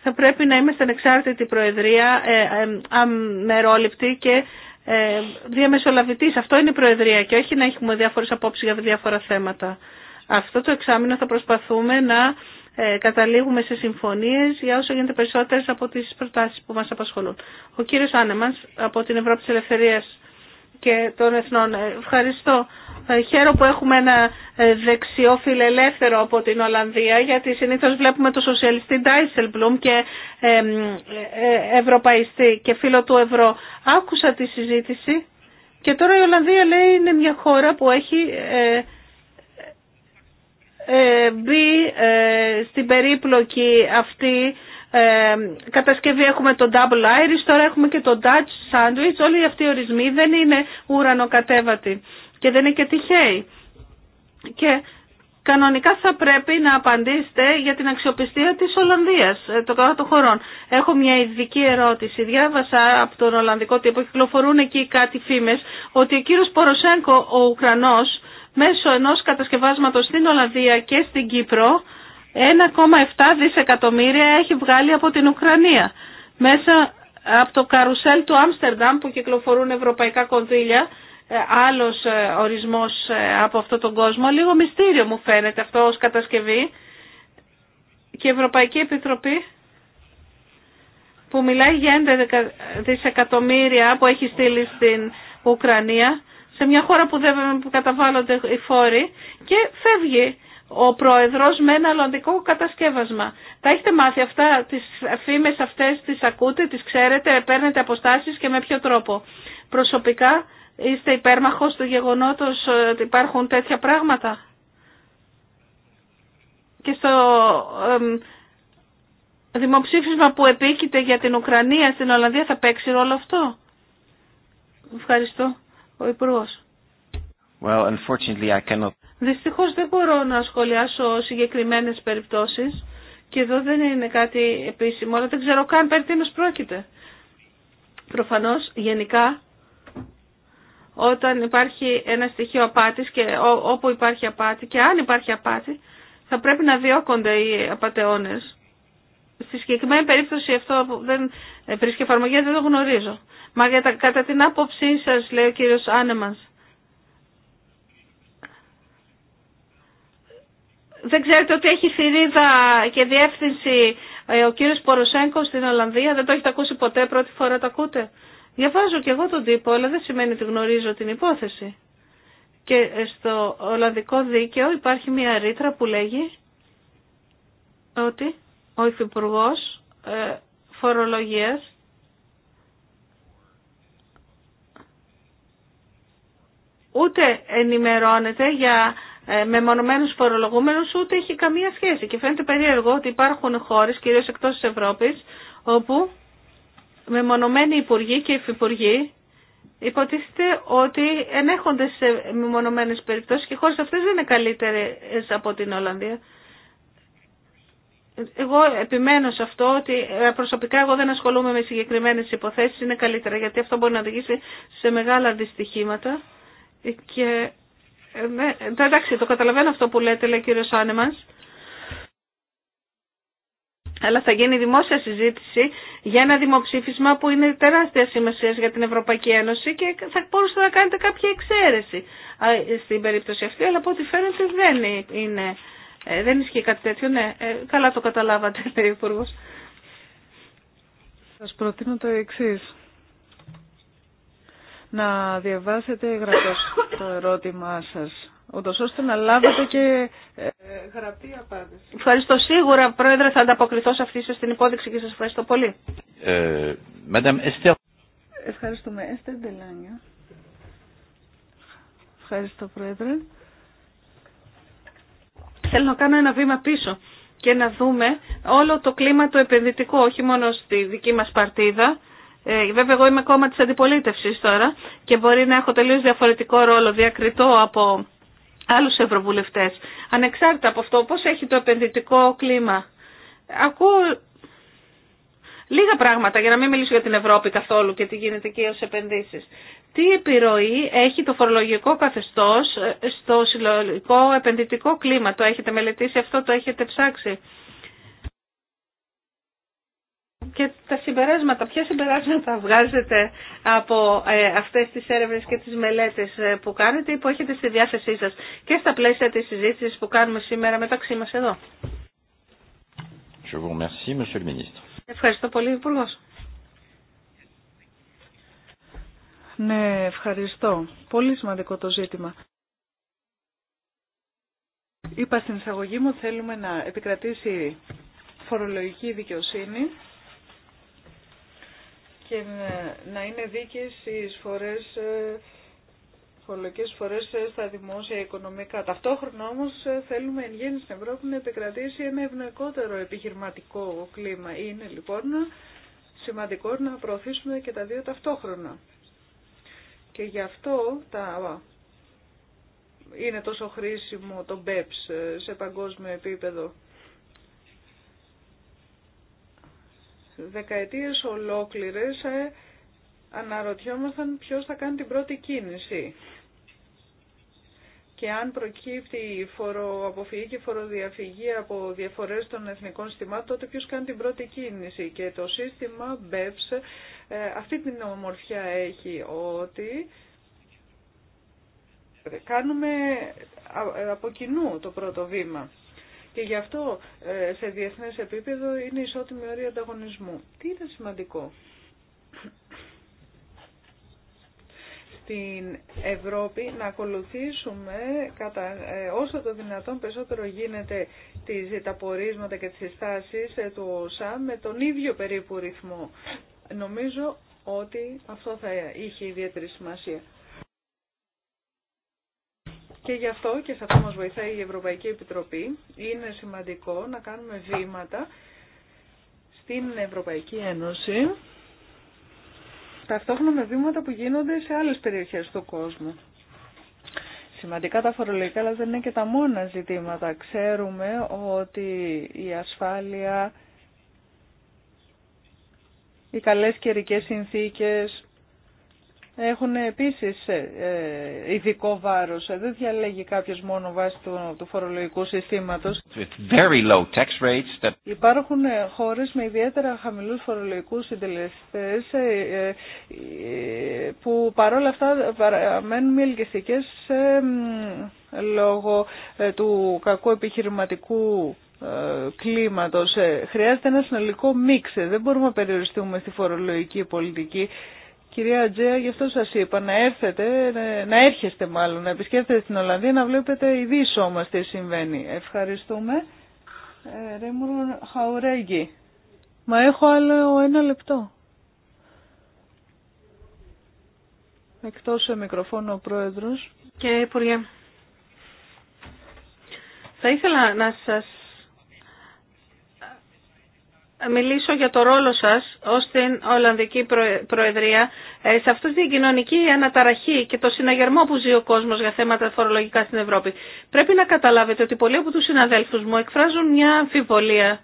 Speaker 2: θα πρέπει να είμαστε ανεξάρτητη Προεδρία, ε, ε, αμερόληπτη και ε, διαμεσολαβητής. Αυτό είναι η Προεδρία και όχι να έχουμε διάφορες απόψει για διάφορα θέματα. Αυτό το εξάμεινο θα προσπαθούμε να ε, καταλήγουμε σε συμφωνίες για όσο γίνεται περισσότερες από τις προτάσεις που μας απασχολούν. Ο κύριος Άνεμαν από την Ευρώπη τη ελευθερία και των Εθνών. Ευχαριστώ. Ε, Χαίρομαι που έχουμε ένα ε, δεξιό φιλελεύθερο από την Ολλανδία, γιατί συνήθως βλέπουμε τον σοσιαλιστή Ντάισελμπλουμ και ε, ευρωπαϊστή και φίλο του ευρώ. Άκουσα τη συζήτηση και τώρα η Ολλανδία λέει είναι μια χώρα που έχει μπει στην περίπλοκη αυτή ε, κατασκευή έχουμε το Double Irish, τώρα έχουμε και το Dutch Sandwich. Όλοι αυτοί οι ορισμοί δεν είναι ουρανοκατέβατοι και δεν είναι και τυχαίοι. Και κανονικά θα πρέπει να απαντήσετε για την αξιοπιστία της Ολλανδίας, ε, των κάτω χωρών. Έχω μια ειδική ερώτηση. Διάβασα από τον Ολλανδικό τύπο, κυκλοφορούν εκεί κάτι φήμες, ότι ο κύριος Ποροσέγκο, ο Ουκρανός, μέσω ενός κατασκευάσματος στην Ολλανδία και στην Κύπρο, 1,7 δισεκατομμύρια έχει βγάλει από την Ουκρανία. Μέσα από το καρουσέλ του Άμστερνταμ που κυκλοφορούν ευρωπαϊκά κονδύλια, ε, άλλος ε, ορισμός ε, από αυτόν τον κόσμο, λίγο μυστήριο μου φαίνεται αυτό ως κατασκευή. Και η Ευρωπαϊκή Επιτροπή που μιλάει για 11 δισεκατομμύρια που έχει στείλει στην Ουκρανία, σε μια χώρα που δεν καταβάλλονται οι φόροι και φεύγει ο πρόεδρος με ένα Λονδικό κατασκεύασμα. Τα έχετε μάθει αυτά, τις φήμες αυτές τις ακούτε, τις ξέρετε, παίρνετε αποστάσεις και με ποιο τρόπο. Προσωπικά είστε υπέρμαχος του γεγονότος ότι υπάρχουν τέτοια πράγματα. Και στο δημοψήφισμα που επίκειται για την Ουκρανία στην Ολλανδία θα παίξει ρόλο αυτό. Ευχαριστώ. Ο Υπουργός.
Speaker 3: Well, unfortunately I
Speaker 2: Δυστυχώς δεν μπορώ να σχολιάσω συγκεκριμένες περιπτώσεις και εδώ δεν είναι κάτι επίσημο, αλλά δεν ξέρω καν περί τίνος πρόκειται. Προφανώς γενικά όταν υπάρχει ένα στοιχείο απάτης και όπου υπάρχει απάτη και αν υπάρχει απάτη θα πρέπει να διώκονται οι απαταιώνες. Στη συγκεκριμένη περίπτωση αυτό που δεν βρίσκει εφαρμογή δεν το γνωρίζω. Μα τα, κατά την άποψή σας λέει ο κύριος Άνεμας δεν ξέρετε ότι έχει θηρίδα και διεύθυνση ε, ο κύριος Ποροσέγκο στην Ολλανδία. Δεν το έχετε ακούσει ποτέ, πρώτη φορά το ακούτε. Διαβάζω και εγώ τον τύπο, αλλά δεν σημαίνει ότι γνωρίζω την υπόθεση. Και ε, στο Ολλανδικό Δίκαιο υπάρχει μια ρήτρα που λέγει ότι ο Υφυπουργό ε, Φορολογίας ούτε ενημερώνεται για με μονομένους φορολογούμενους ούτε έχει καμία σχέση. Και φαίνεται περίεργο ότι υπάρχουν χώρες, κυρίως εκτός της Ευρώπης, όπου με μονομένοι υπουργοί και υφυπουργοί υποτίθεται ότι ενέχονται σε μονομένε περιπτώσεις και οι χώρες αυτές δεν είναι καλύτερες από την Ολλανδία. Εγώ επιμένω σε αυτό ότι ε, προσωπικά εγώ δεν ασχολούμαι με συγκεκριμένες υποθέσεις, είναι καλύτερα γιατί αυτό μπορεί να οδηγήσει σε μεγάλα δυστυχήματα ε, και ε, εντάξει, το καταλαβαίνω αυτό που λέτε, λέει ο κύριος Άνεμας. Αλλά θα γίνει δημόσια συζήτηση για ένα δημοψήφισμα που είναι τεράστια σημασία για την Ευρωπαϊκή Ένωση και θα μπορούσατε να κάνετε κάποια εξαίρεση στην περίπτωση αυτή, αλλά από ό,τι φαίνεται δεν είναι. Ε, δεν ισχύει κάτι τέτοιο, ναι. Ε, καλά το καταλάβατε, λέει ο Υπουργό.
Speaker 4: Σα προτείνω το εξή να διαβάσετε γραπτός το ερώτημά σας, ούτως ώστε να
Speaker 2: λάβετε και ε, γραπτή απάντηση. Ευχαριστώ σίγουρα, Πρόεδρε, θα ανταποκριθώ σε αυτή την υπόδειξη και σας ευχαριστώ πολύ. Ε, Ευχαριστούμε. Έστερ
Speaker 4: Ντελάνια.
Speaker 2: Ευχαριστώ, Πρόεδρε. Θέλω να κάνω ένα βήμα πίσω και να δούμε όλο το κλίμα το επενδυτικό, όχι μόνο στη δική μας παρτίδα, ε, βέβαια εγώ είμαι κόμμα της αντιπολίτευσης τώρα και μπορεί να έχω τελείως διαφορετικό ρόλο διακριτό από άλλους ευρωβουλευτές. Ανεξάρτητα από αυτό πώς έχει το επενδυτικό κλίμα. Ακούω λίγα πράγματα για να μην μιλήσω για την Ευρώπη καθόλου και τι γίνεται εκεί ως επενδύσεις. Τι επιρροή έχει το φορολογικό καθεστώς ε, στο συλλογικό επενδυτικό κλίμα. Το έχετε μελετήσει αυτό, το έχετε ψάξει και τα συμπεράσματα, ποια συμπεράσματα βγάζετε από ε, αυτές τις έρευνες και τις μελέτες ε, που κάνετε ή που έχετε στη διάθεσή σας και στα πλαίσια της συζήτησης που κάνουμε σήμερα μεταξύ μας εδώ. Ευχαριστώ πολύ, Υπουργό.
Speaker 4: Ναι, ευχαριστώ. Πολύ σημαντικό το ζήτημα. Είπα στην εισαγωγή μου θέλουμε να επικρατήσει φορολογική δικαιοσύνη και να είναι δίκαιες οι σφορές ε, φορολογικές φορές ε, στα δημόσια οικονομικά. Ταυτόχρονα όμως ε, θέλουμε εν γέννη στην Ευρώπη να επικρατήσει ένα ευνοϊκότερο επιχειρηματικό κλίμα. Είναι λοιπόν σημαντικό να προωθήσουμε και τα δύο ταυτόχρονα. Και γι' αυτό τα... είναι τόσο χρήσιμο το BEPS σε παγκόσμιο επίπεδο. δεκαετίες ολόκληρες ε, αναρωτιόμασταν ποιος θα κάνει την πρώτη κίνηση και αν προκύπτει η φοροαποφυγή και η φοροδιαφυγή από διαφορές των εθνικών συστημάτων, τότε ποιος κάνει την πρώτη κίνηση. Και το σύστημα BEPS ε, αυτή την ομορφιά έχει ότι κάνουμε ε, από κοινού το πρώτο βήμα. Και γι' αυτό ε, σε διεθνές επίπεδο είναι ισότιμη όρια ανταγωνισμού. Τι είναι σημαντικό. Στην Ευρώπη να ακολουθήσουμε κατά, ε, όσο το δυνατόν περισσότερο γίνεται τις, τα πορίσματα και τις συστάσεις ε, του ΩΣΑ με τον ίδιο περίπου ρυθμό. Νομίζω ότι αυτό θα είχε ιδιαίτερη σημασία. Και γι' αυτό και σε αυτό μας βοηθάει η Ευρωπαϊκή Επιτροπή. Είναι σημαντικό να κάνουμε βήματα στην Ευρωπαϊκή Ένωση ταυτόχρονα με βήματα που γίνονται σε άλλες περιοχές του κόσμου. Σημαντικά τα φορολογικά, αλλά δεν είναι και τα μόνα ζητήματα. Ξέρουμε ότι η ασφάλεια, οι καλές καιρικέ συνθήκες, έχουν επίσης ε, ε, ειδικό βάρος. Ε, δεν διαλέγει κάποιος μόνο βάσει του, του φορολογικού συστήματος. Υπάρχουν χώρες με ιδιαίτερα χαμηλούς φορολογικούς συντελεστές που παρόλα αυτά παραμένουν μη ελκυστικές λόγω του κακού επιχειρηματικού κλίματος. Χρειάζεται ένα συνολικό μίξε. Δεν μπορούμε να περιοριστούμε στη φορολογική πολιτική. Κυρία Τζέα, γι' αυτό σας είπα να έρθετε, να έρχεστε μάλλον, να επισκέφτεστε την Ολλανδία, να βλέπετε ειδήσω όμως τι συμβαίνει. Ευχαριστούμε. Ε, Ρέμουρ Χαουρέγγι. Μα έχω άλλο ένα λεπτό. Εκτός σε μικροφόνο ο Πρόεδρος. Κύριε Υπουργέ,
Speaker 2: θα ήθελα να σας μιλήσω για το ρόλο σας ως την Ολλανδική Προεδρία ε, σε αυτή την κοινωνική αναταραχή και το συναγερμό που ζει ο κόσμος για θέματα φορολογικά στην Ευρώπη. Πρέπει να καταλάβετε ότι πολλοί από τους συναδέλφους μου εκφράζουν μια αμφιβολία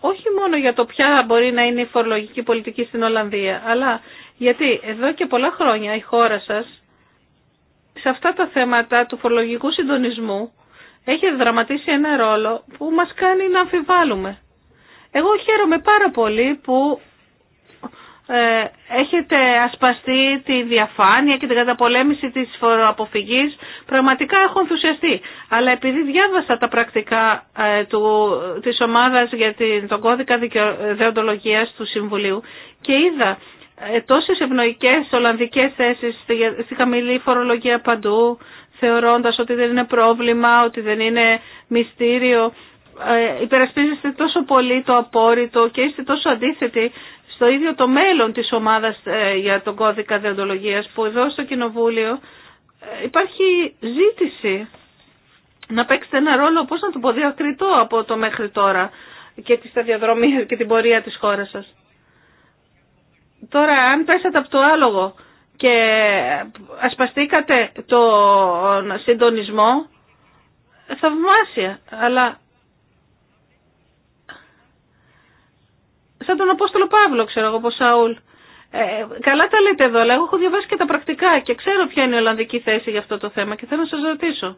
Speaker 2: όχι μόνο για το ποια μπορεί να είναι η φορολογική πολιτική στην Ολλανδία, αλλά γιατί εδώ και πολλά χρόνια η χώρα σας σε αυτά τα θέματα του φορολογικού συντονισμού έχει δραματίσει ένα ρόλο που μας κάνει να αμφιβάλλουμε. Εγώ χαίρομαι πάρα πολύ που ε, έχετε ασπαστεί τη διαφάνεια και την καταπολέμηση της φοροαποφυγής. Πραγματικά έχω ενθουσιαστεί. Αλλά επειδή διάβασα τα πρακτικά ε, του, της ομάδας για την, τον κώδικα δεοντολογίας του Συμβουλίου και είδα ε, τόσες ευνοϊκές ολλανδικές θέσεις στη, χαμηλή φορολογία παντού, θεωρώντας ότι δεν είναι πρόβλημα, ότι δεν είναι μυστήριο ε, υπερασπίζεστε τόσο πολύ το απόρριτο και είστε τόσο αντίθετοι στο ίδιο το μέλλον της ομάδας ε, για τον κώδικα διοντολογίας που εδώ στο Κοινοβούλιο ε, υπάρχει ζήτηση να παίξετε ένα ρόλο, πώς να το πω, διακριτό από το μέχρι τώρα και τη σταδιαδρομή και την πορεία της χώρας σας. Τώρα, αν πέσατε από το άλογο και ασπαστήκατε τον συντονισμό, θαυμάσια, αλλά σαν τον Απόστολο Παύλο, ξέρω εγώ από Σαούλ. Ε, καλά τα λέτε εδώ, αλλά εγώ έχω διαβάσει και τα πρακτικά και ξέρω ποια είναι η Ολλανδική θέση για αυτό το θέμα και θέλω να σας ρωτήσω.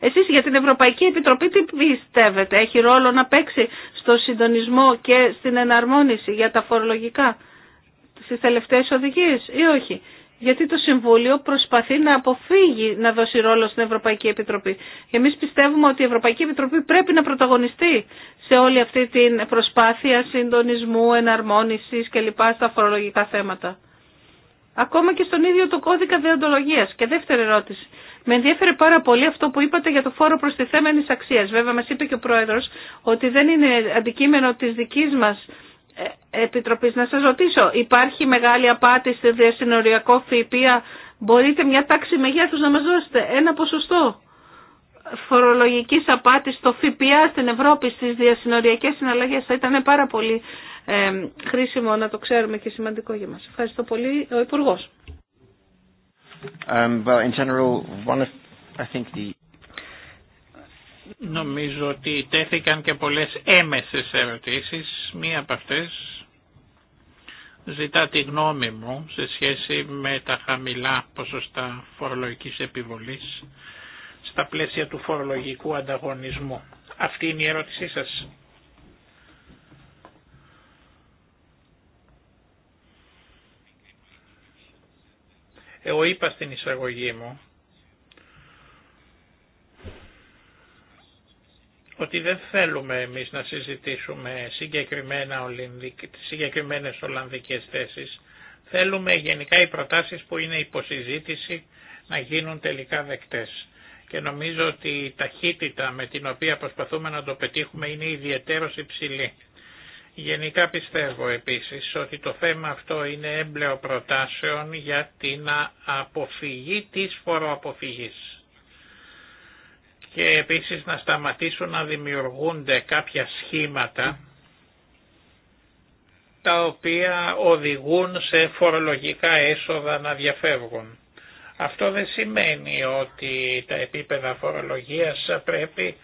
Speaker 2: Εσείς για την Ευρωπαϊκή Επιτροπή τι πιστεύετε, έχει ρόλο να παίξει στο συντονισμό και στην εναρμόνιση για τα φορολογικά στι τελευταίε οδηγίε ή όχι γιατί το Συμβούλιο προσπαθεί να αποφύγει να δώσει ρόλο στην Ευρωπαϊκή Επιτροπή. Εμείς πιστεύουμε ότι η Ευρωπαϊκή Επιτροπή πρέπει να πρωταγωνιστεί σε όλη αυτή την προσπάθεια συντονισμού, εναρμόνισης κλπ. στα φορολογικά θέματα. Ακόμα και στον ίδιο το κώδικα διοντολογίας. Και δεύτερη ερώτηση. Με ενδιαφέρει πάρα πολύ αυτό που είπατε για το φόρο προστιθέμενης αξίας. Βέβαια μας είπε και ο Πρόεδρος ότι δεν είναι αντικείμενο της δικής μας ε, Επιτροπής. Να σας ρωτήσω, υπάρχει μεγάλη απάτη στη διασυνοριακό ΦΠΑ. Μπορείτε μια τάξη μεγέθους να μας δώσετε. Ένα ποσοστό φορολογικής απάτης στο ΦΠΑ στην Ευρώπη στις διασυνοριακές συναλλαγές. Θα ήταν πάρα πολύ ε, χρήσιμο να το ξέρουμε και σημαντικό για μας. Ευχαριστώ πολύ ο Υπουργός.
Speaker 3: Um, well, in general, one I think the...
Speaker 1: Νομίζω ότι τέθηκαν και πολλές έμεσες ερωτήσεις. Μία από αυτές ζητά τη γνώμη μου σε σχέση με τα χαμηλά ποσοστά φορολογικής επιβολής στα πλαίσια του φορολογικού ανταγωνισμού. Αυτή είναι η ερώτησή σας. Εγώ είπα στην εισαγωγή μου ότι δεν θέλουμε εμείς να συζητήσουμε συγκεκριμένα συγκεκριμένες Ολλανδικές θέσεις. Θέλουμε γενικά οι προτάσεις που είναι υποσυζήτηση να γίνουν τελικά δεκτές. Και νομίζω ότι η ταχύτητα με την οποία προσπαθούμε να το πετύχουμε είναι ιδιαίτερο υψηλή. Γενικά πιστεύω επίσης ότι το θέμα αυτό είναι έμπλεο προτάσεων για την αποφυγή της φοροαποφυγής και επίσης να σταματήσουν να δημιουργούνται κάποια σχήματα τα οποία οδηγούν σε φορολογικά έσοδα να διαφεύγουν. Αυτό δεν σημαίνει ότι τα επίπεδα φορολογίας πρέπει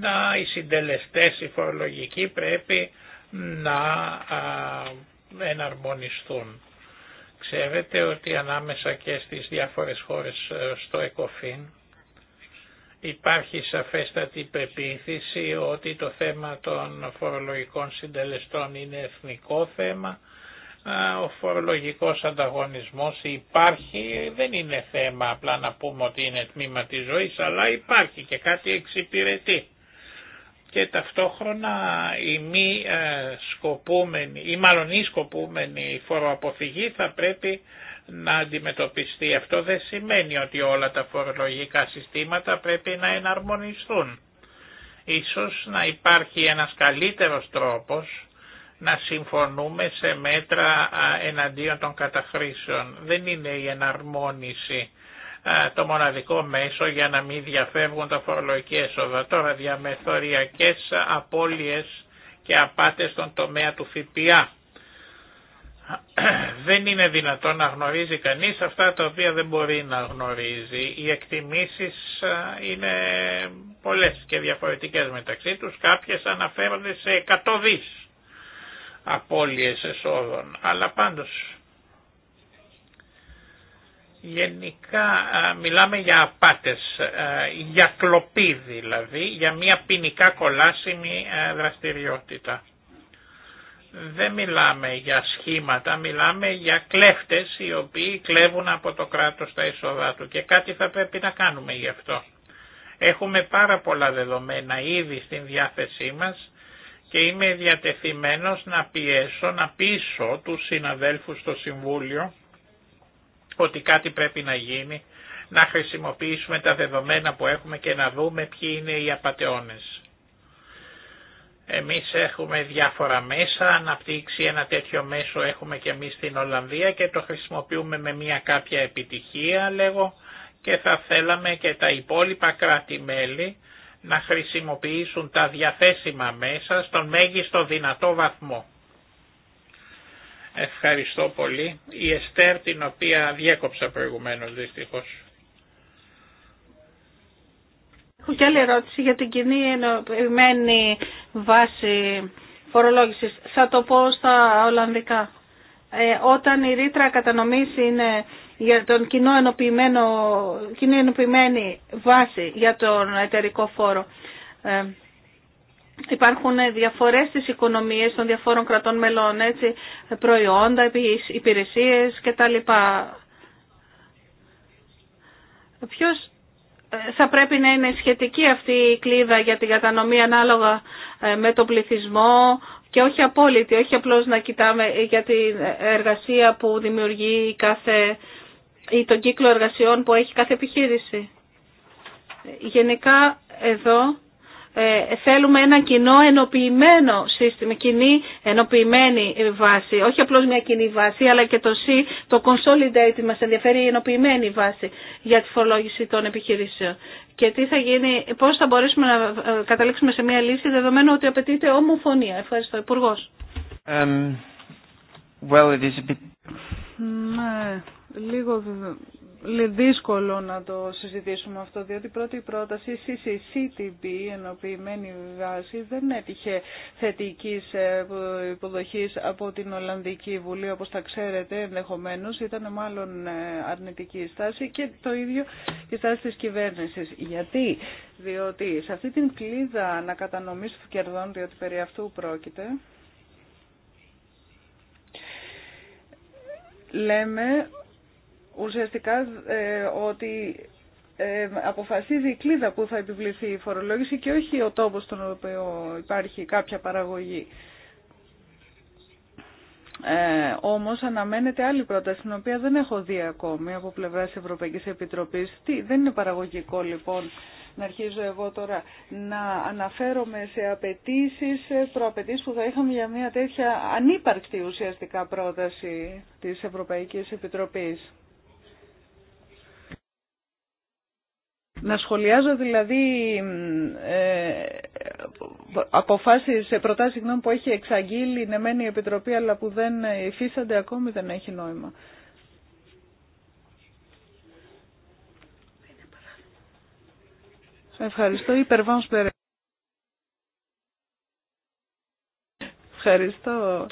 Speaker 1: να οι συντελεστές οι φορολογικοί πρέπει να εναρμονιστούν. Ξέρετε ότι ανάμεσα και στις διάφορες χώρες ε, στο ΕΚΟΦΗΝ Υπάρχει σαφέστατη πεποίθηση ότι το θέμα των φορολογικών συντελεστών είναι εθνικό θέμα. Ο φορολογικός ανταγωνισμός υπάρχει, δεν είναι θέμα απλά να πούμε ότι είναι τμήμα της ζωής, αλλά υπάρχει και κάτι εξυπηρετεί. Και ταυτόχρονα η μη ε, σκοπούμενη, ή μάλλον η σκοπούμενη φοροαποφυγή θα πρέπει να αντιμετωπιστεί. Αυτό δεν σημαίνει ότι όλα τα φορολογικά συστήματα πρέπει να εναρμονιστούν. Ίσως να υπάρχει ένας καλύτερος τρόπος να συμφωνούμε σε μέτρα εναντίον των καταχρήσεων. Δεν είναι η εναρμόνιση το μοναδικό μέσο για να μην διαφεύγουν τα φορολογική έσοδα. Τώρα διαμεθοριακές απώλειες και απάτες στον τομέα του ΦΠΑ. δεν είναι δυνατόν να γνωρίζει κανείς αυτά τα οποία δεν μπορεί να γνωρίζει. Οι εκτιμήσεις είναι πολλές και διαφορετικές μεταξύ τους. Κάποιες αναφέρονται σε εκατοδείς δις απώλειες εσόδων. Αλλά πάντως γενικά μιλάμε για απάτες, για κλοπή δηλαδή, για μια ποινικά κολάσιμη δραστηριότητα δεν μιλάμε για σχήματα, μιλάμε για κλέφτες οι οποίοι κλέβουν από το κράτος τα είσοδά του και κάτι θα πρέπει να κάνουμε γι' αυτό. Έχουμε πάρα πολλά δεδομένα ήδη στην διάθεσή μας και είμαι διατεθειμένος να πιέσω, να πείσω τους συναδέλφους στο Συμβούλιο ότι κάτι πρέπει να γίνει, να χρησιμοποιήσουμε τα δεδομένα που έχουμε και να δούμε ποιοι είναι οι απαταιώνες. Εμείς έχουμε διάφορα μέσα, αναπτύξει ένα τέτοιο μέσο έχουμε και εμείς στην Ολλανδία και το χρησιμοποιούμε με μια κάποια επιτυχία λέγω και θα θέλαμε και τα υπόλοιπα κράτη-μέλη να χρησιμοποιήσουν τα διαθέσιμα μέσα στον μέγιστο δυνατό βαθμό. Ευχαριστώ πολύ. Η Εστέρ την οποία διέκοψα προηγουμένως δυστυχώς. Έχω και άλλη
Speaker 2: ερώτηση για την κοινή ενωπημένη βάση φορολόγησης. Θα το πω στα Ολλανδικά. Ε, όταν η ρήτρα κατανομής είναι για τον κοινό ενοποιημένο, κοινή ενωπημένη βάση για τον εταιρικό φόρο. Ε, υπάρχουν διαφορές στις οικονομίες των διαφόρων κρατών μελών, έτσι, προϊόντα, υπηρεσίες κτλ. Ποιος θα πρέπει να είναι σχετική αυτή η κλίδα για την κατανομή ανάλογα ε, με τον πληθυσμό και όχι απόλυτη, όχι απλώς να κοιτάμε για την εργασία που δημιουργεί κάθε, ή τον κύκλο εργασιών που έχει κάθε επιχείρηση. Γενικά εδώ ε, θέλουμε ένα κοινό ενοποιημένο σύστημα, κοινή ενοποιημένη βάση, όχι απλώς μια κοινή βάση, αλλά και το C, το consolidate μας ενδιαφέρει η ενοποιημένη βάση για τη φορολόγηση των επιχειρήσεων. Και τι θα γίνει, πώς θα μπορέσουμε να ε, καταλήξουμε σε μια λύση, δεδομένου ότι απαιτείται ομοφωνία. Ευχαριστώ, υπουργό.
Speaker 3: Um, well, ναι,
Speaker 2: λίγο
Speaker 4: δύσκολο να το συζητήσουμε αυτό, διότι η πρώτη πρόταση, η CCCTB, ενοποιημένη βάση, δεν έτυχε θετικής ε, υποδοχής από την Ολλανδική Βουλή, όπως τα ξέρετε ενδεχομένως, ήταν μάλλον ε, αρνητική στάση και το ίδιο η στάση της κυβέρνησης. Γιατί, διότι σε αυτή την κλίδα ανακατανομής του κερδών, διότι περί αυτού πρόκειται, λέμε ουσιαστικά ε, ότι ε, αποφασίζει η κλίδα που θα επιβληθεί η φορολόγηση και όχι ο τόπος στον οποίο υπάρχει κάποια παραγωγή. Ε, όμως αναμένεται άλλη πρόταση, την οποία δεν έχω δει ακόμη από πλευράς Ευρωπαϊκής Επιτροπής. Τι, δεν είναι παραγωγικό λοιπόν να αρχίζω εγώ τώρα να αναφέρομαι σε απαιτήσει, προαπαιτήσει που θα είχαμε για μια τέτοια ανύπαρκτη ουσιαστικά πρόταση της Ευρωπαϊκής Επιτροπής. Να σχολιάζω δηλαδή ε, αποφάσεις, ε, προτάσεις γνώμη που έχει εξαγγείλει η Επιτροπή αλλά που δεν υφίστανται ακόμη δεν έχει νόημα. Ευχαριστώ. Υπερβάνω σπέρα. Ευχαριστώ.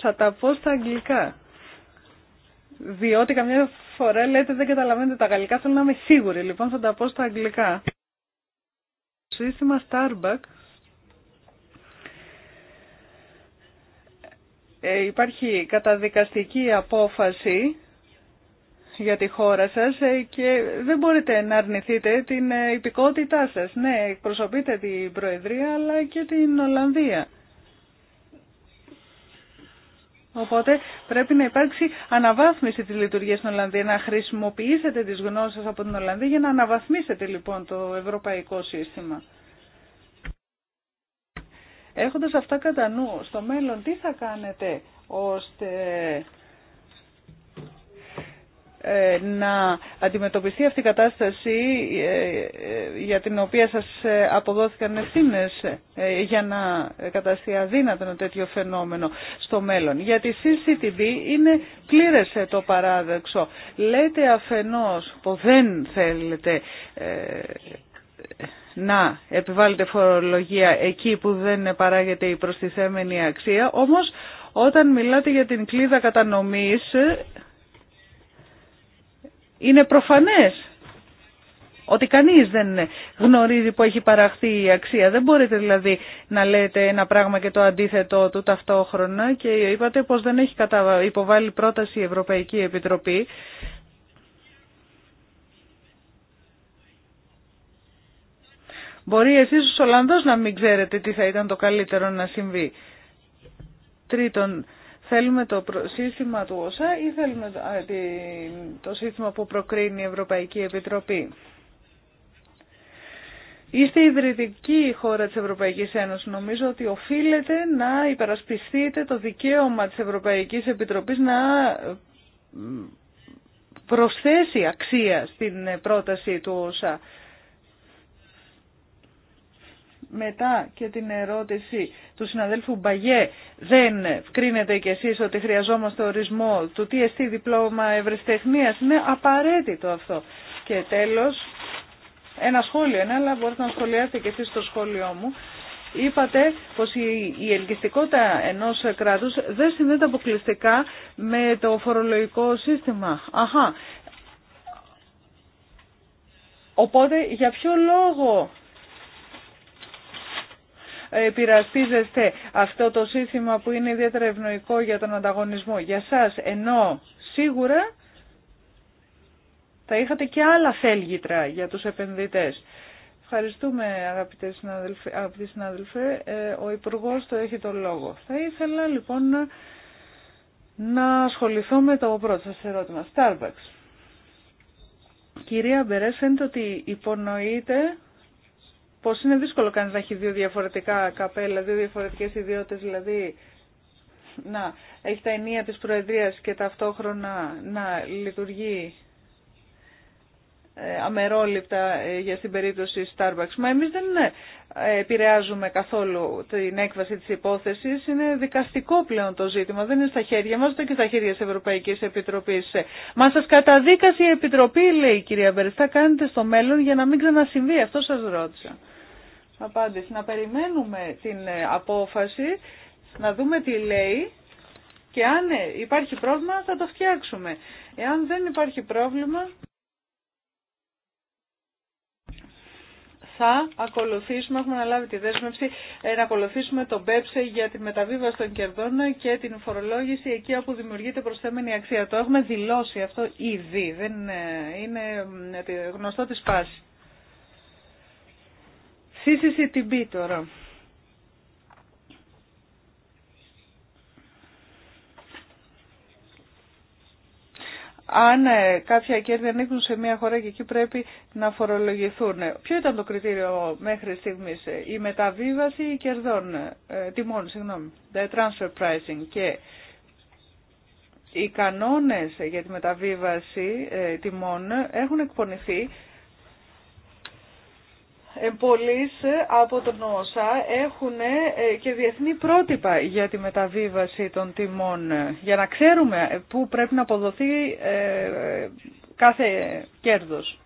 Speaker 4: Θα τα πω στα αγγλικά. Διότι καμιά φορά λέτε δεν καταλαβαίνετε τα γαλλικά, θέλω να είμαι σίγουρη, λοιπόν θα τα πω στα αγγλικά. Το σύστημα Starbucks ε, υπάρχει καταδικαστική απόφαση για τη χώρα σας ε, και δεν μπορείτε να αρνηθείτε την ε, υπηκότητά σας. Ναι, εκπροσωπείτε την Προεδρία αλλά και την Ολλανδία. Οπότε πρέπει να υπάρξει αναβάθμιση της λειτουργίας στην Ολλανδία, να χρησιμοποιήσετε τις γνώσεις από την Ολλανδία για να αναβαθμίσετε λοιπόν το ευρωπαϊκό σύστημα. Έχοντας αυτά κατά νου, στο μέλλον τι θα κάνετε ώστε ε, να αντιμετωπιστεί αυτή η κατάσταση ε, ε, για την οποία σας αποδόθηκαν ευθύνε για να καταστεί αδύνατο ένα τέτοιο φαινόμενο στο μέλλον. Γιατί CCTV είναι πλήρες το παράδεξο. Λέτε αφενός που δεν θέλετε να επιβάλλετε φορολογία εκεί που δεν παράγεται η προστιθέμενη αξία, όμως όταν μιλάτε για την κλίδα κατανομής είναι προφανές ότι κανείς δεν γνωρίζει που έχει παραχθεί η αξία. Δεν μπορείτε δηλαδή να λέτε ένα πράγμα και το αντίθετο του ταυτόχρονα και είπατε πως δεν έχει υποβάλει πρόταση η Ευρωπαϊκή Επιτροπή. Μπορεί εσείς ως Ολλανδός να μην ξέρετε τι θα ήταν το καλύτερο να συμβεί. Τρίτον, Θέλουμε το σύστημα του ΩΣΑ ή θέλουμε το σύστημα που προκρίνει η Ευρωπαϊκή Επιτροπή. Είστε ιδρυτική χώρα της Ευρωπαϊκής Ένωσης. Νομίζω ότι οφείλετε να υπερασπιστείτε το δικαίωμα της Ευρωπαϊκής Επιτροπής να προσθέσει αξία στην πρόταση του ΩΣΑ μετά και την ερώτηση του συναδέλφου Μπαγιέ, δεν κρίνετε κι εσείς ότι χρειαζόμαστε ορισμό του TST διπλώμα ευρεσιτεχνίας. Είναι απαραίτητο αυτό. Και τέλος, ένα σχόλιο, ένα, αλλά μπορείτε να σχολιάσετε κι εσείς το σχόλιο μου. Είπατε πως η ελκυστικότητα ενός κράτους δεν συνδέεται αποκλειστικά με το φορολογικό σύστημα. Αχα. Οπότε για ποιο λόγο επηρεαστίζεστε αυτό το σύστημα που είναι ιδιαίτερα ευνοϊκό για τον ανταγωνισμό. Για σας ενώ σίγουρα θα είχατε και άλλα θέλγητρα για τους επενδυτές. Ευχαριστούμε αγαπητέ συναδελφέ. Ε, ο Υπουργός το έχει τον λόγο. Θα ήθελα λοιπόν να, να ασχοληθώ με το πρώτο σας ερώτημα. Starbucks. Κυρία Μπερές, ότι υπονοείται Πώ είναι δύσκολο κανείς να έχει δύο διαφορετικά καπέλα, δύο διαφορετικέ ιδιότητε, δηλαδή να έχει τα ενία τη Προεδρία και ταυτόχρονα να λειτουργεί ε, αμερόληπτα ε, για την περίπτωση Starbucks. Μα εμείς δεν ε, επηρεάζουμε καθόλου την έκβαση τη υπόθεση. Είναι δικαστικό πλέον το ζήτημα. Δεν είναι στα χέρια μα ούτε και στα χέρια τη Ευρωπαϊκής Επιτροπής. Μα σα καταδίκασε η Επιτροπή, λέει η κυρία Μπεριστά, κάνετε στο μέλλον για να μην ξανασυμβεί. Αυτό σα ρώτησα απάντηση. Να περιμένουμε την ε, απόφαση, να δούμε τι λέει και αν ε, υπάρχει πρόβλημα θα το φτιάξουμε. Εάν δεν υπάρχει πρόβλημα θα ακολουθήσουμε, έχουμε λάβει τη δέσμευση, ε, να ακολουθήσουμε τον ΠΕΠΣΕ για τη μεταβίβαση των κερδών και την φορολόγηση εκεί όπου δημιουργείται προσθέμενη αξία. Το έχουμε δηλώσει αυτό ήδη, δεν είναι γνωστό της πάσης την τώρα. αν ε, κάποια κέρδη ανήκουν σε μια χώρα και εκεί πρέπει να φορολογηθούν. Ποιο ήταν το κριτήριο μέχρι στιγμής, ε, η μεταβίβαση κερδών, ε, τιμών, συγγνώμη, the transfer pricing και οι κανόνες για τη μεταβίβαση τιμών έχουν εκπονηθεί πολλοί από τον ΩΣΑ έχουν ε, και διεθνή πρότυπα για τη μεταβίβαση των τιμών, ε, για να ξέρουμε ε, πού πρέπει να αποδοθεί κάθε κέρδος.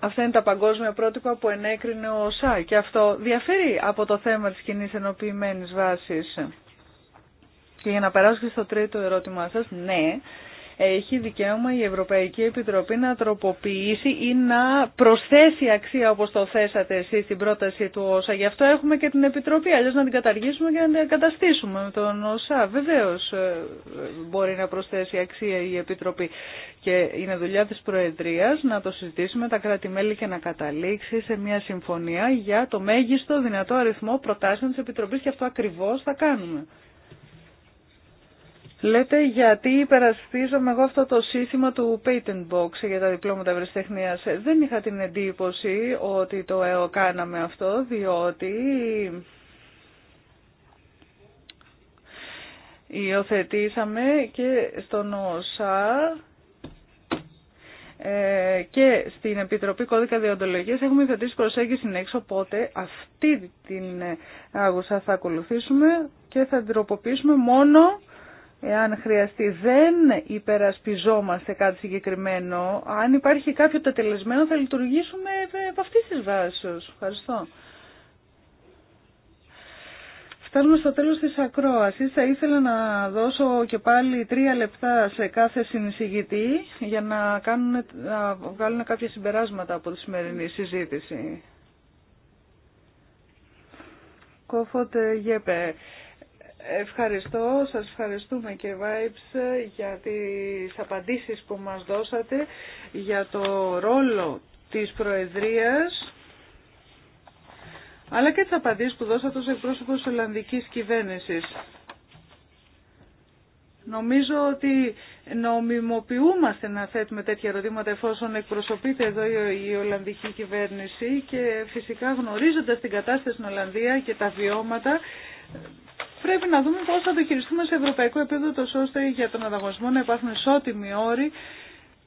Speaker 4: Αυτά είναι τα παγκόσμια πρότυπα που ενέκρινε ο ΩΣΑ και αυτό διαφέρει από το θέμα της κοινή ενοποιημένης βάσης. Και για να περάσω και στο τρίτο ερώτημά σας, ναι, έχει δικαίωμα η Ευρωπαϊκή Επιτροπή να τροποποιήσει ή να προσθέσει αξία όπως το θέσατε εσείς στην πρόταση του ΩΣΑ. Γι' αυτό έχουμε και την Επιτροπή, αλλιώς να την καταργήσουμε και να την εγκαταστήσουμε με τον ΩΣΑ. Βεβαίως ε, μπορεί να προσθέσει αξία η Επιτροπή και είναι δουλειά της Προεδρίας να το συζητήσουμε τα κράτη-μέλη και να καταλήξει σε μια συμφωνία για το μέγιστο δυνατό αριθμό προτάσεων της Επιτροπής και αυτό ακριβώς θα κάνουμε. Λέτε γιατί υπερασπίζομαι εγώ αυτό το σύστημα του patent box για τα διπλώματα ευρεσιτεχνίας. Ε, δεν είχα την εντύπωση ότι το ΕΟ κάναμε αυτό, διότι υιοθετήσαμε και στον ΩΣΑ ε, και στην Επιτροπή Κώδικα Διοντολογίας έχουμε υιοθετήσει προσέγγιση έξω, οπότε αυτή την άγουσα θα ακολουθήσουμε και θα τροποποιήσουμε μόνο εάν χρειαστεί, δεν υπερασπιζόμαστε κάτι συγκεκριμένο. Αν υπάρχει κάποιο τελεσμένο, θα λειτουργήσουμε από αυτή τη βάση. Ευχαριστώ. Φτάνουμε στο τέλος της ακρόασης. Θα ήθελα να δώσω και πάλι τρία λεπτά σε κάθε συνεισηγητή για να, κάνουν, να βγάλουν κάποια συμπεράσματα από τη σημερινή συζήτηση. Κόφωτε Γέπε. Ευχαριστώ, σας ευχαριστούμε και Vibes ε, για τις απαντήσεις που μας δώσατε για το ρόλο της Προεδρίας αλλά και τις απαντήσεις που δώσατε ως εκπρόσωπος της Ολλανδικής Κυβέρνησης. Νομίζω ότι νομιμοποιούμαστε να θέτουμε τέτοια ερωτήματα εφόσον εκπροσωπείται εδώ η Ολλανδική κυβέρνηση και φυσικά γνωρίζοντας την κατάσταση στην Ολλανδία και τα βιώματα πρέπει να δούμε πώς θα το χειριστούμε σε ευρωπαϊκό επίπεδο τόσο ώστε για τον ανταγωνισμό να υπάρχουν ισότιμοι όροι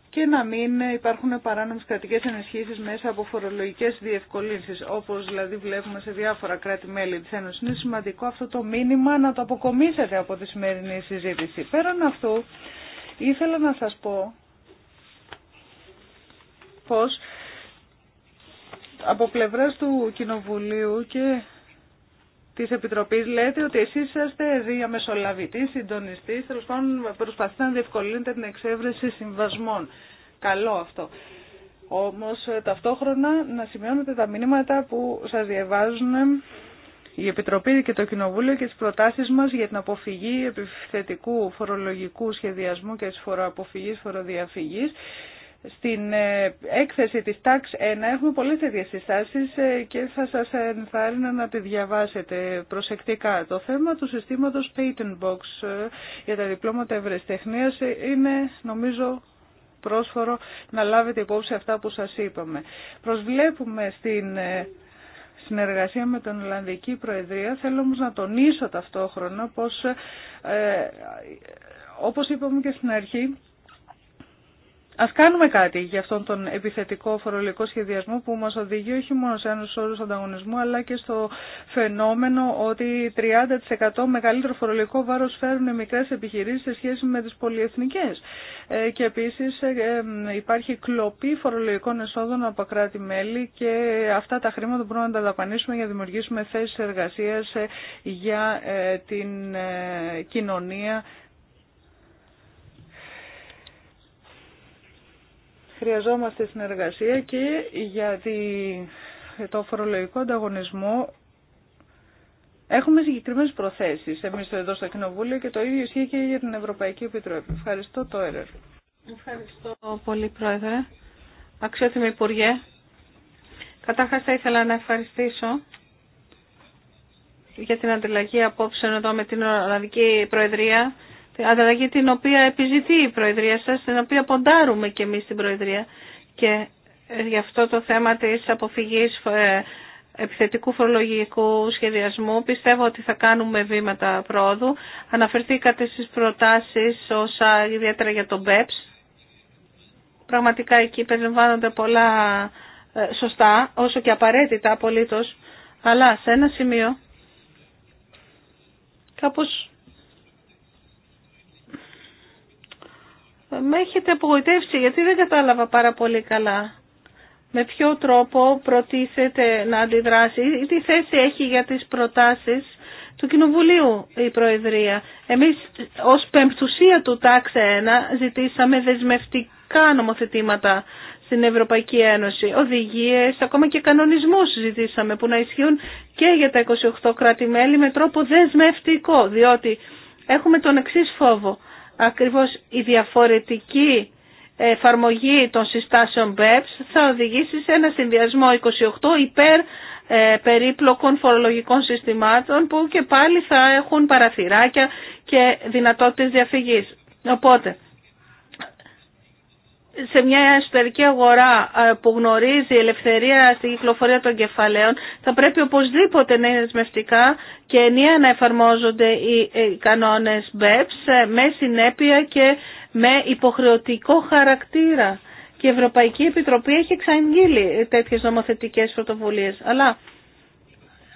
Speaker 4: και να μην υπάρχουν παράνομες κρατικές ενισχύσεις μέσα από φορολογικές διευκολύνσεις, όπως δηλαδή βλέπουμε σε διάφορα κράτη-μέλη της Ένωσης. Είναι σημαντικό αυτό το μήνυμα να το αποκομίσετε από τη σημερινή συζήτηση. Πέραν αυτού, ήθελα να σας πω πως από πλευράς του Κοινοβουλίου και Τη Επιτροπής λέτε ότι εσείς είσαστε διαμεσολαβητή, συντονιστή, τέλος πάντων προσπαθείτε να διευκολύνετε την εξέβρεση συμβασμών. Καλό αυτό. Όμως ε, ταυτόχρονα να σημειώνετε τα μηνύματα που σας διαβάζουν ε, η Επιτροπή και το Κοινοβούλιο και τις προτάσεις μας για την αποφυγή επιθετικού φορολογικού σχεδιασμού και τη φοροαποφυγή φοροδιαφυγή. Στην ε, έκθεση της ΤΑΞ 1 έχουμε πολλές τέτοιες συστάσεις ε, και θα σας ενθάρρυνα να τη διαβάσετε προσεκτικά. Το θέμα του συστήματος Patent Box ε, για τα διπλώματα ευρεσιτεχνίας είναι νομίζω πρόσφορο να λάβετε υπόψη αυτά που σας είπαμε. Προσβλέπουμε στην συνεργασία με τον Ολλανδική Προεδρία. Θέλω όμως να τονίσω ταυτόχρονα πως, όπως είπαμε και στην αρχή, Ας κάνουμε κάτι για αυτόν τον επιθετικό φορολογικό σχεδιασμό που μας οδηγεί όχι μόνο σε έναν όρου ανταγωνισμού αλλά και στο φαινόμενο ότι 30% μεγαλύτερο φορολογικό βάρος φέρουν οι μικρές επιχειρήσεις σε σχέση με τις πολυεθνικές. Ε, και επίσης ε, ε, υπάρχει κλοπή φορολογικών εσόδων από κράτη-μέλη και αυτά τα χρήματα μπορούμε να τα δαπανίσουμε για να δημιουργήσουμε θέσεις εργασίας για την κοινωνία Χρειαζόμαστε συνεργασία και γιατί το φορολογικό ανταγωνισμό Έχουμε συγκεκριμένε προθέσει εμεί εδώ στο Κοινοβούλιο και το ίδιο ισχύει και για την Ευρωπαϊκή Επιτροπή. Ευχαριστώ το ΕΡΕΡ.
Speaker 2: Ευχαριστώ πολύ, Πρόεδρε. Αξιότιμη Υπουργέ, καταρχά θα ήθελα να ευχαριστήσω για την ανταλλαγή απόψεων εδώ με την Ολλανδική Προεδρία ανταλλαγή την οποία επιζητεί η Προεδρία σας, την οποία ποντάρουμε και εμείς την Προεδρία και ε, γι' αυτό το θέμα της αποφυγής ε, επιθετικού φορολογικού σχεδιασμού. Πιστεύω ότι θα κάνουμε βήματα πρόοδου. Αναφερθήκατε στις προτάσεις όσα ιδιαίτερα για τον BEPS. Πραγματικά εκεί περιλαμβάνονται πολλά ε, σωστά, όσο και απαραίτητα απολύτως. Αλλά σε ένα σημείο κάπως με έχετε απογοητεύσει γιατί δεν κατάλαβα πάρα πολύ καλά με ποιο τρόπο προτίθεται να αντιδράσει ή τι θέση έχει για τις προτάσεις του Κοινοβουλίου η Προεδρία. Εμείς ως πεμπτουσία του τάξε 1 ζητήσαμε δεσμευτικά νομοθετήματα στην Ευρωπαϊκή Ένωση, οδηγίες, ακόμα και κανονισμούς ζητήσαμε που να ισχύουν και για τα 28 κράτη-μέλη με τρόπο δεσμευτικό, διότι έχουμε τον εξή φόβο ακριβώς η διαφορετική εφαρμογή των συστάσεων BEPS θα οδηγήσει σε ένα συνδυασμό 28 υπέρ ε, περίπλοκων φορολογικών συστημάτων που και πάλι θα έχουν παραθυράκια και δυνατότητες διαφυγής. Οπότε, σε μια εσωτερική αγορά ε, που γνωρίζει ελευθερία στην κυκλοφορία των κεφαλαίων θα πρέπει οπωσδήποτε να είναι δεσμευτικά και ενία να εφαρμόζονται οι ε, κανόνες BEPS ε, με συνέπεια και με υποχρεωτικό χαρακτήρα. Και η Ευρωπαϊκή Επιτροπή έχει εξαγγείλει τέτοιες νομοθετικές πρωτοβουλίες. Αλλά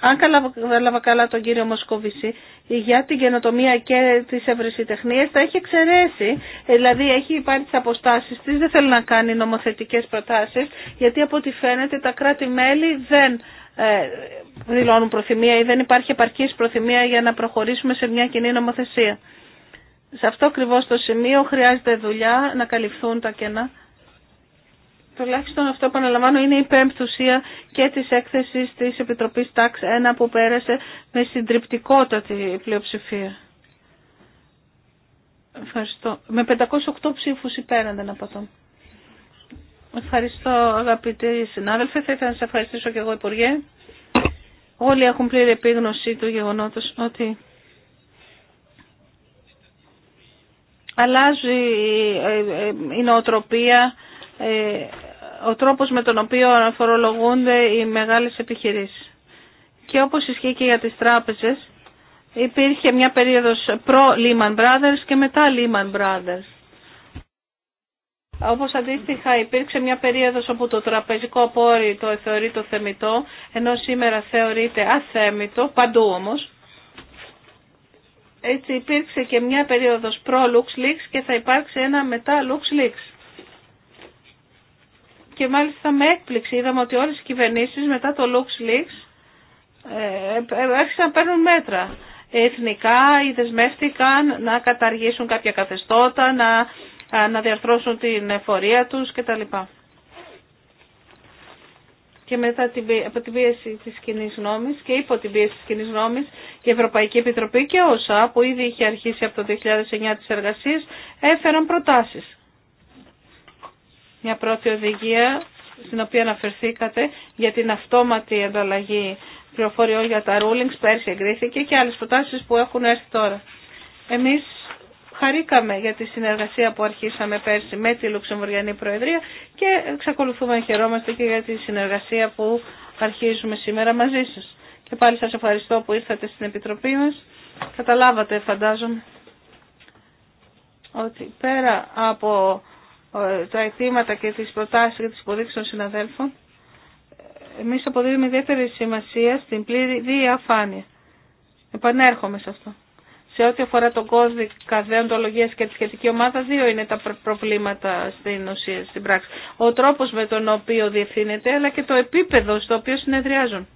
Speaker 2: αν κατάλαβα καλά τον κύριο Μοσκοβισή, για την καινοτομία και τι ευρεσιτεχνίε τα έχει εξαιρέσει. Δηλαδή έχει πάρει τι αποστάσει τη, δεν θέλει να κάνει νομοθετικέ προτάσει, γιατί από ό,τι φαίνεται τα κράτη-μέλη δεν ε, δηλώνουν προθυμία ή δεν υπάρχει επαρκή προθυμία για να προχωρήσουμε σε μια κοινή νομοθεσία. Σε αυτό ακριβώ το σημείο χρειάζεται δουλειά να καλυφθούν τα κενά τουλάχιστον αυτό που αναλαμβάνω είναι η πέμπτουσία και της έκθεσης της Επιτροπής ΤΑΞ 1 που πέρασε με συντριπτικότατη πλειοψηφία. Ευχαριστώ. Με 508 ψήφους υπέρ, να δεν Ευχαριστώ αγαπητοί συνάδελφοι. Θα ήθελα να σας ευχαριστήσω και εγώ Υπουργέ. Όλοι έχουν πλήρη επίγνωση του γεγονότος ότι αλλάζει η ε, ε, νοοτροπία ε, ο τρόπος με τον οποίο φορολογούνται οι μεγάλες επιχειρήσεις. Και όπως ισχύει και για τις τράπεζες, υπήρχε μια περίοδος προ Lehman Brothers και μετά Lehman Brothers. Όπως αντίστοιχα υπήρξε μια περίοδος όπου το τραπεζικό το θεωρεί το θεμητό, ενώ σήμερα θεωρείται αθέμητο, παντού όμως. Έτσι υπήρξε και μια περίοδος προ LuxLeaks και θα υπάρξει ένα μετά LuxLeaks και μάλιστα με έκπληξη είδαμε ότι όλες οι κυβερνήσεις μετά το LuxLeaks ε, άρχισαν να παίρνουν μέτρα. Εθνικά ή δεσμεύτηκαν να καταργήσουν κάποια καθεστώτα, να, να διαρθρώσουν την εφορία τους κτλ. Και μετά από την πίεση της κοινή νόμης και υπό την πίεση της κοινή νόμης η Ευρωπαϊκή Επιτροπή και όσα που ήδη είχε αρχίσει από το 2009 τις εργασίες έφεραν προτάσεις μια πρώτη οδηγία στην οποία αναφερθήκατε για την αυτόματη ανταλλαγή πληροφοριών για τα rulings πέρσι εγκρίθηκε και άλλες προτάσεις που έχουν έρθει τώρα. Εμείς χαρήκαμε για τη συνεργασία που αρχίσαμε πέρσι με τη Λουξεμβουργιανή Προεδρία και εξακολουθούμε να χαιρόμαστε και για τη συνεργασία που αρχίζουμε σήμερα μαζί σας. Και πάλι σας ευχαριστώ που ήρθατε στην Επιτροπή μας. Καταλάβατε φαντάζομαι ότι πέρα από τα αιτήματα και τις προτάσεις και τις υποδείξεις των συναδέλφων, εμείς αποδίδουμε ιδιαίτερη σημασία στην πλήρη διαφάνεια. Επανέρχομαι σε αυτό. Σε ό,τι αφορά τον κώδικα δεοντολογίας και τη σχετική ομάδα, δύο είναι τα προβλήματα στην ουσία, στην πράξη. Ο τρόπος με τον οποίο διευθύνεται, αλλά και το επίπεδο στο οποίο συνεδριάζουν.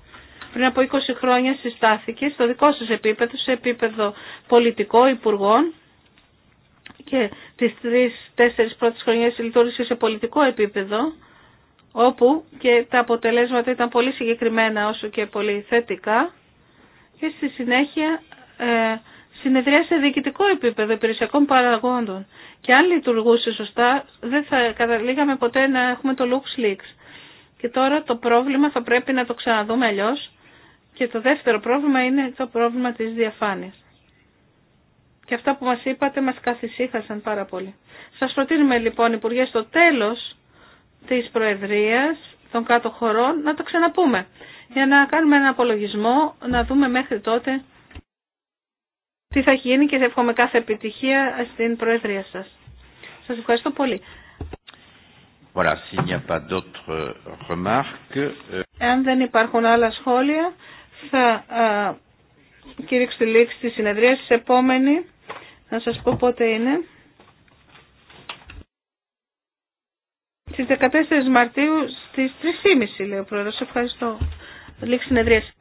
Speaker 2: Πριν από 20 χρόνια συστάθηκε στο δικό σας επίπεδο, σε επίπεδο πολιτικό, υπουργών, και τις τρεις-τέσσερις πρώτες χρονιές λειτουργήσε σε πολιτικό επίπεδο, όπου και τα αποτελέσματα ήταν πολύ συγκεκριμένα όσο και πολύ θετικά και στη συνέχεια ε, συνεδρία σε διοικητικό επίπεδο υπηρεσιακών παραγόντων. Και αν λειτουργούσε σωστά, δεν θα καταλήγαμε ποτέ να έχουμε το LuxLeaks. Και τώρα το πρόβλημα θα πρέπει να το ξαναδούμε αλλιώ. Και το δεύτερο πρόβλημα είναι το πρόβλημα της διαφάνειας. Και αυτά που μας είπατε μας καθησύχασαν πάρα πολύ. Σας προτείνουμε λοιπόν, Υπουργέ, στο τέλος της Προεδρίας των κάτω χωρών να το ξαναπούμε. Για να κάνουμε ένα απολογισμό, να δούμε μέχρι τότε τι θα γίνει και εύχομαι κάθε επιτυχία στην Προεδρία σας. Σας ευχαριστώ πολύ. Voilà, Εάν euh, δεν υπάρχουν άλλα σχόλια, θα ε, κηρύξω τη λήξη της συνεδρίας της επόμενη. Να σας πω πότε είναι. Στις 14 Μαρτίου στις 3.30 λέει ο Πρόεδρος. Ευχαριστώ. Λήξη συνεδρίαση.